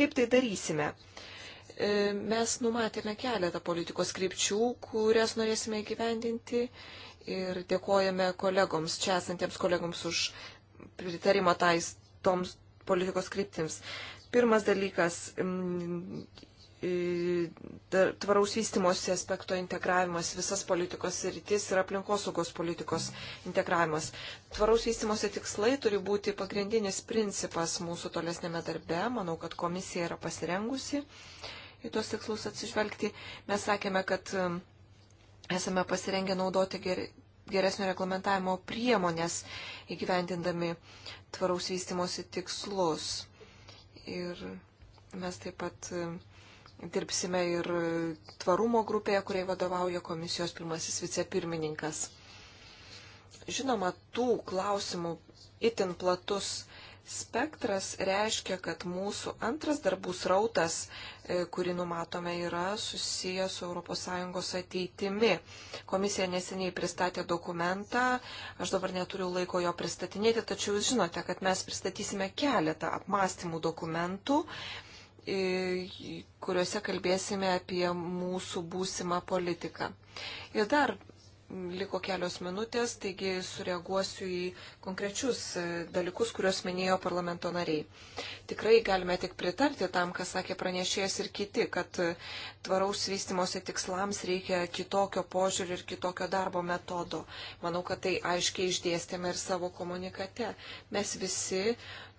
Kaip tai darysime? E, mes numatėme keletą politikos krypčių, kurias norėsime įgyvendinti ir dėkojame kolegoms, čia esantiems kolegoms už pritarimą tais toms politikos kryptims. Pirmas dalykas - tvaraus vystimosi aspekto integravimas, visas politikos rytis ir aplinkosaugos politikos integravimas. Tvaraus vystimosi tikslai turi būti pagrindinis principas mūsų tolesnėme darbe. Manau, kad komisija yra pasirengusi. Uh, į tuos tikslus atsižvelgti. Mes sakėme, kad um, esame pasirengę naudoti geresnio reglamentavimo priemonės įgyvendindami tvaraus vystimosi tikslus. Ir mes taip pat um, dirbsime ir tvarumo grupėje, kuriai vadovauja komisijos pirmasis vicepirmininkas. Žinoma, tų klausimų itin platus Spektras reiškia, kad mūsų antras darbų srautas, e, kurį numatome, yra susijęs su ES ateitimi. Komisija neseniai pristatė dokumentą, aš dabar neturiu laiko jo pristatinėti, tačiau jūs žinote, kad mes pristatysime keletą apmąstymų dokumentų, e, kuriuose kalbėsime apie mūsų būsimą politiką. Ir dar liko kelios minutės, taigi sureaguosiu į konkrečius e, dalykus, kuriuos minėjo parlamento nariai. Tikrai galime tik pritarti tam, kas sakė pranešėjas ir kiti, kad e, tvaraus vystimosi tikslams reikia kitokio požiūrį ir kitokio darbo metodo. Manau, kad tai aiškiai išdėstėme ir savo komunikate. Mes visi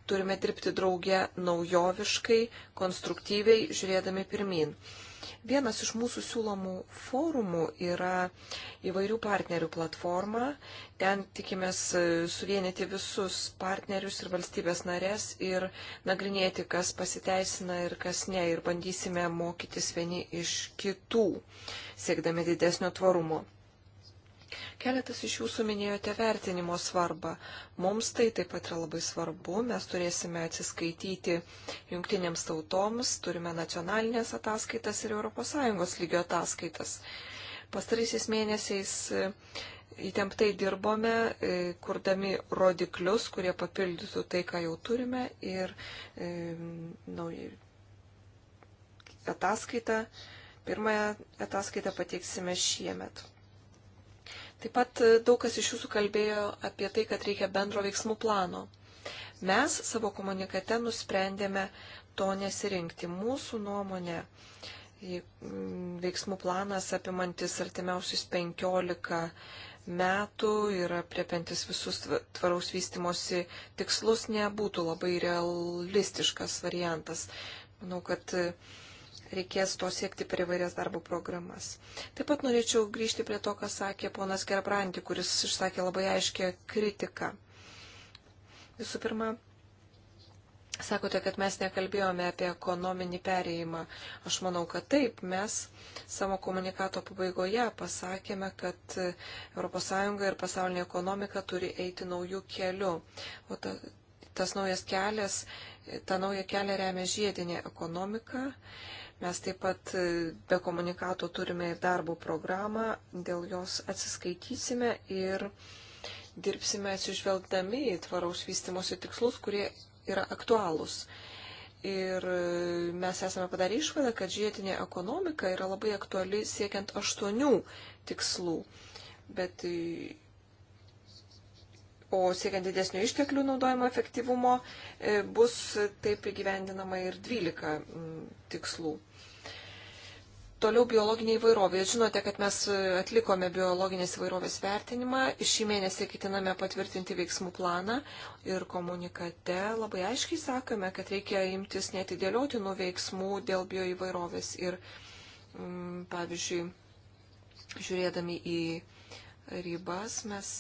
turime dirbti drauge naujoviškai, konstruktyviai, žiūrėdami pirmin. Vienas iš mūsų siūlomų forumų yra įvairių partnerių platforma. Ten tikimės e, suvienyti visus partnerius ir valstybės narės ir nagrinėti, kas pasiteisina ir kas ne, ir bandysime mokytis vieni iš kitų, siekdami didesnio tvarumo. Keletas iš jūsų minėjote vertinimo svarbą. Mums tai taip pat yra labai svarbu. Mes turėsime atsiskaityti jungtinėms tautoms, turime nacionalinės ataskaitas ir ES lygio ataskaitas. Pastaraisiais mėnesiais e, įtemptai dirbome, e, kurdami rodiklius, kurie papildytų tai, ką jau turime ir e, naują ataskaitą. Pirmąją ataskaitą pateiksime šiemet. Taip pat e, daug kas iš jūsų kalbėjo apie tai, kad reikia bendro veiksmų plano. Mes savo komunikate nusprendėme to nesirinkti. Mūsų nuomonė veiksmų planas apimantis artimiausius 15 metų ir apriepiantis visus tvaraus vystimosi tikslus nebūtų labai realistiškas variantas. Manau, kad e, reikės to siekti per įvairias darbo programas. Taip pat norėčiau grįžti prie to, ką sakė ponas Gerbranti, kuris išsakė labai aiškę kritiką. Visų pirma, sakote, kad mes nekalbėjome apie ekonominį perėjimą. Aš manau, kad taip, mes savo komunikato pabaigoje pasakėme, kad ES ir pasaulinė ekonomika turi eiti naujų kelių. O ta, tas naujas kelias, tą naują kelią remia žiedinė ekonomika Mes taip pat e, be komunikato turime ir darbo programą, dėl jos atsiskaitysime ir dirbsime atsižvelgdami į tvaraus vystimosi tikslus, kurie yra aktualūs. Ir e, mes esame padarę išvadą, kad žiedinė ekonomika yra labai aktuali siekiant aštuonių tikslų. Bet e, O siekiant didesnio išteklių naudojimo efektyvumo e, bus taip įgyvendinama ir 12 tikslų. Toliau biologinė įvairovė. Žinote, kad mes atlikome biologinės įvairovės vertinimą. Šį mėnesį ketiname patvirtinti veiksmų planą ir komunikate labai aiškiai sakome, kad reikia imtis netidėliotinų veiksmų dėl bioįvairovės. Ir, mm, pavyzdžiui, žiūrėdami į ribas mes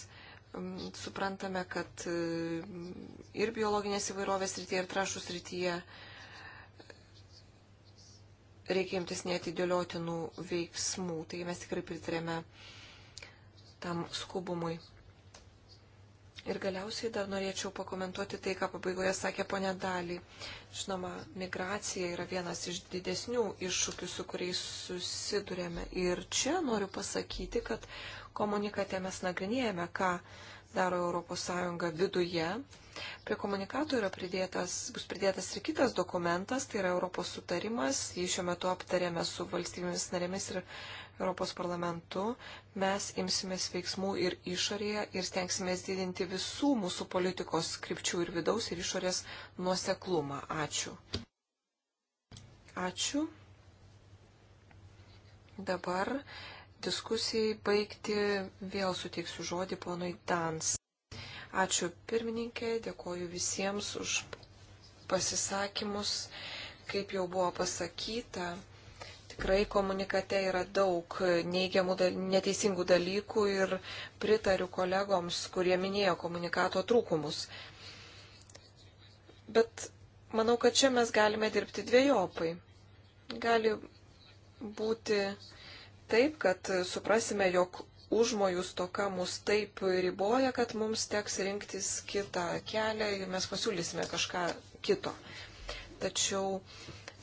suprantame, kad e, ir biologinės įvairovės rytyje, ir trašų rytyje reikia imtis neatidėliotinų veiksmų. Tai mes tikrai pritarėme tam skubumui. Ir galiausiai dar norėčiau pakomentuoti tai, ką pabaigoje sakė ponė Dalį. Žinoma, migracija yra vienas iš didesnių iššūkių, su kuriais susidurėme. Ir čia noriu pasakyti, kad komunikate mes nagrinėjame, ką daro ES viduje. Prie komunikato yra pridėtas, bus pridėtas ir kitas dokumentas, tai yra Europos sutarimas, jį šiuo metu aptarėme su valstybėmis narėmis ir Europos parlamentu. Mes imsimės veiksmų ir išorėje ir stengsimės didinti visų mūsų politikos skripčių ir vidaus ir išorės nuoseklumą. Ačiū. Ačiū. Dabar diskusijai baigti, vėl suteiksiu žodį ponui Dans. Ačiū pirmininkė, dėkoju visiems už pasisakymus. Kaip jau buvo pasakyta, tikrai komunikate yra daug neigiamų, neteisingų dalykų ir pritariu kolegoms, kurie minėjo komunikato trūkumus. Bet manau, kad čia mes galime dirbti dviejopai. Gali būti taip, kad suprasime, jog užmojų stoka mus taip riboja, kad mums teks rinktis kitą kelią ir mes pasiūlysime kažką kito. Tačiau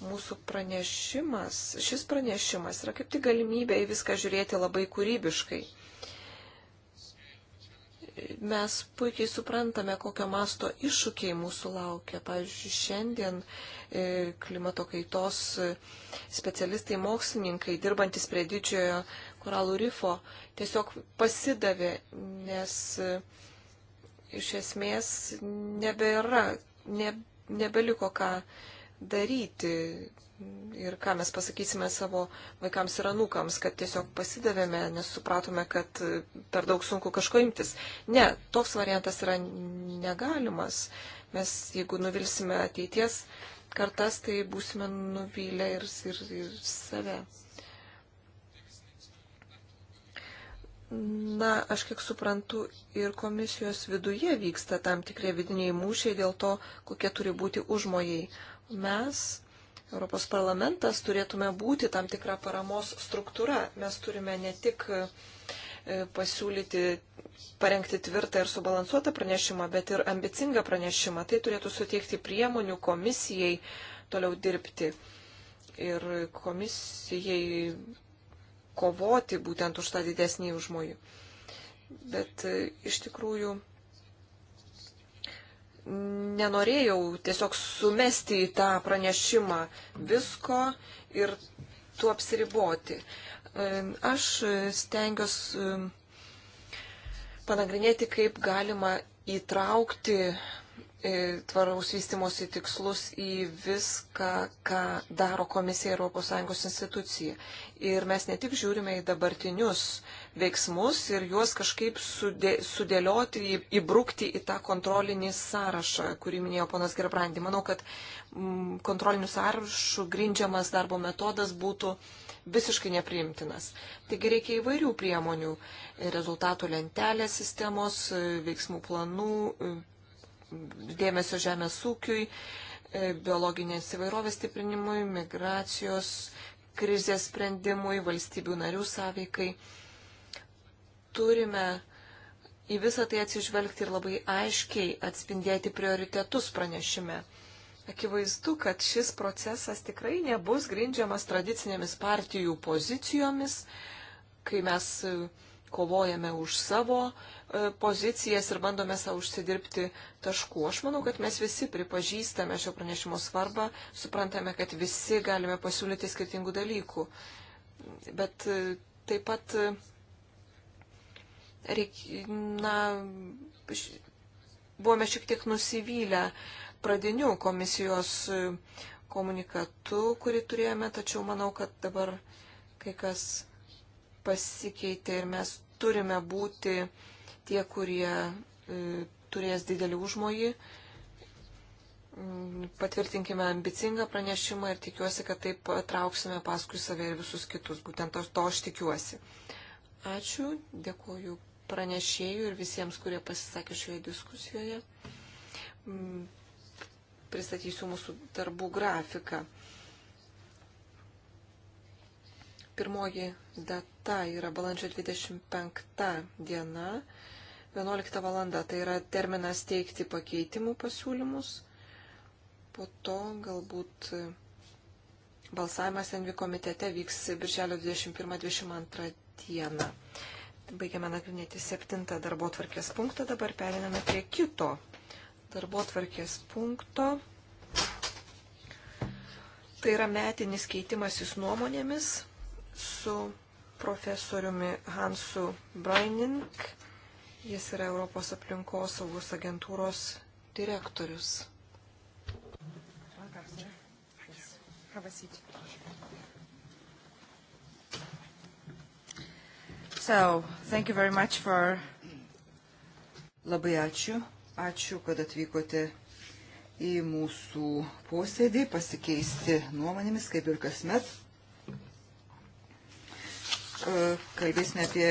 mūsų pranešimas, šis pranešimas yra kaip tik galimybė į viską žiūrėti labai kūrybiškai mes puikiai suprantame, kokio masto iššūkiai mūsų laukia. Pavyzdžiui, šiandien e, klimato kaitos e, specialistai, mokslininkai, dirbantis prie didžiojo koralų rifo, tiesiog pasidavė, nes e, iš esmės nebėra, ne, nebeliko ką daryti ir ką mes pasakysime savo vaikams ir anūkams, kad tiesiog pasidavėme, nes supratome, kad per daug sunku kažko imtis. Ne, toks variantas yra negalimas. Mes, jeigu nuvilsime ateities kartas, tai būsime nuvylę ir, ir, ir save. Na, aš kiek suprantu, ir komisijos viduje vyksta tam tikrie vidiniai mūšiai dėl to, kokie turi būti užmojai. Mes Europos parlamentas turėtume būti tam tikra paramos struktūra. Mes turime ne tik e, pasiūlyti, parengti tvirtą ir subalansuotą pranešimą, bet ir ambicingą pranešimą. Tai turėtų suteikti priemonių komisijai toliau dirbti ir komisijai kovoti būtent už tą didesnį užmojų. Bet e, iš tikrųjų nenorėjau tiesiog sumesti į tą pranešimą visko ir tuo apsiriboti. E, aš stengiuosi e, panagrinėti, kaip galima įtraukti e, tvaraus vystimosi tikslus į viską, ką daro komisija ES institucija. Ir mes ne tik žiūrime į dabartinius veiksmus ir juos kažkaip sudė, sudėlioti, įbrukti į tą kontrolinį sąrašą, kurį minėjo ponas Gerbrandi. Manau, kad mm, kontrolinių sąrašų grindžiamas darbo metodas būtų visiškai nepriimtinas. Taigi reikia įvairių priemonių - rezultatų lentelės sistemos, veiksmų planų, dėmesio žemės ūkiui, biologinės įvairovės stiprinimui, migracijos krizės sprendimui, valstybių narių sąveikai turime į visą tai atsižvelgti ir labai aiškiai atspindėti prioritetus pranešime. Akivaizdu, kad šis procesas tikrai nebus grindžiamas tradicinėmis partijų pozicijomis, kai mes e, kovojame už savo e, pozicijas ir bandome savo užsidirbti taškų. Aš manau, kad mes visi pripažįstame šio pranešimo svarbą, suprantame, kad visi galime pasiūlyti skirtingų dalykų. Bet e, taip pat reik, na, buvome šiek tiek nusivylę pradiniu komisijos e, komunikatu, kurį turėjome, tačiau manau, kad dabar kai kas pasikeitė ir mes turime būti tie, kurie e, turės didelį užmojį. Mm, patvirtinkime ambicingą pranešimą ir tikiuosi, kad taip trauksime paskui save ir visus kitus. Būtent to, to aš tikiuosi. Ačiū, dėkoju pranešėjų ir visiems, kurie pasisakė šioje diskusijoje. Mm, pristatysiu mūsų darbų grafiką. Pirmoji data yra balandžio 25 diena, 11 valanda. Tai yra terminas teikti pakeitimų pasiūlymus. Po to galbūt balsavimas Envi komitete vyks birželio 21-22 dieną. Baigiame nagrinėti septintą darbo tvarkės punktą, dabar periname prie kito darbo tvarkės punkto. Tai yra metinis keitimasis nuomonėmis su profesoriumi Hansu Brainink. Jis yra Europos aplinkos saugos agentūros direktorius. Have a seat. So, thank you very much for... Labai ačiū. Ačiū, kad atvykote į mūsų posėdį, pasikeisti nuomonėmis, kaip ir kasmet. E, kalbėsime apie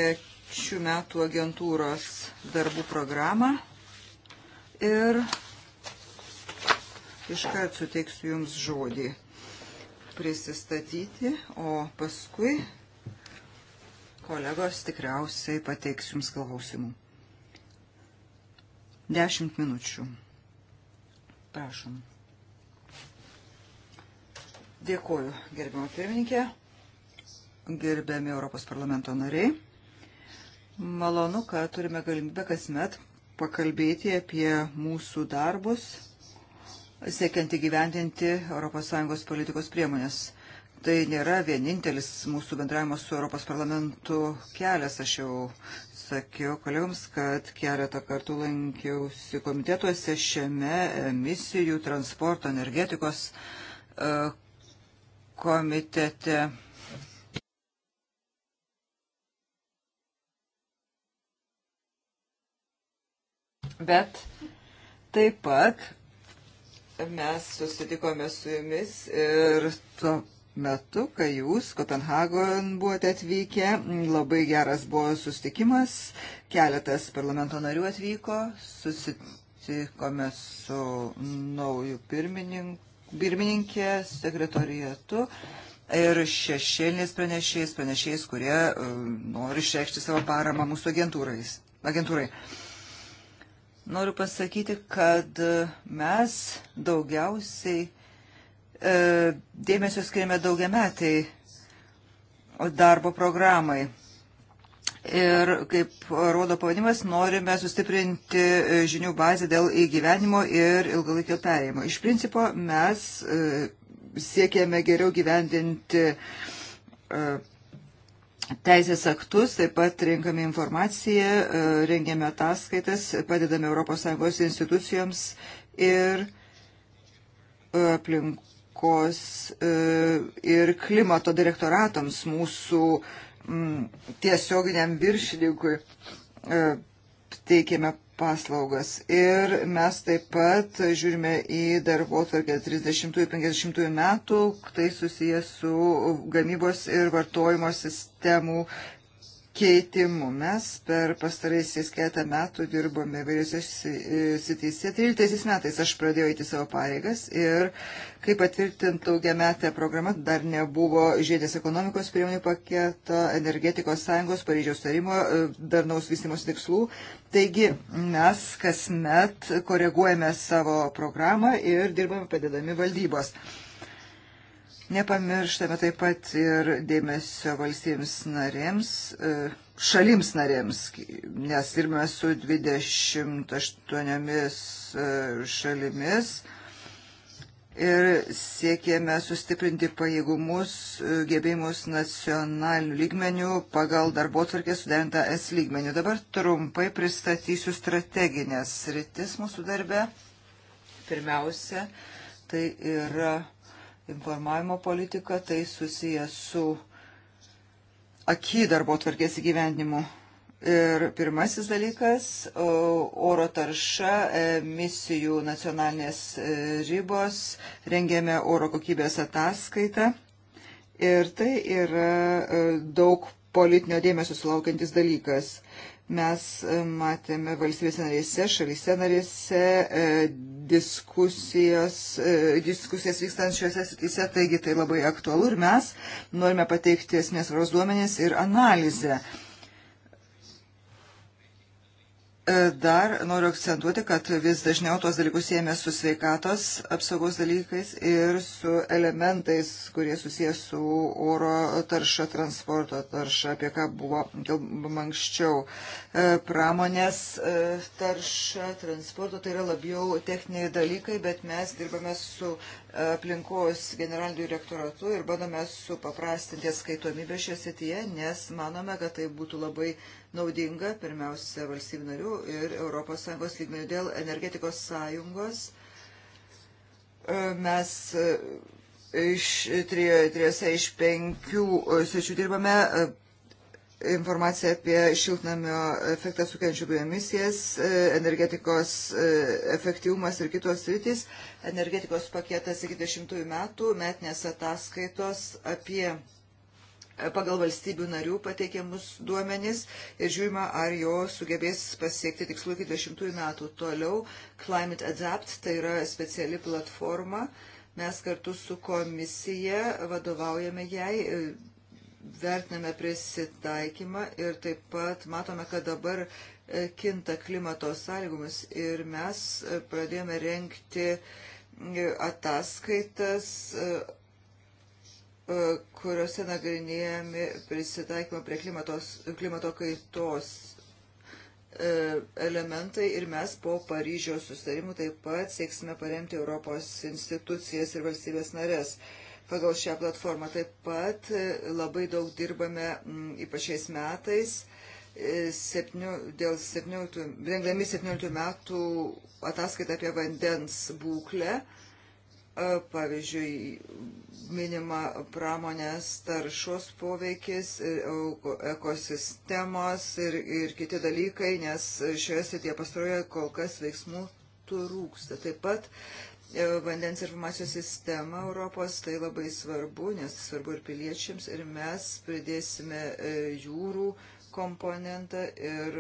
šių metų agentūros darbų programą ir iškart suteiksiu Jums žodį prisistatyti, o paskui Kolegos tikriausiai pateiks jums klausimų. Dešimt minučių. Prašom. Dėkuoju, gerbiamo pirmininkė, gerbiami Europos parlamento nariai. Malonu, kad turime galimybę kasmet pakalbėti apie mūsų darbus, siekiant įgyvendinti ES politikos priemonės. Tai nėra vienintelis mūsų bendravimo su Europos parlamentu kelias. Aš jau sakiau kolegams, kad keletą kartų lankiausi komitetuose šiame misijų transporto energetikos e, komitete. Bet taip pat mes susitikome su jumis ir to metu, kai jūs Kopenhagon buvote atvykę. Labai geras buvo sustikimas, keletas parlamento narių atvyko, susitikome su nauju pirminink, pirmininkė, sekretorijatu ir šešėliniais pranešėjais, pranešėjais, kurie e, nori išreikšti savo paramą mūsų agentūrai. Noriu pasakyti, kad mes daugiausiai E, dėmesio skiriame daugiametai darbo programai. Ir kaip rodo pavadimas, norime sustiprinti e, žinių bazę dėl įgyvenimo ir ilgalaikio perėjimo. Iš principo mes e, siekėme geriau gyvendinti teisės aktus, taip pat rinkame informaciją, rengiame ataskaitas, padedame ES institucijoms ir aplink aplinkos e, ir klimato direktoratams mūsų tiesioginiam viršininkui e, teikiame paslaugas. Ir mes taip pat žiūrime į darbo atvarkę 30-50 metų, tai susijęs su gamybos ir vartojimo sistemų keitimų. Mes per pastaraisiais keletą metų dirbome įvairiose sityse. E, 13 metais aš pradėjau eiti savo pareigas ir kai patvirtint daugiametę programą dar nebuvo žiedės ekonomikos priemonių paketo, energetikos sąjungos, Paryžiaus tarimo, e, darnaus vystimos tikslų. Taigi mes kasmet koreguojame savo programą ir dirbame padedami valdybos. Nepamirštame taip pat ir dėmesio valstybėms narėms, e, šalims narėms, nes dirbame su 28 e, šalimis ir siekėme sustiprinti pajėgumus, e, gebėjimus nacionalinių lygmenių pagal darbo tvarkę sudarintą S lygmenių. Dabar trumpai pristatysiu strateginės rytis mūsų darbe. Pirmiausia, tai yra informavimo politika, tai susijęs su akį darbo tvarkės įgyvendimu. Ir pirmasis dalykas - oro tarša, misijų nacionalinės e, ribos, rengėme oro kokybės ataskaitą. Ir tai yra e, daug politinio dėmesio sulaukiantis dalykas. Mes e, matėme valstybėse narėse, šalyse narėse e, diskusijas, e, diskusijas vykstant šiuose srityse, taigi tai labai aktualu ir mes norime pateikti esmės varos duomenės ir analizę. Mhm E, dar noriu akcentuoti, kad vis dažniau tuos dalykus siejame su sveikatos apsaugos dalykais ir su elementais, kurie susijęs su oro tarša, transporto tarša, apie ką buvo kalbama anksčiau. E, pramonės e, tarša, transporto tai yra labiau techniniai dalykai, bet mes dirbame su aplinkos generaliniu direktoratu ir bandome supaprastinti atskaitomybę šioje srityje, nes manome, kad tai būtų labai naudinga pirmiausia valstybių narių ir ES lygmenių dėl energetikos sąjungos. E, mes e, iš trijose iš penkių sričių dirbame e, informaciją apie šiltnamio efektą sukeliančių dujų emisijas, e, energetikos e, efektyvumas ir kitos rytis, energetikos paketas iki 20 metų, metinės ataskaitos apie e, pagal valstybių narių pateikiamus duomenis ir žiūrima, ar jo sugebės pasiekti tikslų iki 20 metų. Toliau Climate Adapt, tai yra speciali platforma, mes kartu su komisija vadovaujame jai, vertiname prisitaikymą ir taip pat matome, kad dabar e, kinta klimato sąlygomis ir mes e, pradėjome renkti e, ataskaitas, kuriuose nagrinėjami prisitaikymą prie klimatos, klimato kaitos elementai ir mes po Paryžiaus sustarimų taip pat sieksime paremti Europos institucijas ir valstybės narės pagal šią platformą. Taip pat e, labai daug dirbame ypač šiais metais. E, septynių, dėl 17, rengdami 17 metų ataskaitą apie vandens būklę, e, pavyzdžiui, minima pramonės taršos poveikis, ekosistemos ir, ir kiti dalykai, nes šioje srityje pastaroje kol kas veiksmų trūksta. Taip pat E, vandens informacijos sistemą Europos, tai labai svarbu, nes svarbu ir piliečiams, ir mes pridėsime e, jūrų komponentą ir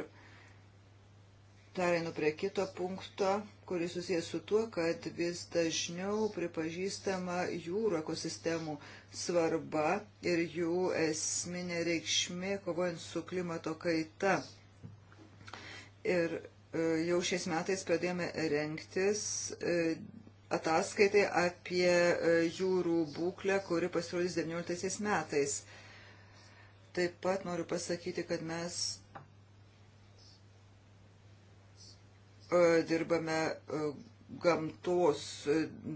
pereinu prie kito punkto, kuris susijęs su tuo, kad vis dažniau pripažįstama jūrų ekosistemų svarba ir jų esminė reikšmė kovojant su klimato kaita. Ir e, jau šiais metais pradėjome renktis ataskaitai apie e, jūrų būklę, kuri pasirodys 19 metais. Taip pat noriu pasakyti, kad mes e, dirbame e, gamtos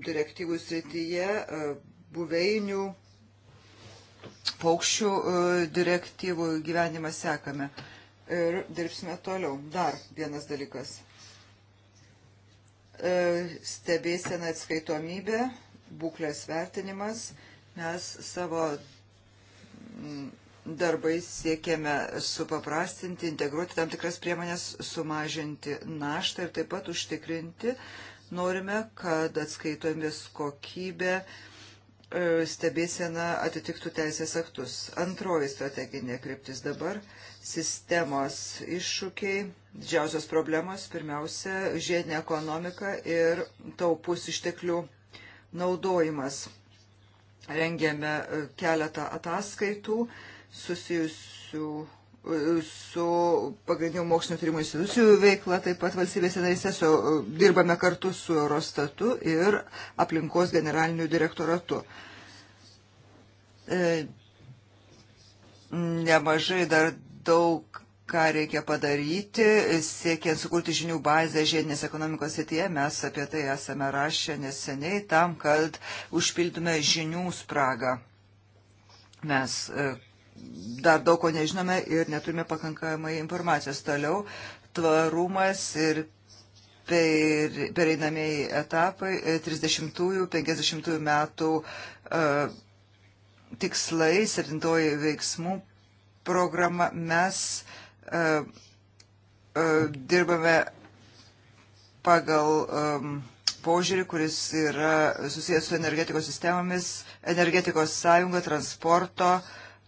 direktyvų srityje, buveinių, paukščių direktyvų gyvenimą sekame. Ir dirbsime toliau. Dar vienas dalykas – E, stebėsena atskaitomybė, būklės vertinimas. Mes savo mm, darbais siekiame supaprastinti, integruoti tam tikras priemonės, sumažinti naštą ir taip pat užtikrinti. Norime, kad atskaitomis kokybė e, stebėsena atitiktų teisės aktus. Antroji strateginė kryptis dabar - sistemos iššūkiai didžiausios problemos pirmiausia žiedinė ekonomika ir taupus išteklių naudojimas. Rengėme e, keletą ataskaitų susijusių e, su pagrindinių mokslinio tyrimų institucijų veikla, taip pat valstybėse narise su, e, dirbame kartu su Eurostatu ir aplinkos generaliniu direktoratu. E, nemažai dar daug ką reikia padaryti, siekiant sukurti žinių bazę žiedinės ekonomikos srityje. Mes apie tai esame rašę neseniai tam, kad užpildume žinių spragą. Mes e, dar daug ko nežinome ir neturime pakankamai informacijos. Toliau tvarumas ir pereinamieji etapai 30-50 e, metų e, tikslai, 7 veiksmų programa mes E, e, dirbame pagal požiūrį, kuris yra susijęs su energetikos sistemomis, energetikos sąjunga, transporto,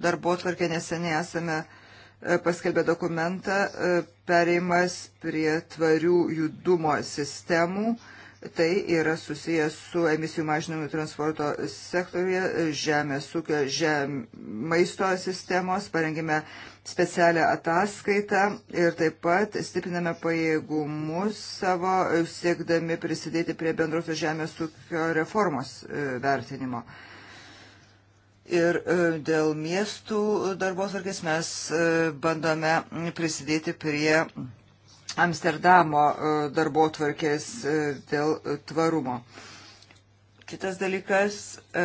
darbo tvarkė, neseniai esame e, paskelbę dokumentą, pereimas prie tvarių judumo sistemų Tai yra susijęs su emisijų mažinimu transporto sektorija, žemės ūkio, žem, maisto sistemos, parengėme specialią ataskaitą ir taip pat stipriname pajėgumus savo, siekdami prisidėti prie bendrosios žemės ūkio reformos e, vertinimo. Ir e, dėl miestų darbos arkės mes e, bandome prisidėti prie Amsterdamo e, darbo tvarkės e, dėl tvarumo. Kitas dalykas e,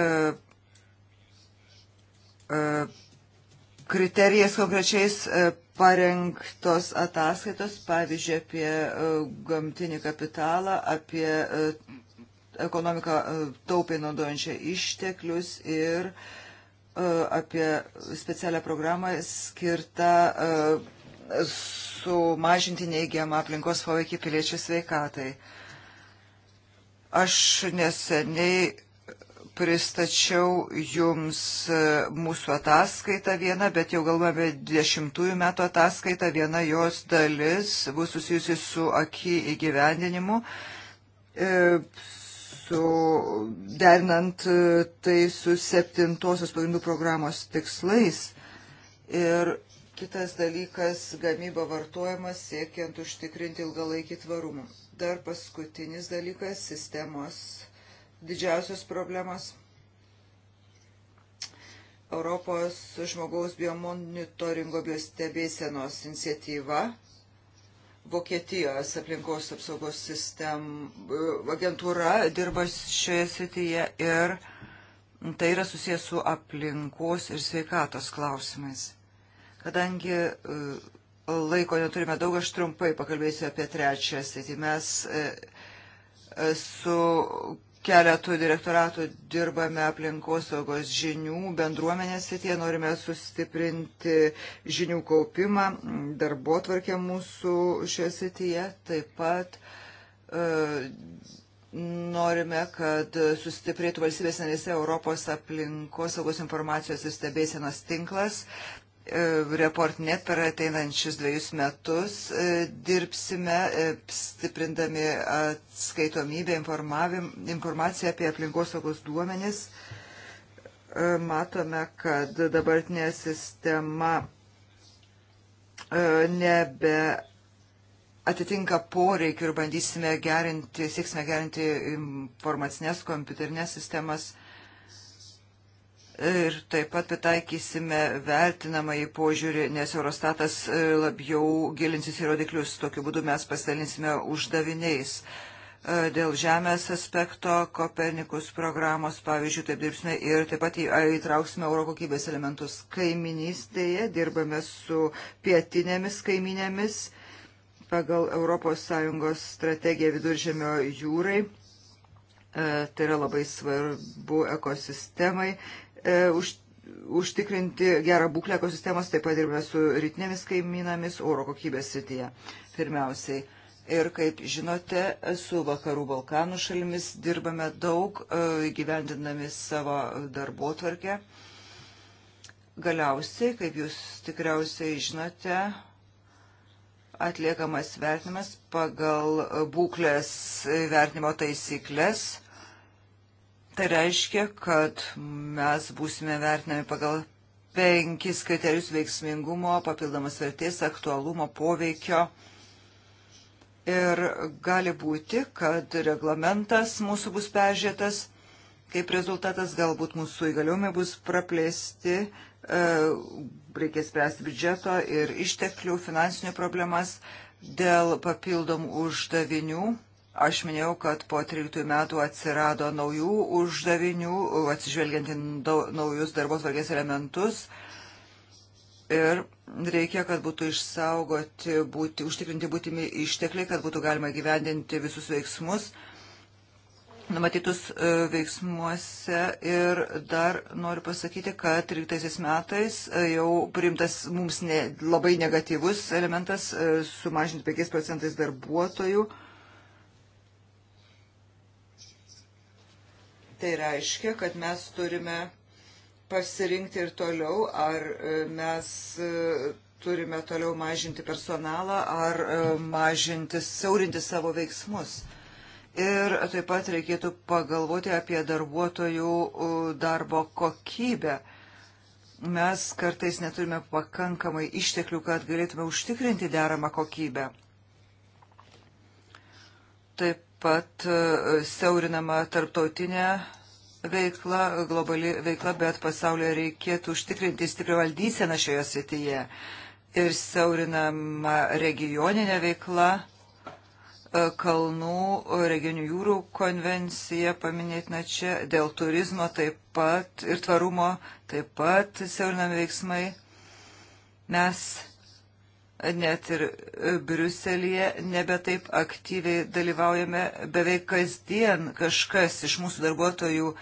kriterijas konkrečiais parengtos ataskaitos, pavyzdžiui, apie gamtinį kapitalą, apie ekonomiką taupiai naudojančią išteklius ir apie specialią programą skirtą sumažinti neigiamą aplinkos poveikį piliečių sveikatai. Aš neseniai pristačiau jums mūsų ataskaitą vieną, bet jau galvojame 20 metų ataskaitą, viena jos dalis bus susijusi su akį įgyvendinimu, e, su, dernant tai su septintosios pagrindų programos tikslais. Ir Kitas dalykas - gamyba vartojimas siekiant užtikrinti ilgalaikį tvarumą. Dar paskutinis dalykas - sistemos didžiausios problemos. Europos žmogaus biomonitoringo biostebėsenos iniciatyva, Vokietijos aplinkos apsaugos sistem agentūra dirba šioje srityje ir tai yra susijęs su aplinkos ir sveikatos klausimais. Kadangi e, laiko neturime daug, aš trumpai pakalbėsiu apie trečią sritį. Mes e, e, su keletų direktoratų dirbame aplinkosaugos žinių bendruomenės srityje, norime sustiprinti žinių kaupimą, darbo tvarkę mūsų šioje srityje, taip pat e, norime, kad sustiprėtų valstybės narėse Europos aplinkosaugos informacijos ir stebėsienos tinklas, E, Reportnet per ateinančius dviejus metus e, dirbsime e, stiprindami atskaitomybę informaciją apie aplinkosaugos duomenis. Matome, kad dabartinė sistema nebe atitinka poreikių ir bandysime gerinti, sieksime gerinti informacinės kompiuterinės sistemas Ir taip pat pritaikysime vertinamą į požiūrį, nes Eurostatas e, labiau gilinsis į rodiklius. Tokiu būdu mes pasidalinsime uždaviniais. E, dėl žemės aspekto Kopernikus programos, pavyzdžiui, taip dirbsime ir taip pat įtrauksime euro kokybės elementus kaiminystėje, dirbame su pietinėmis kaiminėmis pagal ES strategiją viduržėmio jūrai. E, tai yra labai svarbu ekosistemai E, už, užtikrinti gerą būklę ekosistemos, taip pat dirbame su rytinėmis kaimynamis oro kokybės srityje pirmiausiai. Ir kaip žinote, su Vakarų Balkanų šalimis dirbame daug, e, įgyvendinami savo darbo tvarkę. Galiausiai, kaip jūs tikriausiai žinote, atliekamas vertinimas pagal būklės vertinimo taisyklės Tai reiškia, kad mes būsime vertinami pagal penkis kriterijus veiksmingumo, papildomas vertės, aktualumo, poveikio. Ir gali būti, kad reglamentas mūsų bus peržiūrėtas, kaip rezultatas galbūt mūsų įgaliojimai bus praplėsti, e, reikės spręsti biudžeto ir išteklių, finansinių problemas dėl papildomų uždavinių Aš minėjau, kad po 13 metų atsirado naujų uždavinių, atsižvelgiant į naujus darbos vargės elementus. Ir reikia, kad būtų išsaugoti, būti, užtikrinti būtimi ištekliai, kad būtų galima gyvendinti visus veiksmus numatytus e, veiksmuose ir dar noriu pasakyti, kad 13 metais e, jau priimtas mums ne, labai negatyvus elementas e, sumažinti 5 procentais darbuotojų Tai reiškia, kad mes turime pasirinkti ir toliau, ar e, mes e, turime toliau mažinti personalą, ar e, mažinti, siaurinti savo veiksmus. Ir taip pat reikėtų pagalvoti apie darbuotojų darbo kokybę. Mes kartais neturime pakankamai išteklių, kad galėtume užtikrinti deramą kokybę. Taip pat e, siaurinama tarptautinė veikla, globali veikla, bet pasaulyje reikėtų užtikrinti stiprią valdyseną šioje srityje ir siaurinama regioninė veikla. E, kalnų regionių jūrų konvencija paminėtina čia dėl turizmo taip pat ir tvarumo taip pat siaurinami veiksmai. Mes net ir e, Briuselėje nebe taip aktyviai dalyvaujame. Beveik kasdien kažkas iš mūsų darbuotojų e,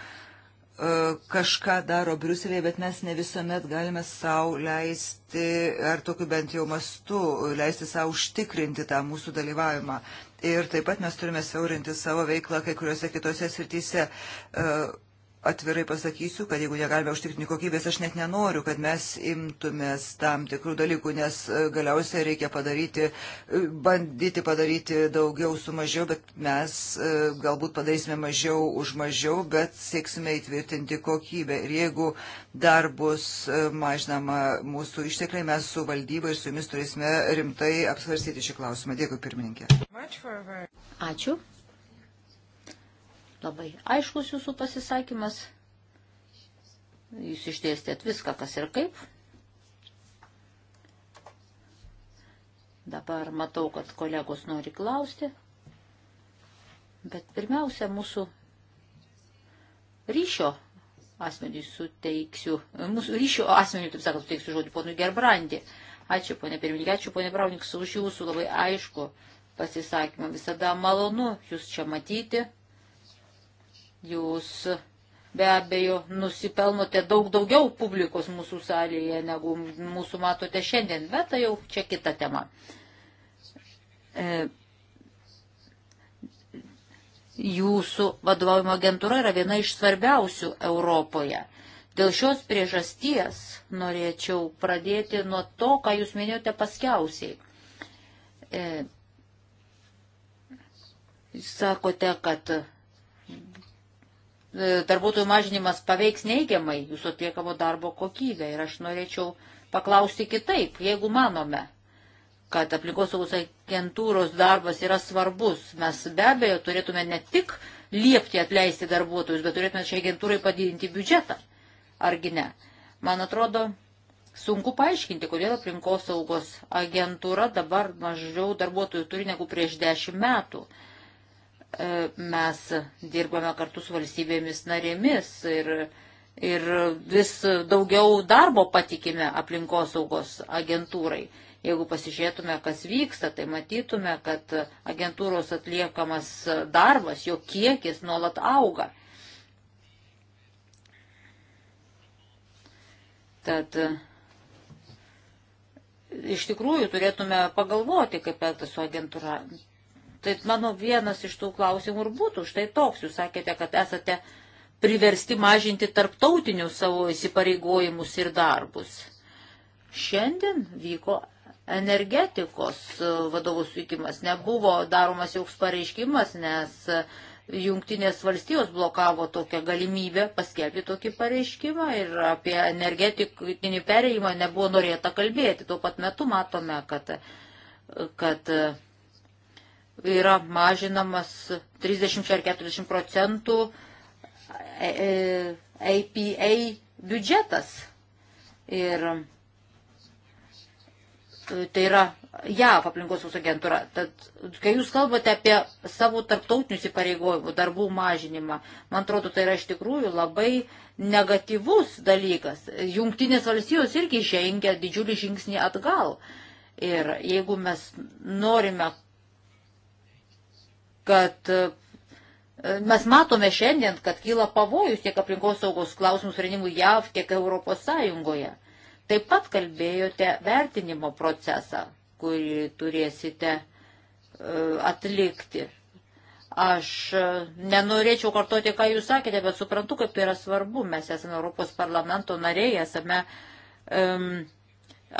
kažką daro Briuselėje, bet mes ne visuomet galime savo leisti, ar tokiu bent jau mastu, leisti savo užtikrinti tą mūsų dalyvavimą. Ir taip pat mes turime siaurinti savo veiklą kai kuriuose kitose srityse. Uh, atvirai pasakysiu, kad jeigu negalime užtikrinti kokybės, aš net nenoriu, kad mes imtumės tam tikrų dalykų, nes e, galiausiai reikia padaryti, e, bandyti padaryti daugiau su mažiau, bet mes e, galbūt padarysime mažiau už mažiau, bet sieksime įtvirtinti kokybę. Ir jeigu dar bus mažinama mūsų ištekliai, mes su valdyba ir su jumis turėsime rimtai apsvarstyti šį klausimą. Dėkui, pirmininkė. Ačiū Labai aiškus jūsų pasisakymas. Jūs išdėstėt viską, kas ir kaip. Dabar matau, kad kolegos nori klausti. Bet pirmiausia, mūsų ryšio asmenį suteiksiu, mūsų ryšio asmenį, taip sakant, suteiksiu žodį ponui Gerbrandi. Ačiū, ponė pirmininkė, ačiū, ponė Brauniks, už jūsų labai aišku pasisakymą. Visada malonu jūs čia matyti. Jūs be abejo nusipelnote daug daugiau publikos mūsų salėje, negu mūsų matote šiandien, bet tai jau čia kita tema. E, jūsų vadovaujimo agentūra yra viena iš svarbiausių Europoje. Dėl šios priežasties norėčiau pradėti nuo to, ką jūs minėjote paskiausiai. E, sakote, kad E, darbuotojų mažinimas paveiks neigiamai jūsų atliekamo darbo kokybę. Ir aš norėčiau paklausti kitaip, jeigu manome, kad aplinkosaugos agentūros darbas yra svarbus, mes be abejo turėtume ne tik liepti atleisti darbuotojus, bet turėtume šiai agentūrai padidinti biudžetą. Argi ne? Man atrodo, sunku paaiškinti, kodėl aplinkosaugos agentūra dabar mažiau darbuotojų turi negu prieš dešimt metų. E, mes dirbame kartu su valstybėmis narėmis ir, ir vis daugiau darbo patikime aplinkosaugos agentūrai. Jeigu pasižiūrėtume, kas vyksta, tai matytume, kad agentūros atliekamas darbas, jo kiekis nuolat auga. Tad iš tikrųjų turėtume pagalvoti, kaip elgtis su agentūra. Tai mano vienas iš tų klausimų ir būtų štai toks. Jūs sakėte, kad esate priversti mažinti tarptautinius savo įsipareigojimus ir darbus. Šiandien vyko energetikos e, vadovų suikimas. Nebuvo daromas joks pareiškimas, nes e, Jungtinės valstijos blokavo tokią galimybę paskelbti tokį pareiškimą ir apie energetinį perėjimą nebuvo norėta kalbėti. Tuo pat metu matome, kad, kad yra mažinamas 30 ar 40 procentų APA e, e, biudžetas. Ir e, tai yra JAV aplinkos agentūra. Tad, kai jūs kalbate apie savo tarptautinius įpareigojimų darbų mažinimą, man atrodo, tai yra iš tikrųjų labai negatyvus dalykas. Jungtinės valstijos irgi žengia didžiulį žingsnį atgal. Ir jeigu mes norime kad e, mes matome šiandien, kad kyla pavojus tiek aplinkos saugos klausimų sprendimų JAV, tiek Europos Sąjungoje. Taip pat kalbėjote vertinimo procesą, kurį turėsite e, atlikti. Aš e, nenorėčiau kartoti, ką jūs sakėte, bet suprantu, kaip tai yra svarbu. Mes esame Europos parlamento nariai, esame um,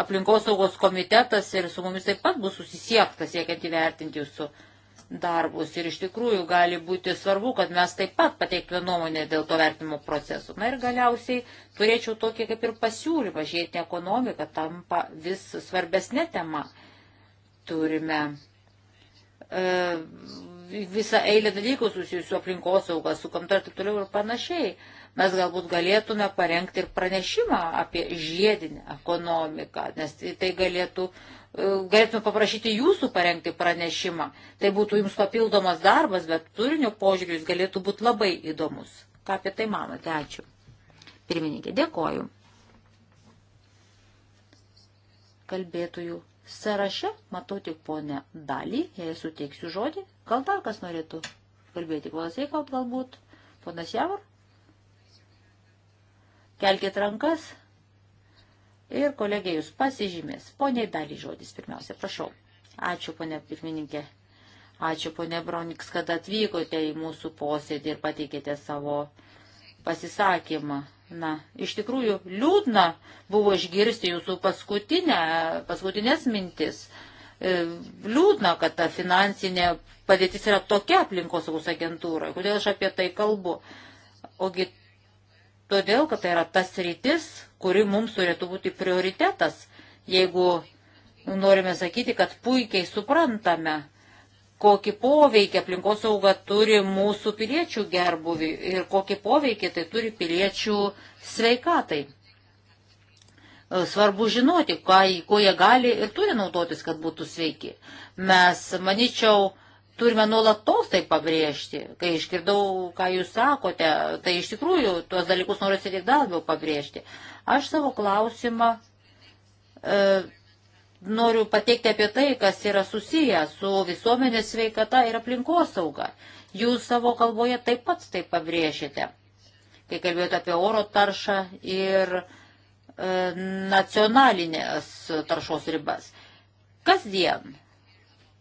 aplinkosaugos komitetas ir su mumis taip pat bus susisiektas, siekiant įvertinti jūsų uh, darbus ir iš tikrųjų gali būti svarbu, kad mes taip pat pateiktume nuomonę dėl to vertinimo procesų. Na ir galiausiai turėčiau tokį kaip ir pasiūlymą, žiedinė ekonomika tampa vis svarbesnė tema. Turime e, visą eilę dalykų susijusių su aplinkosauga, su gamta ir taip toliau ir panašiai mes galbūt galėtume parengti ir pranešimą apie žiedinę ekonomiką, nes tai galėtų E, galėtume paprašyti jūsų parengti pranešimą. Tai būtų jums papildomas darbas, bet turinio požiūris galėtų būti labai įdomus. Ką apie tai manote? Ačiū. Pirmininkė, dėkoju. Kalbėtojų sąraše matau tik ponę dalį, jei suteiksiu žodį. Gal dar kas norėtų kalbėti? Ponas Eikaut galbūt? Ponas Javor? Kelkit rankas ir kolegė jūs pasižymės. Pone Dalį žodis pirmiausia, prašau. Ačiū, ponė pirmininkė. Ačiū, ponė Broniks, kad atvykote į mūsų posėdį ir pateikėte savo pasisakymą. Na, iš tikrųjų, liūdna buvo išgirsti jūsų paskutinę, paskutinės mintis. E, liūdna, kad ta finansinė padėtis yra tokia aplinkosaugos agentūroje. Kodėl aš apie tai kalbu? Ogi todėl, kad tai yra tas rytis, kuri mums turėtų būti prioritetas, jeigu norime sakyti, kad puikiai suprantame, kokį poveikį aplinkosauga turi mūsų piliečių gerbuvi ir kokį poveikį tai turi piliečių sveikatai. E, svarbu žinoti, ką, ko jie gali ir turi naudotis, kad būtų sveiki. Mes, manyčiau, turime nuolatos tai pabrėžti. Kai išgirdau, ką jūs sakote, tai iš tikrųjų tuos dalykus noriu tik dar labiau pabrėžti. Aš savo klausimą e, noriu pateikti apie tai, kas yra susiję su visuomenės sveikata ir aplinkosauga. Jūs savo kalboje taip pat tai pabrėžite, kai kalbėjote apie oro taršą ir e, nacionalinės taršos ribas. Kasdien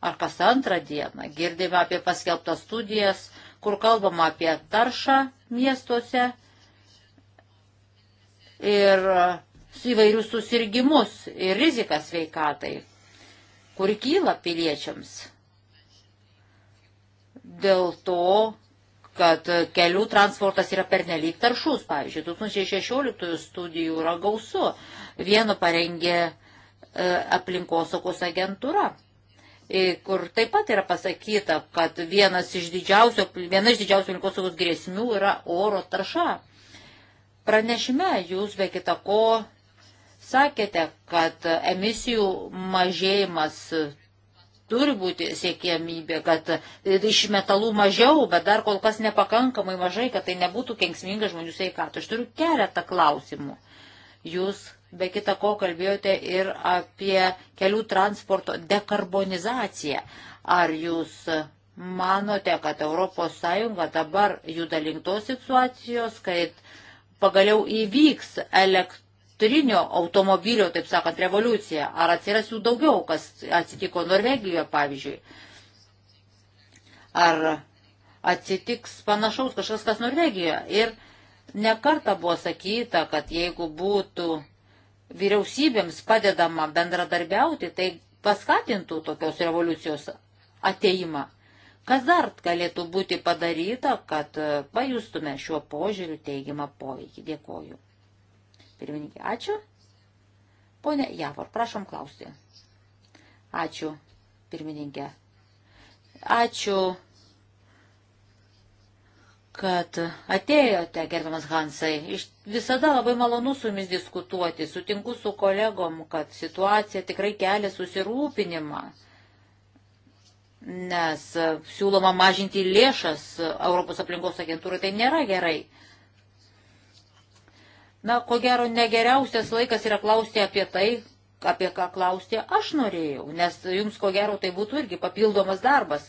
ar kas antrą dieną girdime apie paskelbtas studijas, kur kalbama apie taršą miestuose ir įvairius susirgymus ir riziką sveikatai, kuri kyla piliečiams. Dėl to, kad kelių transportas yra pernelyg taršus. Pavyzdžiui, 2016 studijų yra gausu. Vienu parengė e, aplinkosaugos agentūra. E, kur taip pat yra pasakyta, kad vienas iš didžiausių, viena iš didžiausių aplinkosaugos grėsmių yra oro tarša. Pranešime jūs be kita ko sakėte, kad emisijų mažėjimas turi būti siekėmybė, kad iš metalų mažiau, bet dar kol kas nepakankamai mažai, kad tai nebūtų kenksminga žmonių sveikatų. Aš turiu keletą klausimų. Jūs Be kita ko kalbėjote ir apie kelių transporto dekarbonizaciją. Ar jūs manote, kad ES dabar juda link tos situacijos, kad pagaliau įvyks elektrinio automobilio, taip sakant, revoliucija? Ar atsiras jų daugiau, kas atsitiko Norvegijoje, pavyzdžiui? Ar atsitiks panašaus kažkas, kas Norvegijoje? Ir nekarta buvo sakyta, kad jeigu būtų vyriausybėms padedama bendradarbiauti, tai paskatintų tokios revoliucijos ateimą. Kas dar galėtų būti padaryta, kad e, pajustume šiuo požiūriu teigiamą poveikį? Dėkoju. Pirmininkė, ačiū. Pone Javor, prašom klausti. Ačiū, pirmininkė. Ačiū kad atėjote, gerbiamas Hansai. Iš visada labai malonu su jumis diskutuoti. Sutinku su kolegom, kad situacija tikrai kelia susirūpinimą, nes siūloma mažinti lėšas Europos aplinkos agentūrai. Tai nėra gerai. Na, ko gero, negeriausias laikas yra klausti apie tai, apie ką klausti aš norėjau, nes jums ko gero tai būtų irgi papildomas darbas.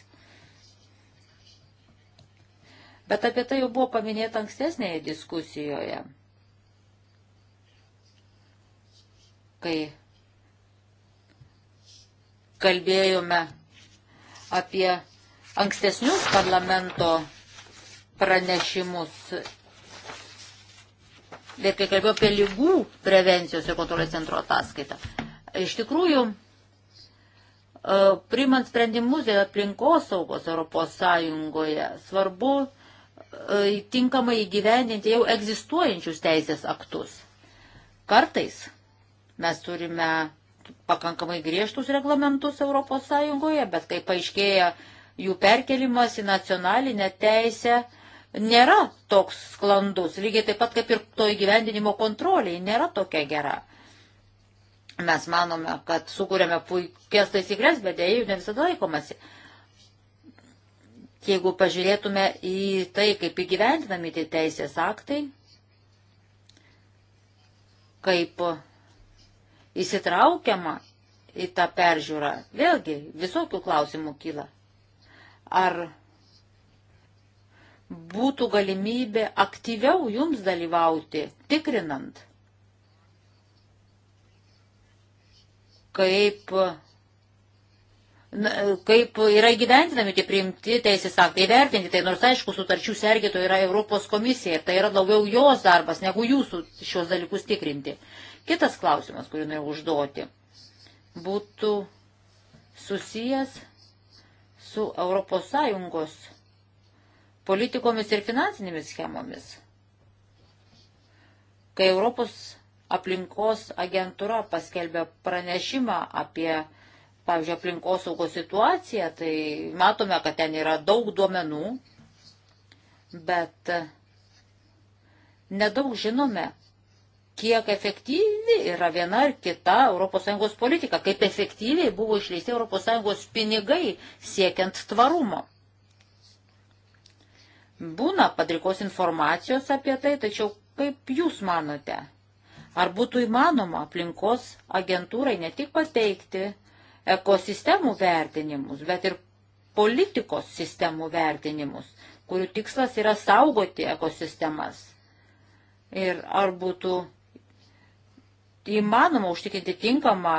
Bet apie tai jau buvo paminėta ankstesnėje diskusijoje, kai kalbėjome apie ankstesnius parlamento pranešimus. Ir kai kalbėjau apie lygų prevencijos ir kontrolės centro ataskaitą. Iš tikrųjų, e, primant sprendimus dėl aplinkosaugos Europos Sąjungoje, svarbu E, tinkamai įgyvendinti jau egzistuojančius teisės aktus. Kartais mes turime pakankamai griežtus reglamentus ES, bet kai paaiškėja jų perkelimas į nacionalinę teisę, nėra toks sklandus, lygiai taip pat kaip ir to įgyvendinimo kontroliai nėra tokia gera. Mes manome, kad sukūrėme puikias taisyklės, bet dėjų ne visada laikomasi. Uh, Jeigu pažiūrėtume į tai, kaip įgyvendinami tie teisės aktai, kaip įsitraukiama į tą peržiūrą, vėlgi visokių klausimų kyla. Ar būtų galimybė aktyviau jums dalyvauti, tikrinant, kaip kaip yra gyventinami tie priimti teisės aktai, vertinti tai, nors aišku, sutarčių sergėto yra Europos komisija ir tai yra daugiau jos darbas, negu jūsų šios dalykus tikrinti. Kitas klausimas, kurį norėjau užduoti, būtų susijęs su ES politikomis ir finansinėmis schemomis. Kai Europos aplinkos agentūra paskelbė pranešimą apie pavyzdžiui, aplinkosaugos situaciją, tai matome, kad ten yra daug duomenų, bet nedaug žinome, kiek efektyvi yra viena ar kita ES politika, kaip efektyviai buvo išleisti ES pinigai siekiant tvarumo. Būna padrikos informacijos apie tai, tačiau kaip jūs manote, ar būtų įmanoma aplinkos agentūrai ne tik pateikti ekosistemų vertinimus, bet ir politikos sistemų vertinimus, kurių tikslas yra saugoti ekosistemas. Ir ar būtų įmanoma užtikrinti tinkamą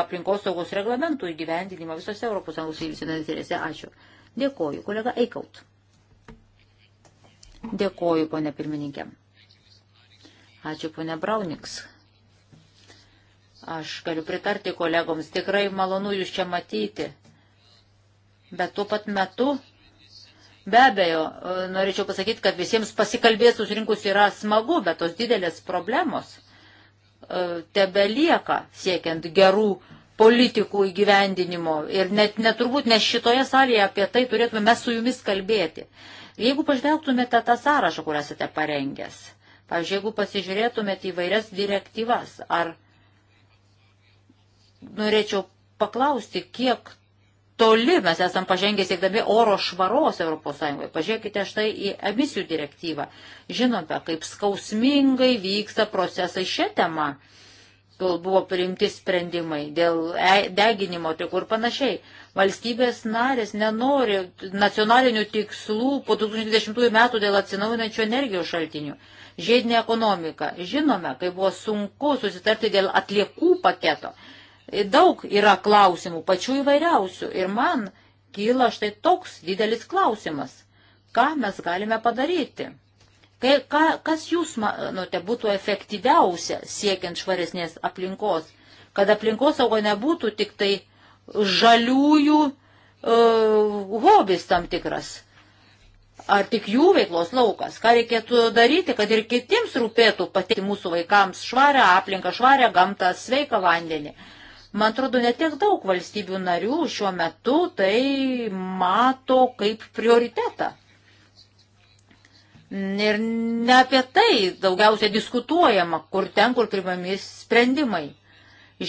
aplinkos saugos reglamentų įgyvendinimą visose ES valstybėse. Ačiū. Dėkoju, kolega Eikaut. Dėkoju, ponė pirmininkė. Ačiū, ponė Brauniks. Aš galiu pritarti kolegoms, tikrai malonu jūs čia matyti. Bet tuo pat metu, be abejo, norėčiau pasakyti, kad visiems pasikalbės susirinkus yra smagu, bet tos didelės problemos e, tebe lieka siekiant gerų politikų įgyvendinimo. Ir net neturbūt, nes šitoje salėje apie tai turėtume mes su jumis kalbėti. Jeigu pažvelgtumėte tą sąrašą, kurią esate parengęs, pavyzdžiui, jeigu pasižiūrėtumėte į vairias direktyvas ar norėčiau paklausti, kiek toli mes esam pažengę siekdami oro švaros ES. Pažiūrėkite štai į emisijų direktyvą. Žinote, kaip skausmingai vyksta procesai šią temą, kol buvo priimti sprendimai dėl e, deginimo tikų ir panašiai. Valstybės narės nenori nacionalinių tikslų po 2020 metų dėl atsinaujinančių energijos šaltinių. Žiedinė ekonomika. Žinome, kai buvo sunku susitarti dėl atliekų paketo daug yra klausimų, pačių įvairiausių. Ir man kyla štai toks didelis klausimas, ką mes galime padaryti. Kai, ka, kas jūs manote būtų efektyviausia siekiant švaresnės aplinkos, kad aplinkos saugo nebūtų tik tai žaliųjų uh, e, hobis tam tikras, ar tik jų veiklos laukas, ką reikėtų daryti, kad ir kitiems rūpėtų pateikti mūsų vaikams švarę aplinką, švarę gamtą, sveiką vandenį. Uh, Man atrodo, netiek daug valstybių narių šiuo metu tai mato kaip prioritetą. Ir ne apie tai daugiausia diskutuojama, kur ten, kur primami sprendimai.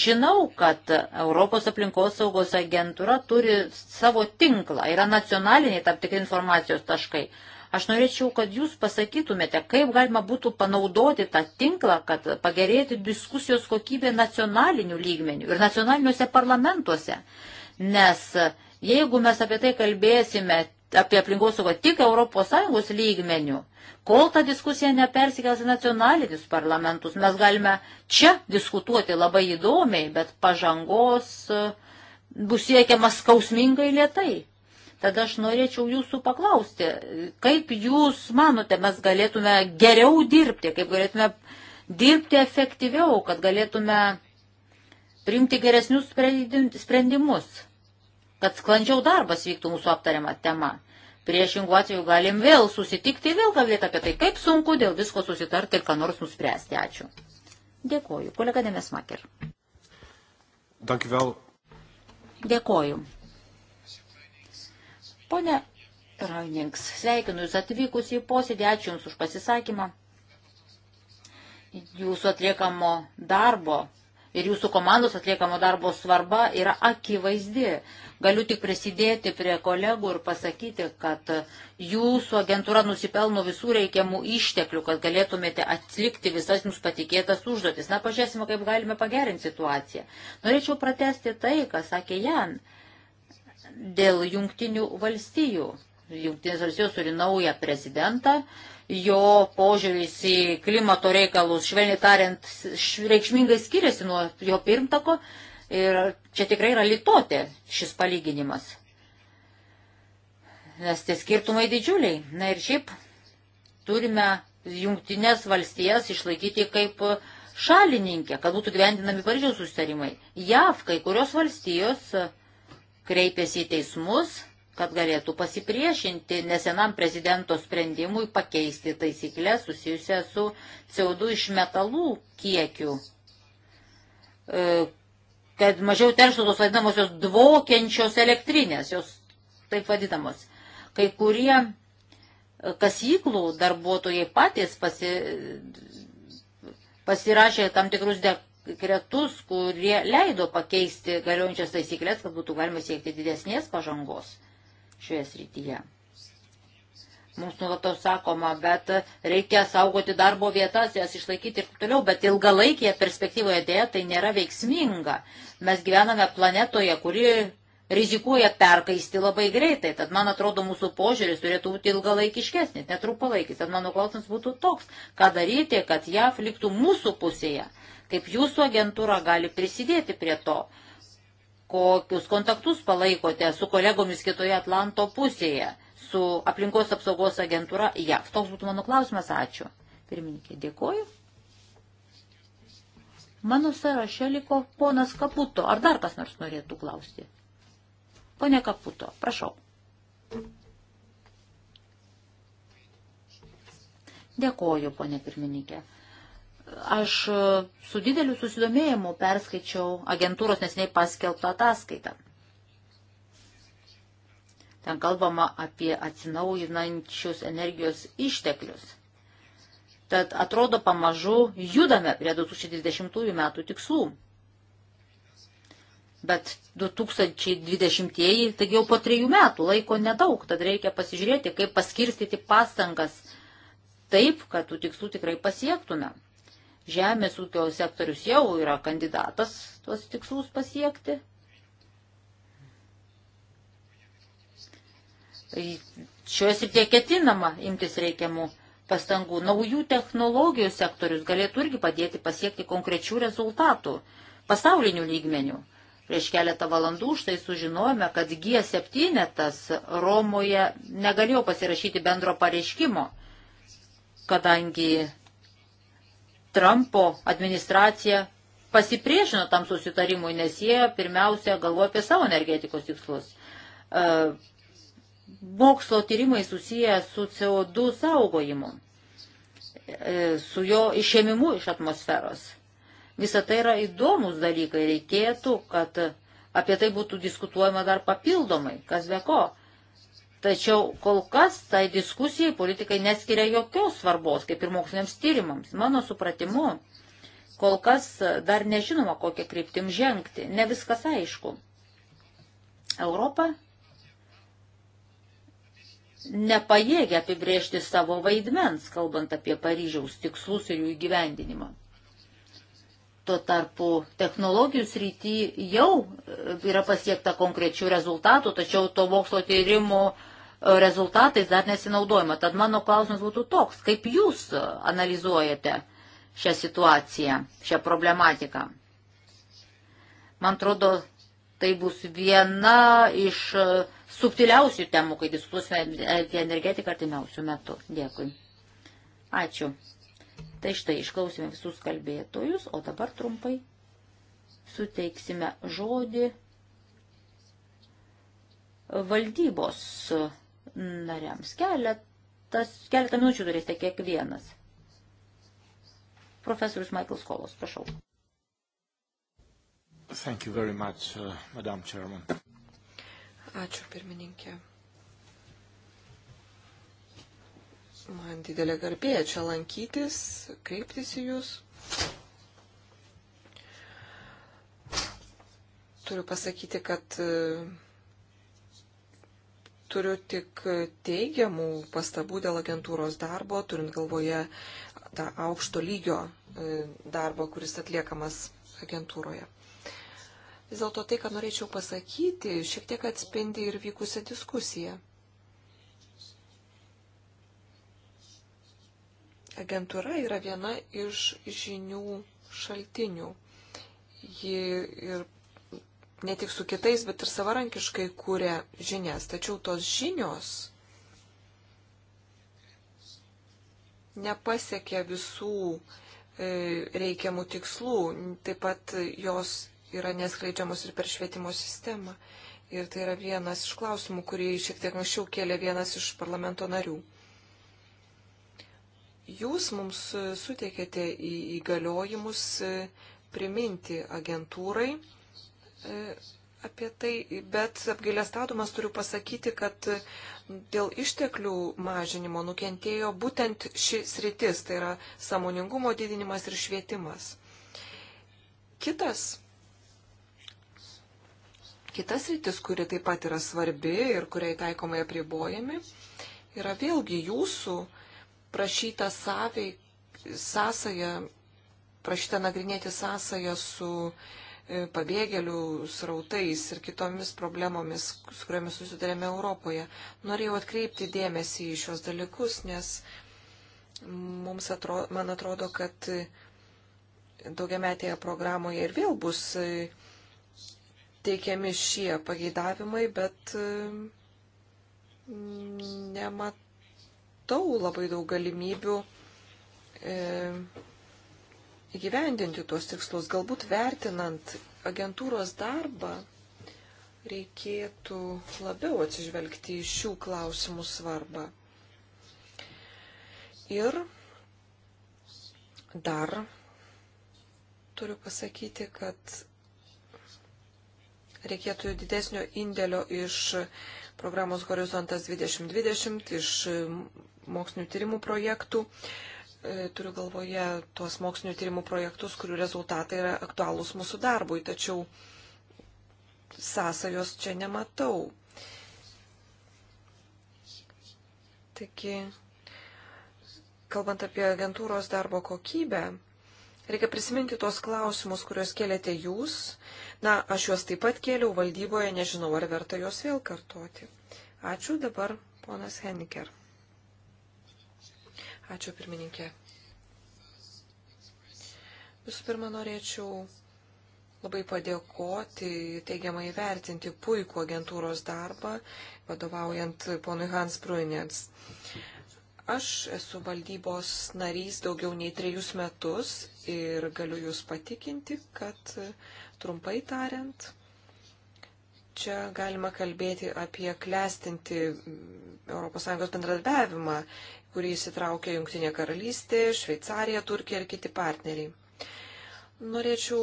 Žinau, kad Europos aplinkos saugos agentūra turi savo tinklą, yra nacionaliniai tam tikri informacijos taškai. Aš norėčiau, kad jūs pasakytumėte, kaip galima būtų panaudoti tą tinklą, kad pagerėti diskusijos kokybė nacionalinių lygmenių ir nacionaliniuose parlamentuose. Nes jeigu mes apie tai kalbėsime apie aplinkosaugą tik ES lygmenių, kol ta diskusija nepersikels į nacionalinius parlamentus, mes galime čia diskutuoti labai įdomiai, bet pažangos e, bus siekiama skausmingai lietai. Tada aš norėčiau jūsų paklausti, kaip jūs manote, mes galėtume geriau dirbti, kaip galėtume dirbti efektyviau, kad galėtume priimti geresnius sprendimus, kad sklandžiau darbas vyktų mūsų aptariama tema. Priešingų atveju galim vėl susitikti, vėl kalbėti apie tai, kaip sunku dėl visko susitarti ir ką nors nuspręsti. Ačiū. Dėkoju. Kolega Demesmaker. Dankjewel. Dėkoju. Pone Rainings, sveikinu Jūs atvykus į posėdį, ačiū Jums už pasisakymą. Jūsų atliekamo darbo ir Jūsų komandos atliekamo darbo svarba yra akivaizdi. Galiu tik prisidėti prie kolegų ir pasakyti, kad Jūsų agentūra nusipelno visų reikiamų išteklių, kad galėtumėte atlikti visas Jums patikėtas užduotis. Na, pažiūrėsime, kaip galime pagerinti situaciją. Norėčiau pratesti tai, ką sakė Jan. Uh, dėl jungtinių valstijų. Jungtinės valstijos turi naują prezidentą, jo požiūris į klimato reikalus, švelniai tariant, reikšmingai skiriasi nuo jo pirmtako ir čia tikrai yra litotė šis palyginimas, nes tie skirtumai didžiuliai. Na ir šiaip turime jungtinės valstijas išlaikyti kaip šalininkė, kad būtų gyvendinami Paryžiaus sustarimai. JAV kai kurios valstijos kreipėsi į teismus, kad galėtų pasipriešinti nesenam prezidento sprendimui pakeisti taisyklę susijusią su CO2 iš metalų kiekiu, e, kad mažiau terštų tos vadinamosios dvokiančios elektrinės, jos taip vadinamos. Kai kurie e, kasyklų darbuotojai patys pasi, pasirašė tam tikrus deklaracijus konkretus, kurie leido pakeisti galiojančias taisyklės, kad būtų galima siekti didesnės pažangos šioje srityje. Mums nulatos sakoma, bet reikia saugoti darbo vietas, jas išlaikyti ir toliau, bet ilgalaikėje perspektyvoje dėja tai nėra veiksminga. Mes gyvename planetoje, kuri rizikuoja perkaisti labai greitai. Tad, man atrodo, mūsų požiūris turėtų būti ilgalaikiškesnis, netrumpalaikis. Tad mano klausimas būtų toks, ką daryti, kad JAF liktų mūsų pusėje, Kaip jūsų agentūra gali prisidėti prie to? Kokius kontaktus palaikote su kolegomis kitoje Atlanto pusėje, su aplinkos apsaugos agentūra JAV? Toks būtų mano klausimas. Ačiū. Pirmininkė, dėkoju. Mano sąraše liko ponas Kaputo. Ar dar kas nors norėtų klausti? Pone Kaputo, prašau. Dėkoju, ponė pirmininkė. Aš e, su dideliu susidomėjimu perskaičiau agentūros nesiniai paskelbtą ataskaitą. Ten kalbama apie atsinaujinančius energijos išteklius. Tad atrodo pamažu judame prie 2020 metų tikslų. Bet 2020-ieji, taigi jau po trejų metų laiko nedaug, tad reikia pasižiūrėti, kaip paskirstyti pastangas taip, kad tų tikslų tikrai pasiektume. Žemės ūkio sektorius jau yra kandidatas tuos tikslus pasiekti. Šioje srityje ketinama imtis reikiamų pastangų. Naujų technologijų sektorius galėtų irgi padėti pasiekti konkrečių rezultatų pasaulinių lygmenių. Prieš keletą valandų štai sužinojome, kad G7 Romoje negalėjo pasirašyti bendro pareiškimo, kadangi Trumpo administracija pasipriešino tam susitarimui, nes jie pirmiausia galvoja apie savo energetikos tikslus. E, mokslo tyrimai susiję su CO2 saugojimu, e, su jo išėmimu iš atmosferos. Visą tai yra įdomus dalykai, reikėtų, kad apie tai būtų diskutuojama dar papildomai, kas be ko. Tačiau kol kas tai diskusijai politikai neskiria jokios svarbos, kaip ir moksliniams tyrimams. Mano supratimu, kol kas dar nežinoma, kokią kryptim žengti. Ne viskas aišku. Europa nepajėgia apibrėžti savo vaidmens, kalbant apie Paryžiaus tikslus ir jų įgyvendinimą. Tuo tarpu technologijų srity jau yra pasiekta konkrečių rezultatų, tačiau to mokslo tyrimų uh, rezultatais dar nesinaudojama. Tad mano klausimas būtų toks, kaip jūs analizuojate šią situaciją, šią problematiką. Man atrodo, tai bus viena iš subtiliausių temų, kai diskutuosime apie energetiką artimiausių metų. Dėkui. Ačiū. Tai štai išklausime visus kalbėtojus, o dabar trumpai suteiksime žodį valdybos nariams. Keletas, keletą minučių turėsite kiekvienas. Profesorius Michael Skolos, prašau. Thank you very much, uh, Madam Chairman. Ačiū, pirmininkė. Man didelė garbė čia lankytis, kreiptis į Jūs. Turiu pasakyti, kad uh, turiu tik teigiamų pastabų dėl agentūros darbo, turint galvoje tą aukšto lygio e, darbą, kuris atliekamas agentūroje. Vis dėlto tai, ką norėčiau pasakyti, šiek tiek atspindi ir vykusią diskusiją. Agentūra yra viena iš žinių šaltinių. Ji ir ne tik su kitais, bet ir savarankiškai kūrė žinias. Tačiau tos žinios nepasiekė visų e, reikiamų tikslų. Taip pat jos yra neskleidžiamos ir per švietimo sistemą. Ir tai yra vienas iš klausimų, kurį šiek tiek anksčiau kėlė vienas iš parlamento narių. Jūs mums suteikėte įgaliojimus e, priminti agentūrai, apie tai, bet apgailestaudamas turiu pasakyti, kad dėl išteklių mažinimo nukentėjo būtent ši sritis, tai yra samoningumo didinimas ir švietimas. Kitas Kitas rytis, kuri taip pat yra svarbi ir kuriai taikomai apribojami, yra vėlgi jūsų prašyta sąveik, sąsaja, prašyta nagrinėti sąsają su E, pabėgėlių srautais ir kitomis problemomis, su kuriamis susidarėme Europoje. Norėjau atkreipti dėmesį į šios dalykus, nes mums atrodo, man atrodo, kad daugiametėje programoje ir vėl bus e, teikiami šie pageidavimai, bet e, nematau labai daug galimybių įgyvendinti tuos tikslus. Galbūt vertinant agentūros darbą reikėtų labiau atsižvelgti į šių klausimų svarbą. Ir dar turiu pasakyti, kad reikėtų didesnio indėlio iš programos Horizontas 2020, iš mokslinių tyrimų projektų. Uh, E, turiu galvoje tuos mokslinio tyrimų projektus, kurių rezultatai yra aktualūs mūsų darbui, tačiau sąsajos čia nematau. Taigi, kalbant apie agentūros darbo kokybę, reikia prisiminti tuos klausimus, kuriuos kėlėte jūs. Na, aš juos taip pat kėliau valdyboje, nežinau, ar verta juos vėl kartoti. Ačiū dabar, ponas Henniker. Ačiū pirmininkė. Visų pirma, norėčiau labai padėkoti, teigiamai vertinti puikų agentūros darbą, vadovaujant ponui Hans Bruinens. Aš esu valdybos narys daugiau nei trejus metus ir galiu Jūs patikinti, kad trumpai tariant, čia galima kalbėti apie klestinti ES bendradarbiavimą kurį įsitraukė Junktinė karalystė, Šveicarija, Turkija ir kiti partneriai. Norėčiau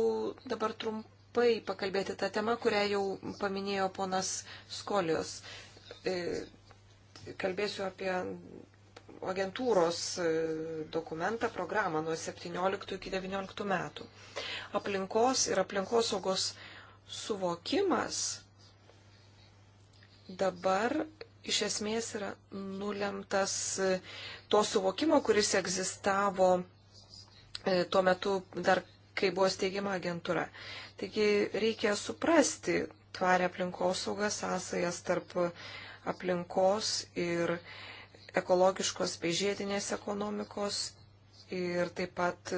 dabar trumpai pakalbėti tą temą, kurią jau paminėjo ponas Skolios. E, kalbėsiu apie agentūros e, dokumentą, programą nuo 17 iki 19 metų. Aplinkos ir aplinkosaugos suvokimas dabar iš esmės yra nulemtas e, to suvokimo, kuris egzistavo e, tuo metu dar, kai buvo steigiama agentūra. Taigi reikia suprasti tvarę aplinkosaugą, sąsajas tarp aplinkos ir ekologiškos bei žiedinės ekonomikos ir taip pat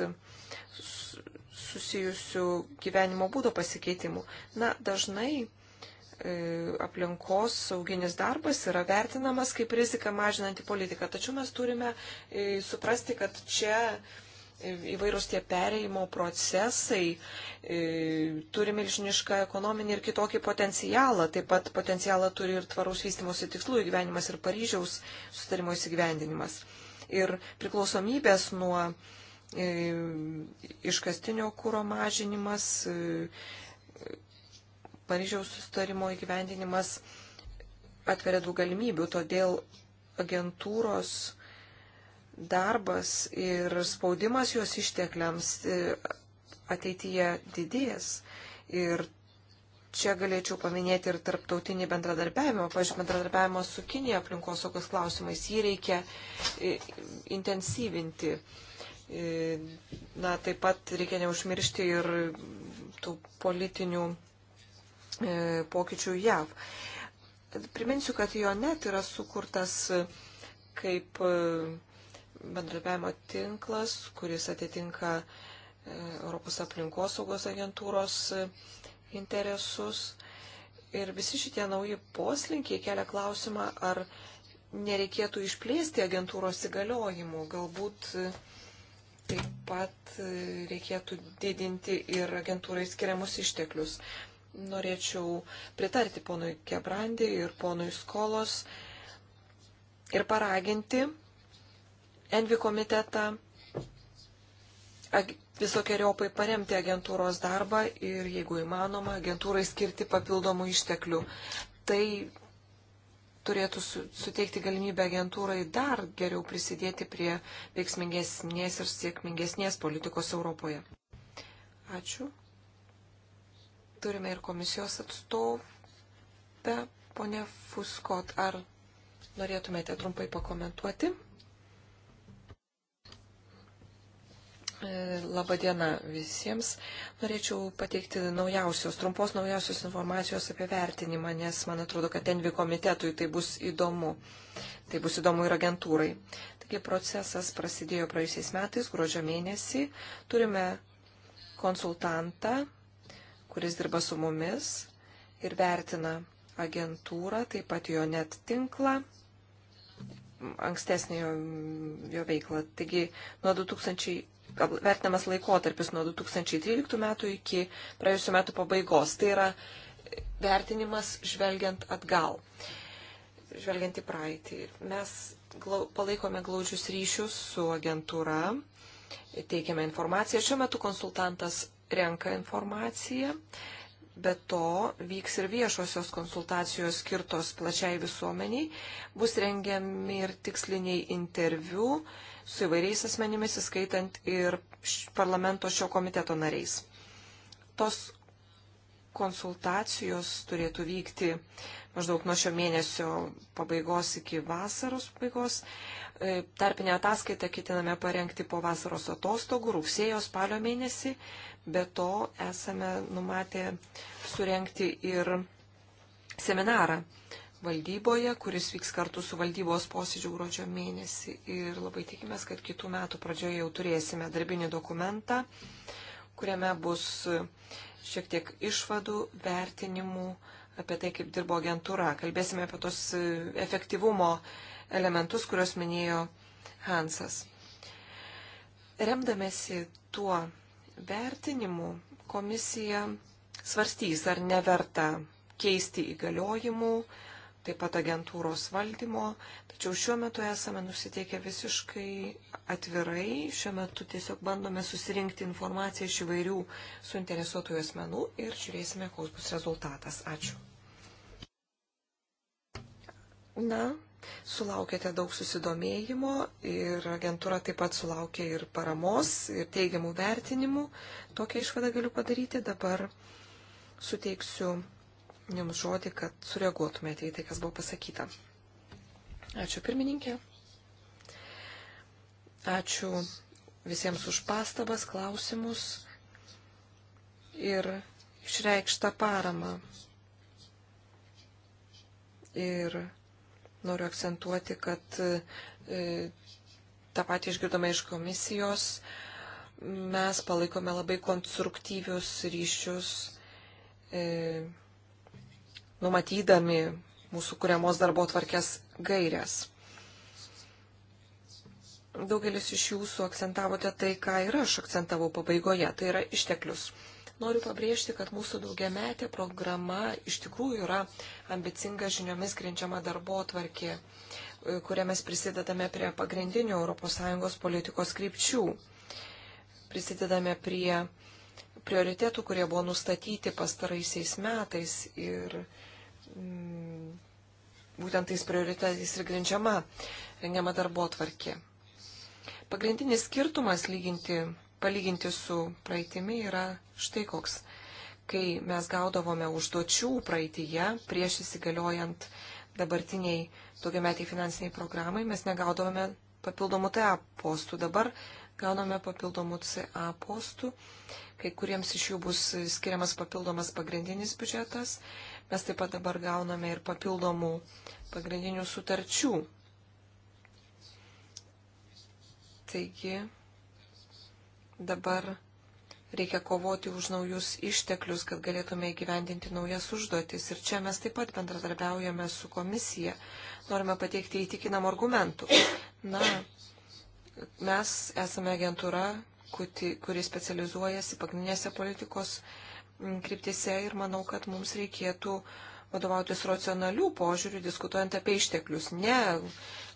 susijusių gyvenimo būdo pasikeitimų. Na, dažnai E, aplinkos sauginis darbas yra vertinamas kaip rizika mažinanti politika. Tačiau mes turime e, suprasti, kad čia e, įvairūs tie pereimo procesai turi milžinišką ekonominį ir kitokį potencialą. Taip pat potencialą turi ir tvaraus vystimosi tikslų įgyvenimas ir Paryžiaus sutarimo įsigyvendinimas. Ir priklausomybės nuo iškastinio kūro mažinimas, Paryžiaus sustarimo įgyvendinimas atveria daug galimybių, todėl agentūros darbas ir spaudimas jos ištekliams e, ateityje didės. Ir čia galėčiau paminėti ir tarptautinį bendradarbiavimą, pažiūrėjau, bendradarbiavimą su Kinija aplinkosaugos klausimais. Jį reikia e, intensyvinti. E, na, taip pat reikia neužmiršti ir tų politinių E, pokyčių JAV. Priminsiu, kad jo net yra sukurtas kaip e, bendradarbiavimo tinklas, kuris atitinka e, Europos aplinkosaugos agentūros interesus. Ir visi šitie nauji poslinkiai kelia klausimą, ar nereikėtų išplėsti agentūros įgaliojimų. Galbūt taip pat reikėtų didinti ir agentūrai skiriamus išteklius norėčiau pritarti ponui Kebrandį ir ponui Skolos ir paraginti Envi komitetą visokiojopai paremti agentūros darbą ir, jeigu įmanoma, agentūrai skirti papildomų išteklių. Tai turėtų suteikti galimybę agentūrai dar geriau prisidėti prie veiksmingesnės ir sėkmingesnės politikos Europoje. Ačiū turime ir komisijos atstovę, ponė Fuskot. Ar norėtumėte trumpai pakomentuoti? E, Labadiena visiems. Norėčiau pateikti naujausios, trumpos naujausios informacijos apie vertinimą, nes man atrodo, kad Envi komitetui tai bus įdomu. Tai bus įdomu ir agentūrai. Taigi procesas prasidėjo praėjusiais metais, gruodžio mėnesį. Turime konsultantą kuris dirba su mumis ir vertina agentūrą, taip pat jo net tinklą, ankstesnį jo, jo veiklą. Taigi nuo 2000, vertinamas laikotarpis nuo 2013 metų iki praėjusiu metu pabaigos. Tai yra vertinimas žvelgiant atgal, žvelgiant į praeitį. Mes glau, palaikome glaudžius ryšius su agentūra, teikiame informaciją. Šiuo metu konsultantas renka informaciją. Be to vyks ir viešosios konsultacijos skirtos plačiai visuomeniai, bus rengiami ir tiksliniai interviu su įvairiais asmenimis, įskaitant ir parlamento šio komiteto nariais. Tos konsultacijos turėtų vykti maždaug nuo šio mėnesio pabaigos iki vasaros pabaigos. E, tarpinę ataskaitą ketiname parengti po vasaros atostogų rugsėjo spalio mėnesį, Be to esame numatę surenkti ir seminarą valdyboje, kuris vyks kartu su valdybos posėdžiu gruodžio mėnesį. Ir labai tikimės, kad kitų metų pradžioje jau turėsime darbinį dokumentą, kuriame bus šiek tiek išvadų, vertinimų apie tai, kaip dirbo agentūra. Kalbėsime apie tos efektyvumo elementus, kuriuos minėjo Hansas. Remdamėsi tuo, vertinimų komisija svarstys, ar neverta keisti įgaliojimų, taip pat agentūros valdymo, tačiau šiuo metu esame nusiteikę visiškai atvirai, šiuo metu tiesiog bandome susirinkti informaciją iš įvairių suinteresuotųjų asmenų ir žiūrėsime, koks bus rezultatas. Ačiū. Na, Sulaukėte daug susidomėjimo ir agentūra taip pat sulaukė ir paramos, ir teigiamų vertinimų. Tokią išvadą galiu padaryti. Dabar suteiksiu Jums žodį, kad sureaguotumėte į tai, kas buvo pasakyta. Ačiū pirmininkė. Ačiū visiems už pastabas, klausimus ir išreikštą paramą. Ir Noriu akcentuoti, kad e, tą patį išgirdome iš komisijos. Mes palaikome labai konstruktyvius ryšius, e, numatydami mūsų kuriamos darbo tvarkės gairias. Daugelis iš jūsų akcentavote tai, ką ir aš akcentavau pabaigoje, tai yra išteklius. Noriu pabrėžti, kad mūsų daugiametė programa iš tikrųjų yra ambicinga žiniomis grindžiama darbo tvarkė, e, kuria mes prisidedame prie pagrindinių ES politikos krypčių. Prisidedame prie prioritėtų, kurie buvo nustatyti pastaraisiais metais ir mm, būtent tais prioritetais ir grindžiama rengiama darbo tvarkė. Pagrindinis skirtumas lyginti palyginti su praeitimi yra štai koks. Kai mes gaudavome užduočių praeitįje prieš įsigaliojant dabartiniai daugiametiai finansiniai programai, mes negaudavome papildomų TA postų. Dabar gauname papildomų CA postų, kai kuriems iš jų bus skiriamas papildomas pagrindinis biudžetas. Mes taip pat dabar gauname ir papildomų pagrindinių sutarčių. Taigi, Dabar reikia kovoti už naujus išteklius, kad galėtume įgyvendinti naujas užduotis. Ir čia mes taip pat bendradarbiaujame su komisija. Norime pateikti įtikinam argumentų. Na, mes esame agentūra, kuri specializuojasi pagrindinėse politikos mm, kryptise ir manau, kad mums reikėtų uh, vadovautis racionalių požiūrių, diskutuojant apie išteklius, ne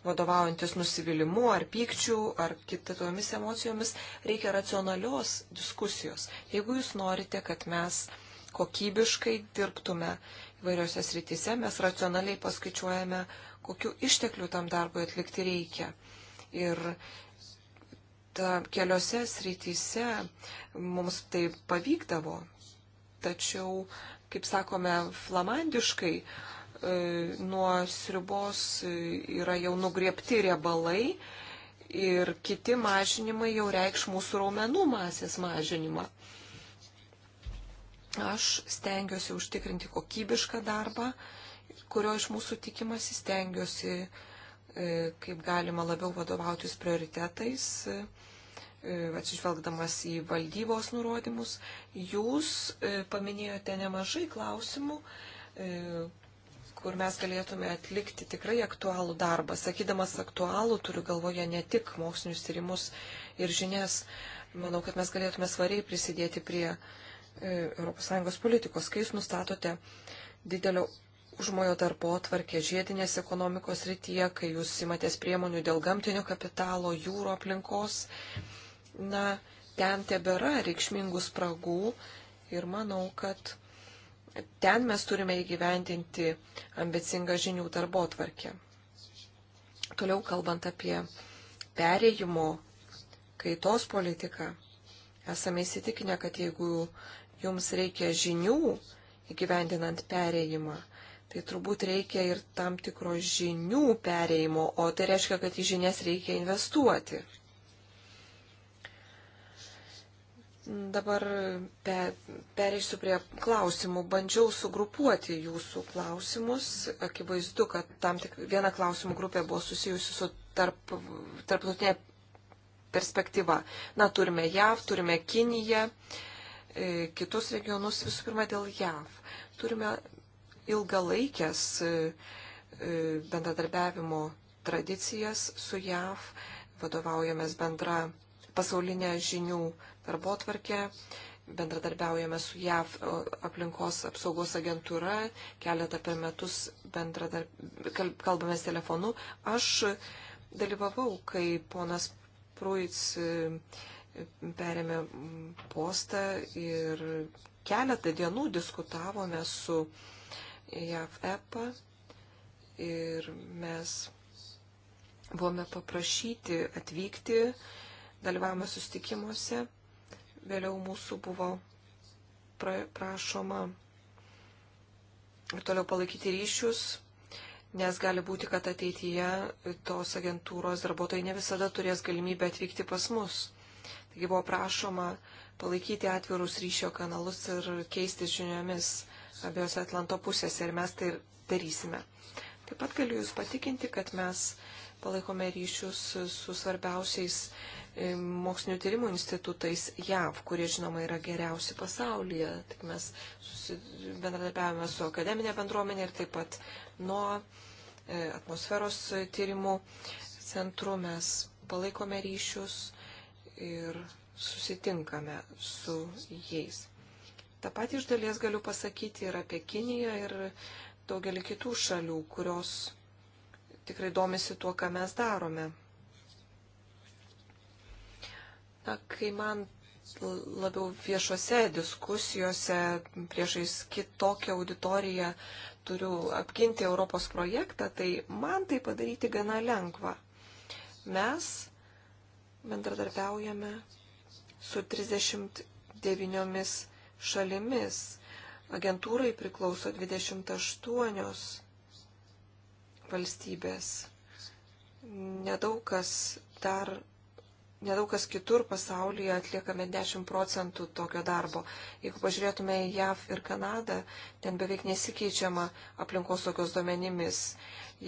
vadovaujantis nusivylimu ar pykčiu ar kitomis emocijomis, reikia racionalios diskusijos. Jeigu jūs norite, kad mes kokybiškai dirbtume įvairiose srityse, mes racionaliai paskaičiuojame, kokiu išteklių tam darbui atlikti reikia. Ir ta, keliose srityse mums tai pavykdavo, tačiau kaip sakome, flamandiškai, e, nuo sriubos e, yra jau nugriepti riebalai ir kiti mažinimai jau reikš mūsų raumenų masės mažinimą. Aš stengiuosi užtikrinti kokybišką darbą, kurio iš mūsų tikimasi stengiuosi e, kaip galima labiau vadovautis prioritetais E, atsižvelgdamas į valdybos nurodymus, jūs e, paminėjote nemažai klausimų, e, kur mes galėtume atlikti tikrai aktualų darbą. Sakydamas aktualų, turiu galvoje ne tik mokslinius tyrimus ir žinias. Manau, kad mes galėtume svariai prisidėti prie ES politikos, kai jūs nustatote didelio užmojo darbo tvarkė žiedinės ekonomikos rytyje, kai jūs simatės priemonių dėl gamtinio kapitalo, jūro aplinkos. Mm na, ten tebėra reikšmingų spragų ir manau, kad ten mes turime įgyvendinti ambicingą žinių darbo tvarkę. Toliau kalbant apie perėjimo kaitos politiką, esame įsitikinę, kad jeigu jums reikia žinių įgyvendinant perėjimą, tai turbūt reikia ir tam tikro žinių perėjimo, o tai reiškia, kad į žinias reikia investuoti. Dabar pe, pereisiu prie klausimų. Bandžiau sugrupuoti jūsų klausimus. Akivaizdu, kad tam tik viena klausimų grupė buvo susijusi su tarp, tarptautinė perspektyva. Na, turime JAV, turime Kiniją, e, kitus regionus, visų pirma dėl JAV. Turime ilgalaikės e, e bendradarbiavimo tradicijas su JAV, vadovaujamės bendra pasaulinė žinių darbo tvarkę, bendradarbiaujame su JAV aplinkos apsaugos agentūra, keletą per metus bendradarb... kalbamės telefonu. Aš dalyvavau, kai ponas Pruits e, perėmė mm, postą ir keletą dienų diskutavome su JAV EPA ir mes buvome paprašyti atvykti, dalyvavome sustikimuose Vėliau mūsų buvo pra, prašoma ir toliau palaikyti ryšius, nes gali būti, kad ateityje tos agentūros darbuotojai ne visada turės galimybę atvykti pas mus. Taigi buvo prašoma palaikyti atvirus ryšio kanalus ir keisti žiniomis abiejose Atlanto pusėse ir mes tai darysime. Taip pat galiu Jūs patikinti, kad mes palaikome ryšius su svarbiausiais e, mokslinio tyrimų institutais JAV, kurie žinoma yra geriausi pasaulyje. Tik mes bendradarbiavame su akademinė bendruomenė ir taip pat nuo e, atmosferos tyrimų centru mes palaikome ryšius ir susitinkame su jais. Ta pati iš dalies galiu pasakyti ir apie Kiniją ir daugelį kitų šalių, kurios tikrai domisi tuo, ką mes darome. Na, kai man labiau viešose diskusijose priešais kitokią auditoriją turiu apginti Europos projektą, tai man tai padaryti gana lengva. Mes bendradarbiaujame su 39 šalimis. Agentūrai priklauso 28 valstybės. Nedaug kas dar, nedaug kas kitur pasaulyje atliekame 10 procentų tokio darbo. Jeigu pažiūrėtume į JAV ir Kanadą, ten beveik nesikeičiama aplinkos tokios duomenimis.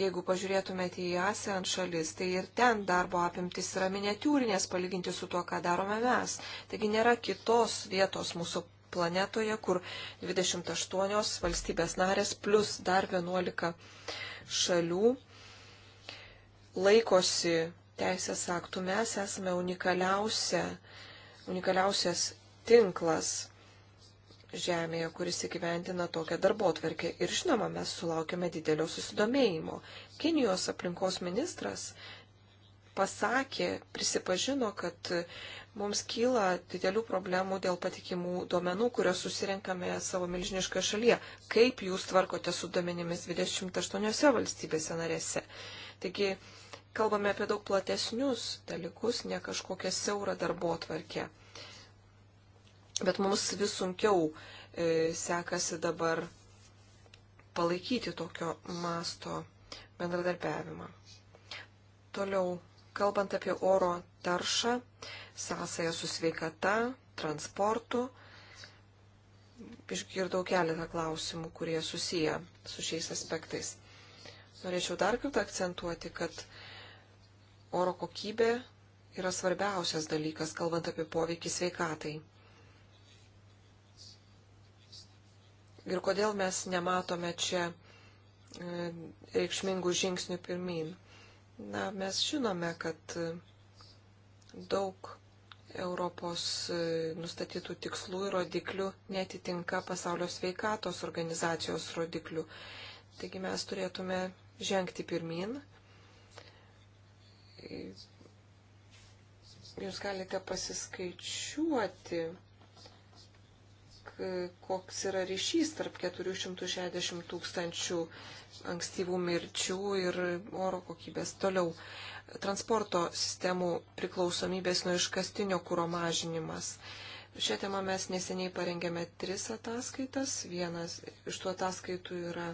Jeigu pažiūrėtumėte į ASEAN šalis, tai ir ten darbo apimtis yra miniatūrinės palyginti su tuo, ką darome mes. Taigi nėra kitos vietos mūsų planetoje, kur 28 valstybės narės plus dar 11 šalių laikosi teisės aktų. Mes esame unikaliausia, unikaliausias tinklas Žemėje, kuris įgyventina tokią darbo tvarkę. Ir žinoma, mes sulaukėme didelio susidomėjimo. Kinijos aplinkos ministras pasakė, prisipažino, kad Mums kyla didelių problemų dėl patikimų duomenų, kurios susirenkame savo milžiniškoje šalyje. Kaip jūs tvarkote su duomenimis 28 valstybėse narėse? Taigi, kalbame apie daug platesnius dalykus, ne kažkokią siaurą darbo tvarkę. Bet mums vis sunkiau e, sekasi dabar palaikyti tokio masto bendradarbiavimą. Toliau kalbant apie oro taršą, sąsąją su sveikata, transportu, išgirdau keletą klausimų, kurie susiję su šiais aspektais. Norėčiau dar kartą akcentuoti, kad oro kokybė yra svarbiausias dalykas, kalbant apie poveikį sveikatai. Ir kodėl mes nematome čia e, reikšmingų žingsnių pirmin. Na, mes žinome, kad daug Europos e, nustatytų tikslų ir rodiklių netitinka pasaulio sveikatos organizacijos rodiklių. Taigi mes turėtume žengti pirmin. Jūs galite pasiskaičiuoti koks yra ryšys tarp 460 tūkstančių ankstyvų mirčių ir oro kokybės. Toliau, transporto sistemų priklausomybės nuo iškastinio kūro mažinimas. Šią temą mes neseniai parengėme tris ataskaitas. Vienas iš tų ataskaitų yra